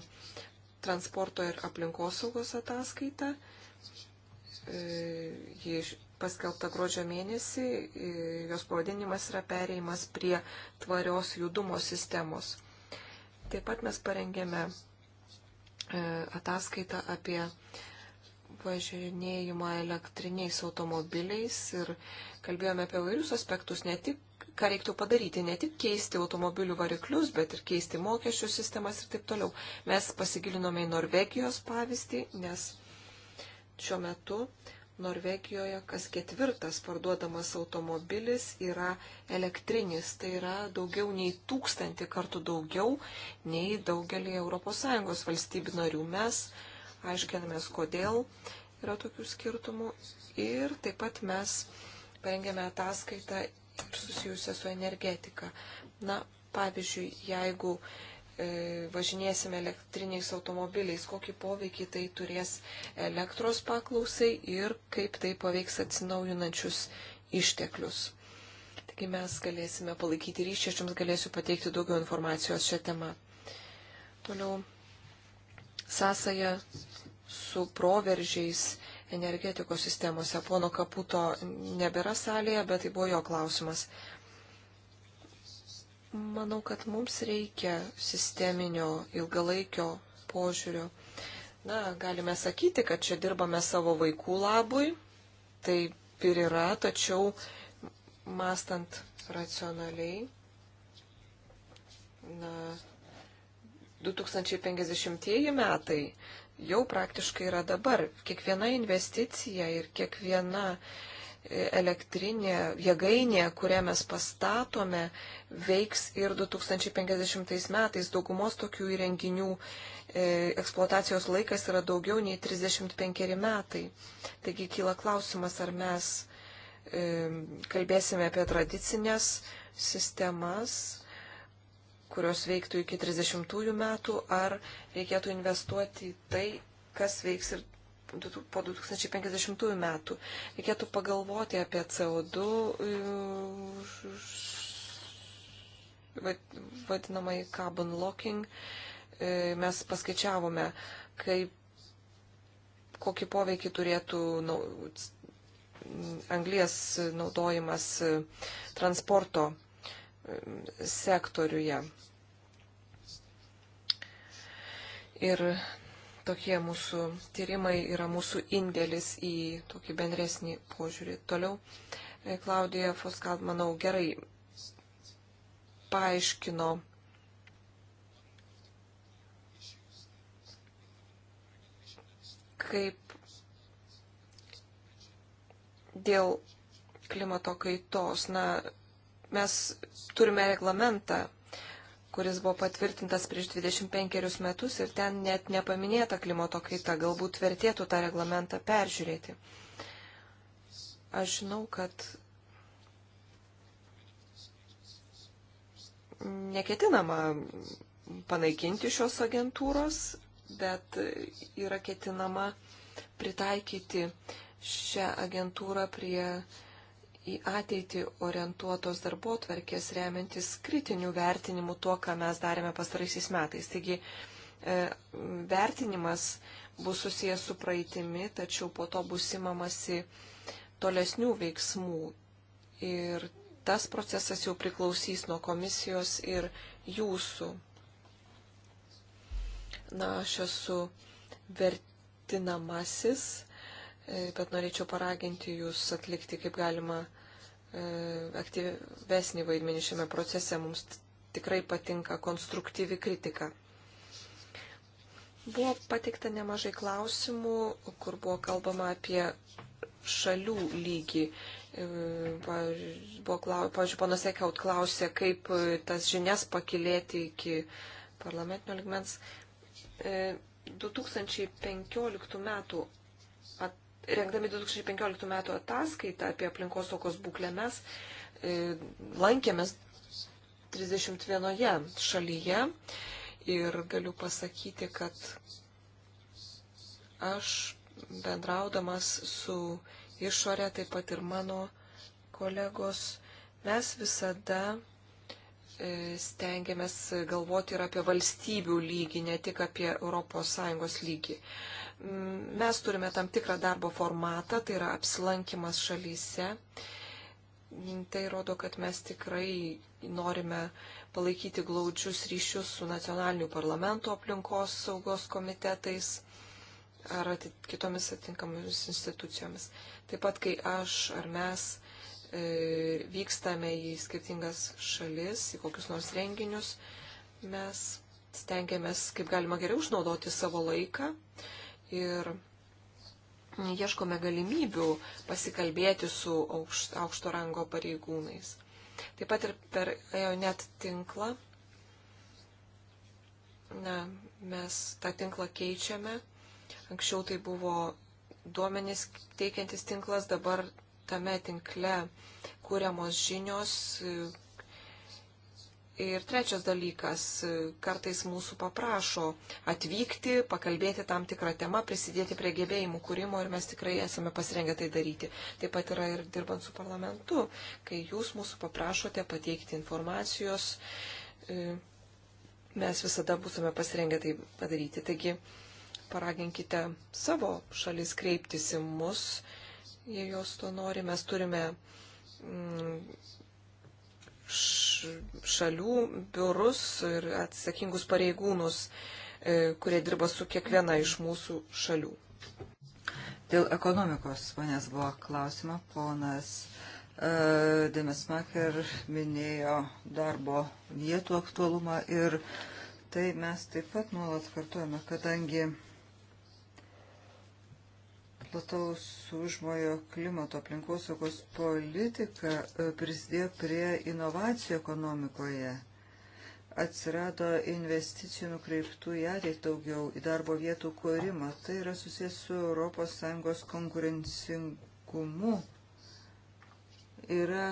transporto ir aplinkosaugos ataskaita. E, ji paskelbta gruodžio mėnesį, jos pavadinimas yra pereimas prie tvarios judumo sistemos. Taip pat mes parengėme e, ataskaitą apie važinėjimą elektriniais automobiliais ir kalbėjome apie vairius aspektus, ne tik, ką reiktų padaryti, ne tik keisti automobilių variklius, bet ir keisti mokesčių sistemas ir taip toliau. Mes pasigilinome į Norvegijos pavyzdį, nes šiuo metu uh, Norvegijoje kas ketvirtas parduodamas automobilis yra elektrinis, tai yra daugiau nei tūkstantį kartų daugiau nei daugelį ES valstybių narių. Mes aiškinamės, kodėl yra tokių skirtumų ir taip pat mes parengėme ataskaitą susijusią su energetika. Na, pavyzdžiui, jeigu E, važinėsime elektriniais automobiliais, kokį poveikį tai turės elektros paklausai ir kaip tai paveiks atsinaujinančius išteklius. Taigi mes galėsime palaikyti ryšį, aš jums galėsiu pateikti daugiau informacijos šią temą. Toliau sąsaja su proveržiais energetikos sistemose. Pono Kaputo nebėra salėje, bet tai buvo jo klausimas. Manau, kad mums reikia sisteminio ilgalaikio požiūrio. Na, galime sakyti, kad čia dirbame savo vaikų labui, taip ir yra, tačiau mastant racionaliai, na, 2050 metai jau praktiškai yra dabar. Kiekviena investicija ir kiekviena uh, elektrinė, jėgainė, kurią mes pastatome, veiks ir 2050 metais. Daugumos tokių įrenginių e, eksploatacijos laikas yra daugiau nei 35 metai. Taigi kyla klausimas, ar mes e, kalbėsime apie tradicinės sistemas kurios veiktų iki 30 metų, ar reikėtų investuoti į tai, kas veiks ir po 2050 metų. Reikėtų pagalvoti apie CO2 e, vadinamai carbon locking. E, mes paskaičiavome, kaip, kokį poveikį turėtų anglies naudojimas e, transporto sektoriuje. Ir tokie mūsų tyrimai yra mūsų indėlis į tokį bendresnį požiūrį. Toliau e, Klaudija Foskal, manau, gerai paaiškino. kaip dėl klimato kaitos, na, mes turime reglamentą kuris buvo patvirtintas prieš 25 metus ir ten net nepaminėta klimato kaita. Galbūt vertėtų tą reglamentą peržiūrėti. Aš žinau, kad neketinama panaikinti šios agentūros, bet yra ketinama pritaikyti šią agentūrą prie į ateitį orientuotos darbo tvarkės remiantis kritinių vertinimų tuo, ką mes darėme pastaraisiais metais. Taigi e, vertinimas bus susijęs su praeitimi, tačiau po to bus imamasi tolesnių veiksmų. Ir tas procesas jau priklausys nuo komisijos ir jūsų. Na, aš esu vertinamasis e, bet norėčiau paraginti jūs atlikti kaip galima E, aktyvesnį vaidmenį šiame procese. Mums tikrai patinka konstruktyvi kritika. Buvo pateikta nemažai klausimų, kur buvo kalbama apie šalių lygį. E, pavyzdžiui, ponas Ekaut klausė, kaip tas žinias pakilėti iki parlamentinio ligmens. 2015 e, metų rengdami 2015 metų ataskaitą apie aplinkos saugos būklę mes e, lankėmės 31 šalyje ir galiu pasakyti, kad aš bendraudamas su išorė, taip pat ir mano kolegos, mes visada e, stengiamės galvoti ir apie valstybių lygį, ne tik apie ES lygį. Mes turime tam tikrą darbo formatą, tai yra apsilankimas šalyse. Tai rodo, kad mes tikrai norime palaikyti glaudžius ryšius su nacionaliniu parlamento aplinkos saugos komitetais ar kitomis atinkamomis institucijomis. Taip pat, kai aš ar mes e, vykstame į skirtingas šalis, į kokius nors renginius, mes stengiamės kaip galima geriau išnaudoti savo laiką, ir ieškome galimybių pasikalbėti su aukšto, aukšto rango pareigūnais. Taip pat ir per net tinklą. Na, mes tą tinklą keičiame. Anksčiau tai buvo duomenys teikiantis tinklas, dabar tame tinkle kūriamos žinios, Ir trečias dalykas, kartais mūsų paprašo atvykti, pakalbėti tam tikrą temą, prisidėti prie gebėjimų kūrimo ir mes tikrai esame pasirengę tai daryti. Taip pat yra ir dirbant su parlamentu, kai jūs mūsų paprašote pateikti informacijos, e, mes visada būsime pasirengę tai padaryti. Taigi paraginkite savo šalis kreiptis į mus, jei jos to nori, mes turime. Mm, šalių biurus ir atsakingus pareigūnus, e, kurie dirba su kiekviena iš mūsų šalių. Dėl ekonomikos manęs buvo klausima, ponas e, Demesmaker minėjo darbo vietų aktualumą ir tai mes taip pat nuolat kartuojame, kadangi plataus užmojo klimato aplinkosaugos politika e, prisidėjo prie inovacijų ekonomikoje. Atsirado investicijų nukreiptų į ateitį daugiau, į darbo vietų kūrimą. Tai yra susijęs su ES konkurencingumu. Yra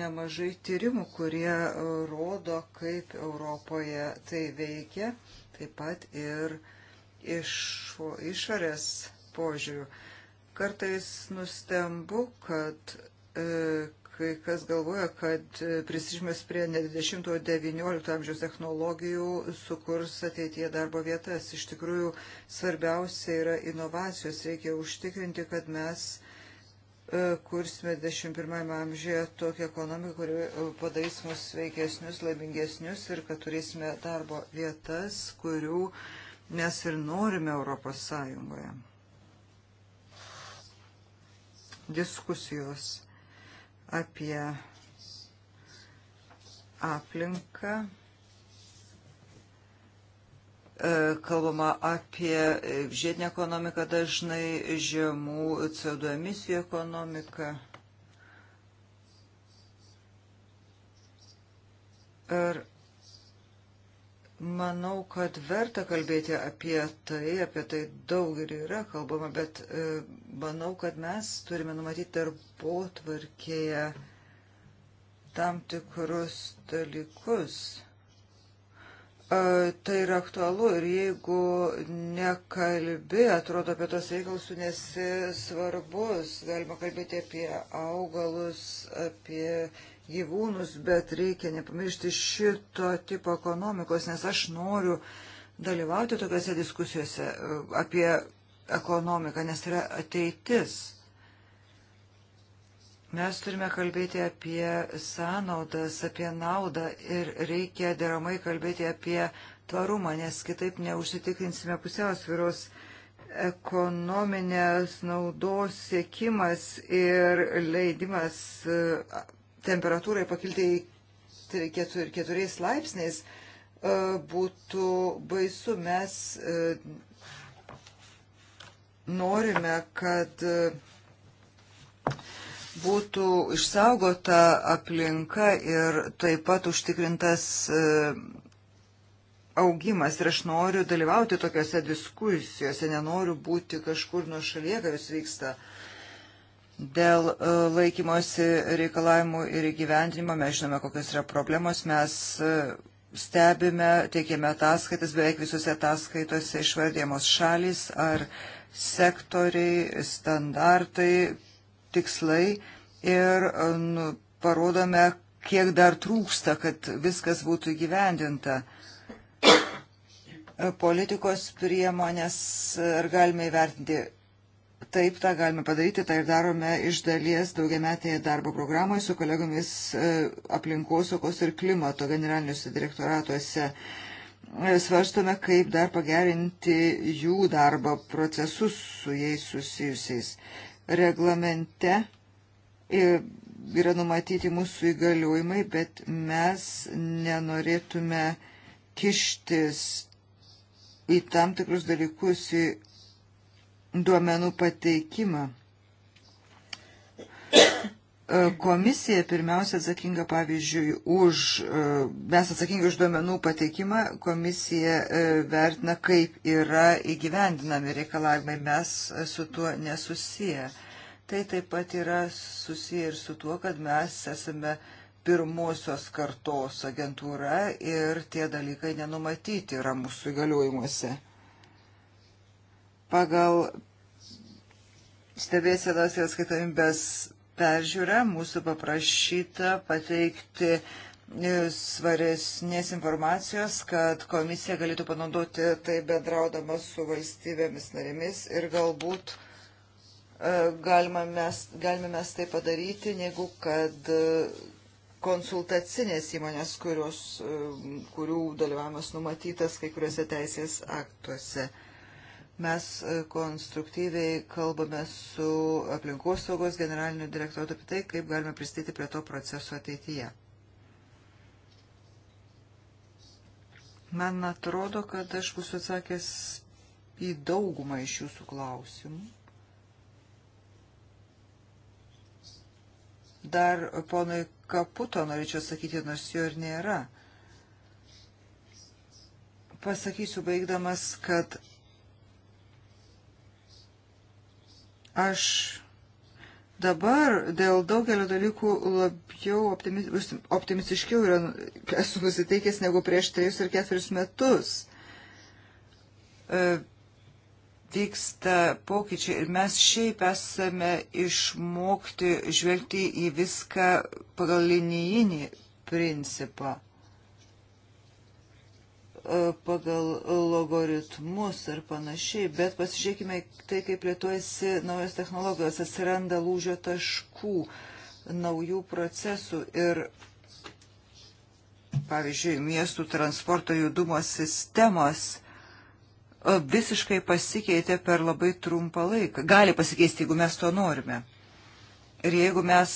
nemažai tyrimų, kurie e, rodo, kaip Europoje tai veikia, taip pat ir iš išorės požiūrių. Kartais nustembu, kad e, kai kas galvoja, kad e, prisižymės prie 20-19 amžiaus technologijų sukurs ateityje darbo vietas. Iš tikrųjų, svarbiausia yra inovacijos. Reikia užtikrinti, kad mes e, kursime 21 amžiuje tokią ekonomiką, kuri e, padarys mus sveikesnius, laimingesnius ir kad turėsime darbo vietas, kurių mes ir norime Europos Sąjungoje diskusijos apie aplinką. E, kalbama apie žiedinę ekonomiką, dažnai žemų CO2 emisijų ekonomiką. Ir Manau, kad verta kalbėti apie tai, apie tai daug ir yra kalbama, bet e, manau, kad mes turime numatyti darbo tvarkėje tam tikrus dalykus. E, tai yra aktualu ir jeigu nekalbi, atrodo, apie tos reikalus tu nesi svarbus, galima kalbėti apie augalus, apie e, gyvūnus, bet reikia nepamiršti šito tipo ekonomikos, nes aš noriu dalyvauti tokiuose diskusijose e, apie ekonomiką, nes tai yra ateitis. Mes turime kalbėti apie sąnaudas, apie naudą ir reikia deramai kalbėti apie tvarumą, nes kitaip neužsitikrinsime pusiausviros ekonominės naudos siekimas ir leidimas e, temperatūrai pakilti į 4 laipsniais, e, būtų baisu. Mes e, norime, kad e, būtų išsaugota aplinka ir taip pat užtikrintas augimas ir aš noriu dalyvauti tokiuose diskusijose, nenoriu būti kažkur nuo šalia, kai jūs vyksta uh, Dėl e, laikymosi reikalavimų ir įgyvendinimo mes žinome, kokios yra problemos. Mes e, stebime, teikiame ataskaitas, beveik visose ataskaitose išvardėmos šalis ar sektoriai, standartai, tikslai ir e, nu, parodome, kiek dar trūksta, kad viskas būtų įgyvendinta. Politikos priemonės, ar galime įvertinti taip tą galime padaryti, tai ir darome iš dalies daugiametėje darbo programoje su kolegomis e, aplinkosaugos ir klimato generaliniuose direktoratuose. E, svarstome, kaip dar pagerinti jų darbo procesus su jais susijusiais. Reglamente e, yra numatyti mūsų įgaliojimai, bet mes nenorėtume kištis į tam tikrus dalykus, į duomenų pateikimą. E, komisija pirmiausia atsakinga, pavyzdžiui, už, e, mes atsakingi už duomenų pateikimą, komisija e, vertina, kaip yra įgyvendinami reikalavimai, mes su tuo nesusiję. Tai taip pat yra susiję ir su tuo, kad mes esame pirmosios kartos agentūra ir tie dalykai nenumatyti yra mūsų įgaliojimuose. Pagal stebėsienos ir atskaitomybės peržiūrą mūsų paprašyta pateikti e, svaresnės informacijos, kad komisija galėtų panaudoti tai bendraudama su valstybėmis narėmis ir galbūt e, galima mes, galime mes tai padaryti, negu kad e, konsultacinės įmonės, kurios, kurių dalyvavimas numatytas kai kuriuose teisės aktuose. Mes e, konstruktyviai kalbame su aplinkosaugos generaliniu direktoru apie tai, kaip galime pristyti prie to proceso ateityje. Man atrodo, kad aš būsiu atsakęs į daugumą iš jūsų klausimų. Dar ponui Kaputo norėčiau sakyti, nors jo ir nėra. Pasakysiu baigdamas, kad Aš dabar dėl daugelio dalykų labiau optimiz, optimistiškiau yra, esu nusiteikęs negu prieš trejus ir ketverius metus. E, vyksta pokyčiai ir mes šiaip esame išmokti žvelgti į viską pagal linijinį principą. E, pagal logaritmus ir panašiai, bet pasižiūrėkime tai, kaip plėtojasi naujos technologijos, atsiranda lūžio taškų, naujų procesų ir, pavyzdžiui, miestų transporto judumo sistemos e, visiškai pasikeitė per labai trumpą laiką. Gali pasikeisti, jeigu mes to norime. Ir jeigu mes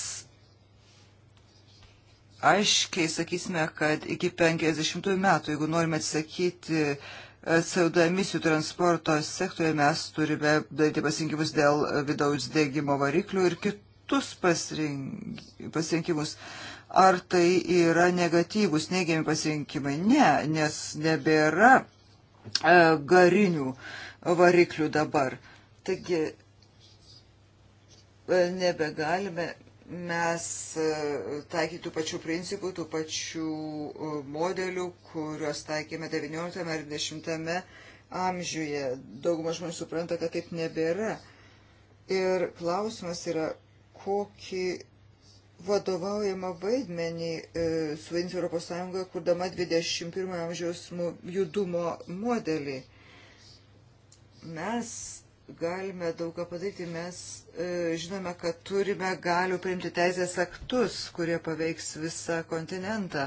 aiškiai sakysime, kad iki 50 metų, jeigu norime atsisakyti e, CO2 emisijų transporto sektoriuje, mes turime daryti pasirinkimus dėl vidaus dėgymo variklių ir kitus pasirinkimus. Ar tai yra negatyvus, neigiami pasirinkimai? Ne, nes nebėra e, garinių variklių dabar. Taigi e, nebegalime mes e, taikyti tų pačių principų, tų pačių e, modelių, kuriuos taikėme 19 ar 20 amžiuje. Dauguma žmonių supranta, kad taip nebėra. Ir klausimas yra, kokį vadovaujamą vaidmenį e, suvaidins Europos Sąjungoje, kurdama 21 amžiaus judumo modelį. Mes galime daugą padaryti. Mes e, žinome, kad turime galių priimti teisės aktus, kurie paveiks visą kontinentą.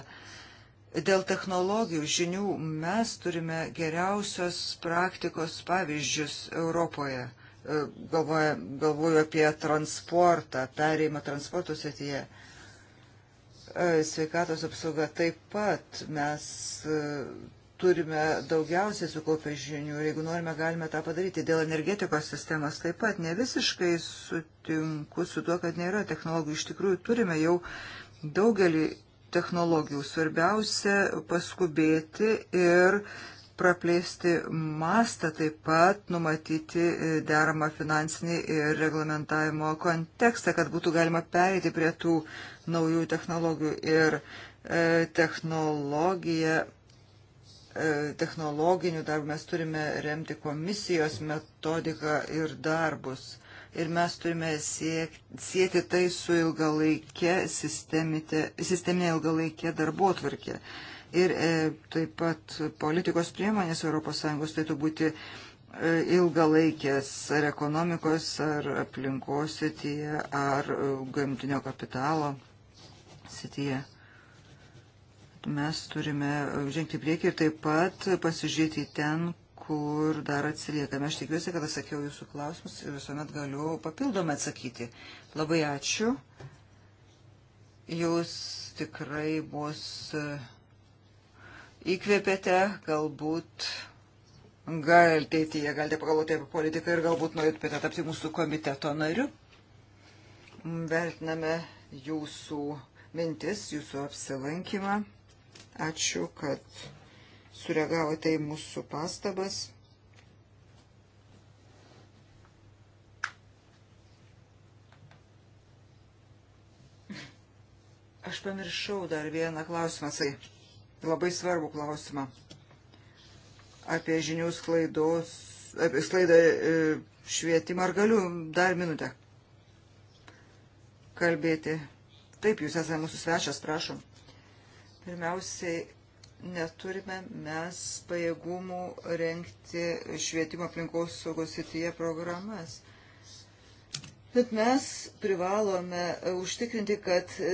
Dėl technologijų žinių mes turime geriausios praktikos pavyzdžius Europoje. E, galvoju, galvoju apie transportą, pereimą transporto srityje. E, sveikatos apsauga taip pat mes e, turime daugiausiai sukaupę žinių ir jeigu norime, galime tą padaryti. Dėl energetikos sistemos taip pat ne visiškai sutinku su tuo, kad nėra technologijų. Iš tikrųjų turime jau daugelį technologijų. Svarbiausia paskubėti ir praplėsti mastą, taip pat numatyti deramą finansinį ir reglamentavimo kontekstą, kad būtų galima pereiti prie tų naujų technologijų. Ir e, technologija technologinių darbų, mes turime remti komisijos metodiką ir darbus. Ir mes turime sieti tai su ilgalaikė sisteminė ilgalaikė darbotvarkė. Ir e, taip pat politikos priemonės ES turėtų būti e, ilgalaikės ar ekonomikos, ar aplinkos sityje, ar e, gamtinio kapitalo sityje mes turime žengti priekį ir taip pat pasižiūrėti ten, kur dar atsiliekame. Aš tikiuosi, kad atsakiau jūsų klausimus ir visuomet galiu papildomai atsakyti. Labai ačiū. Jūs tikrai mus e, įkvėpėte, galbūt gal ateityje galite pagalvoti apie politiką ir galbūt norėtumėte tapti mūsų komiteto nariu. Vertiname jūsų mintis, jūsų apsilankymą. Ačiū, kad sureagavote į mūsų pastabas. Aš pamiršau dar vieną klausimą, tai labai svarbų klausimą. Apie žinių sklaidos, apie sklaidą e, švietimą. Ar galiu dar minutę kalbėti? Taip, jūs esate mūsų svečias, prašom. Pirmiausiai, neturime mes pajėgumų renkti švietimo aplinkos saugos įtyje programas. Bet mes privalome e, užtikrinti, kad e,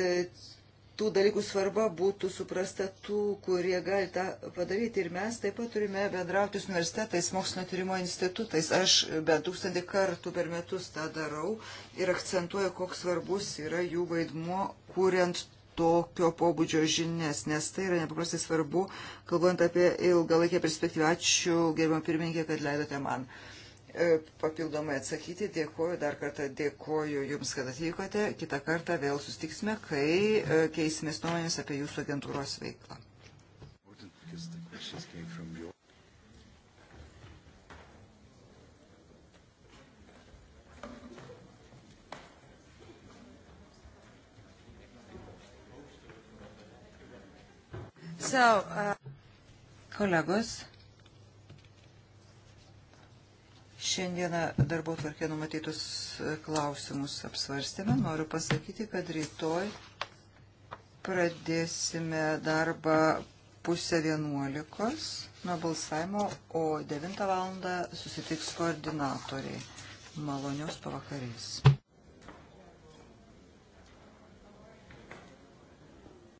tų dalykų svarba būtų suprasta tų, kurie gali tą padaryti. Ir mes taip pat turime bendrauti su universitetais, mokslinio tyrimo institutais. Aš bent tūkstantį kartų per metus tą darau ir akcentuoju, koks svarbus yra jų vaidmuo, kuriant tokio pobūdžio žinias, nes tai yra nepaprastai svarbu, kalbant apie ilgalaikę perspektyvą. Ačiū, gerbama pirmininkė, kad leidote man e, papildomai atsakyti. Dėkuoju, dar kartą dėkuoju Jums, kad atvykote. Kitą kartą vėl sustiksime, kai e, keisimės nuomonės apie Jūsų agentūros veiklą. So, uh... Kolegos, šiandieną darbo tvarkė numatytus klausimus apsvarstėme. Noriu pasakyti, kad rytoj pradėsime darbą pusę vienuolikos nuo balsavimo, o 9 valandą susitiks koordinatoriai. Malonios pavakarės.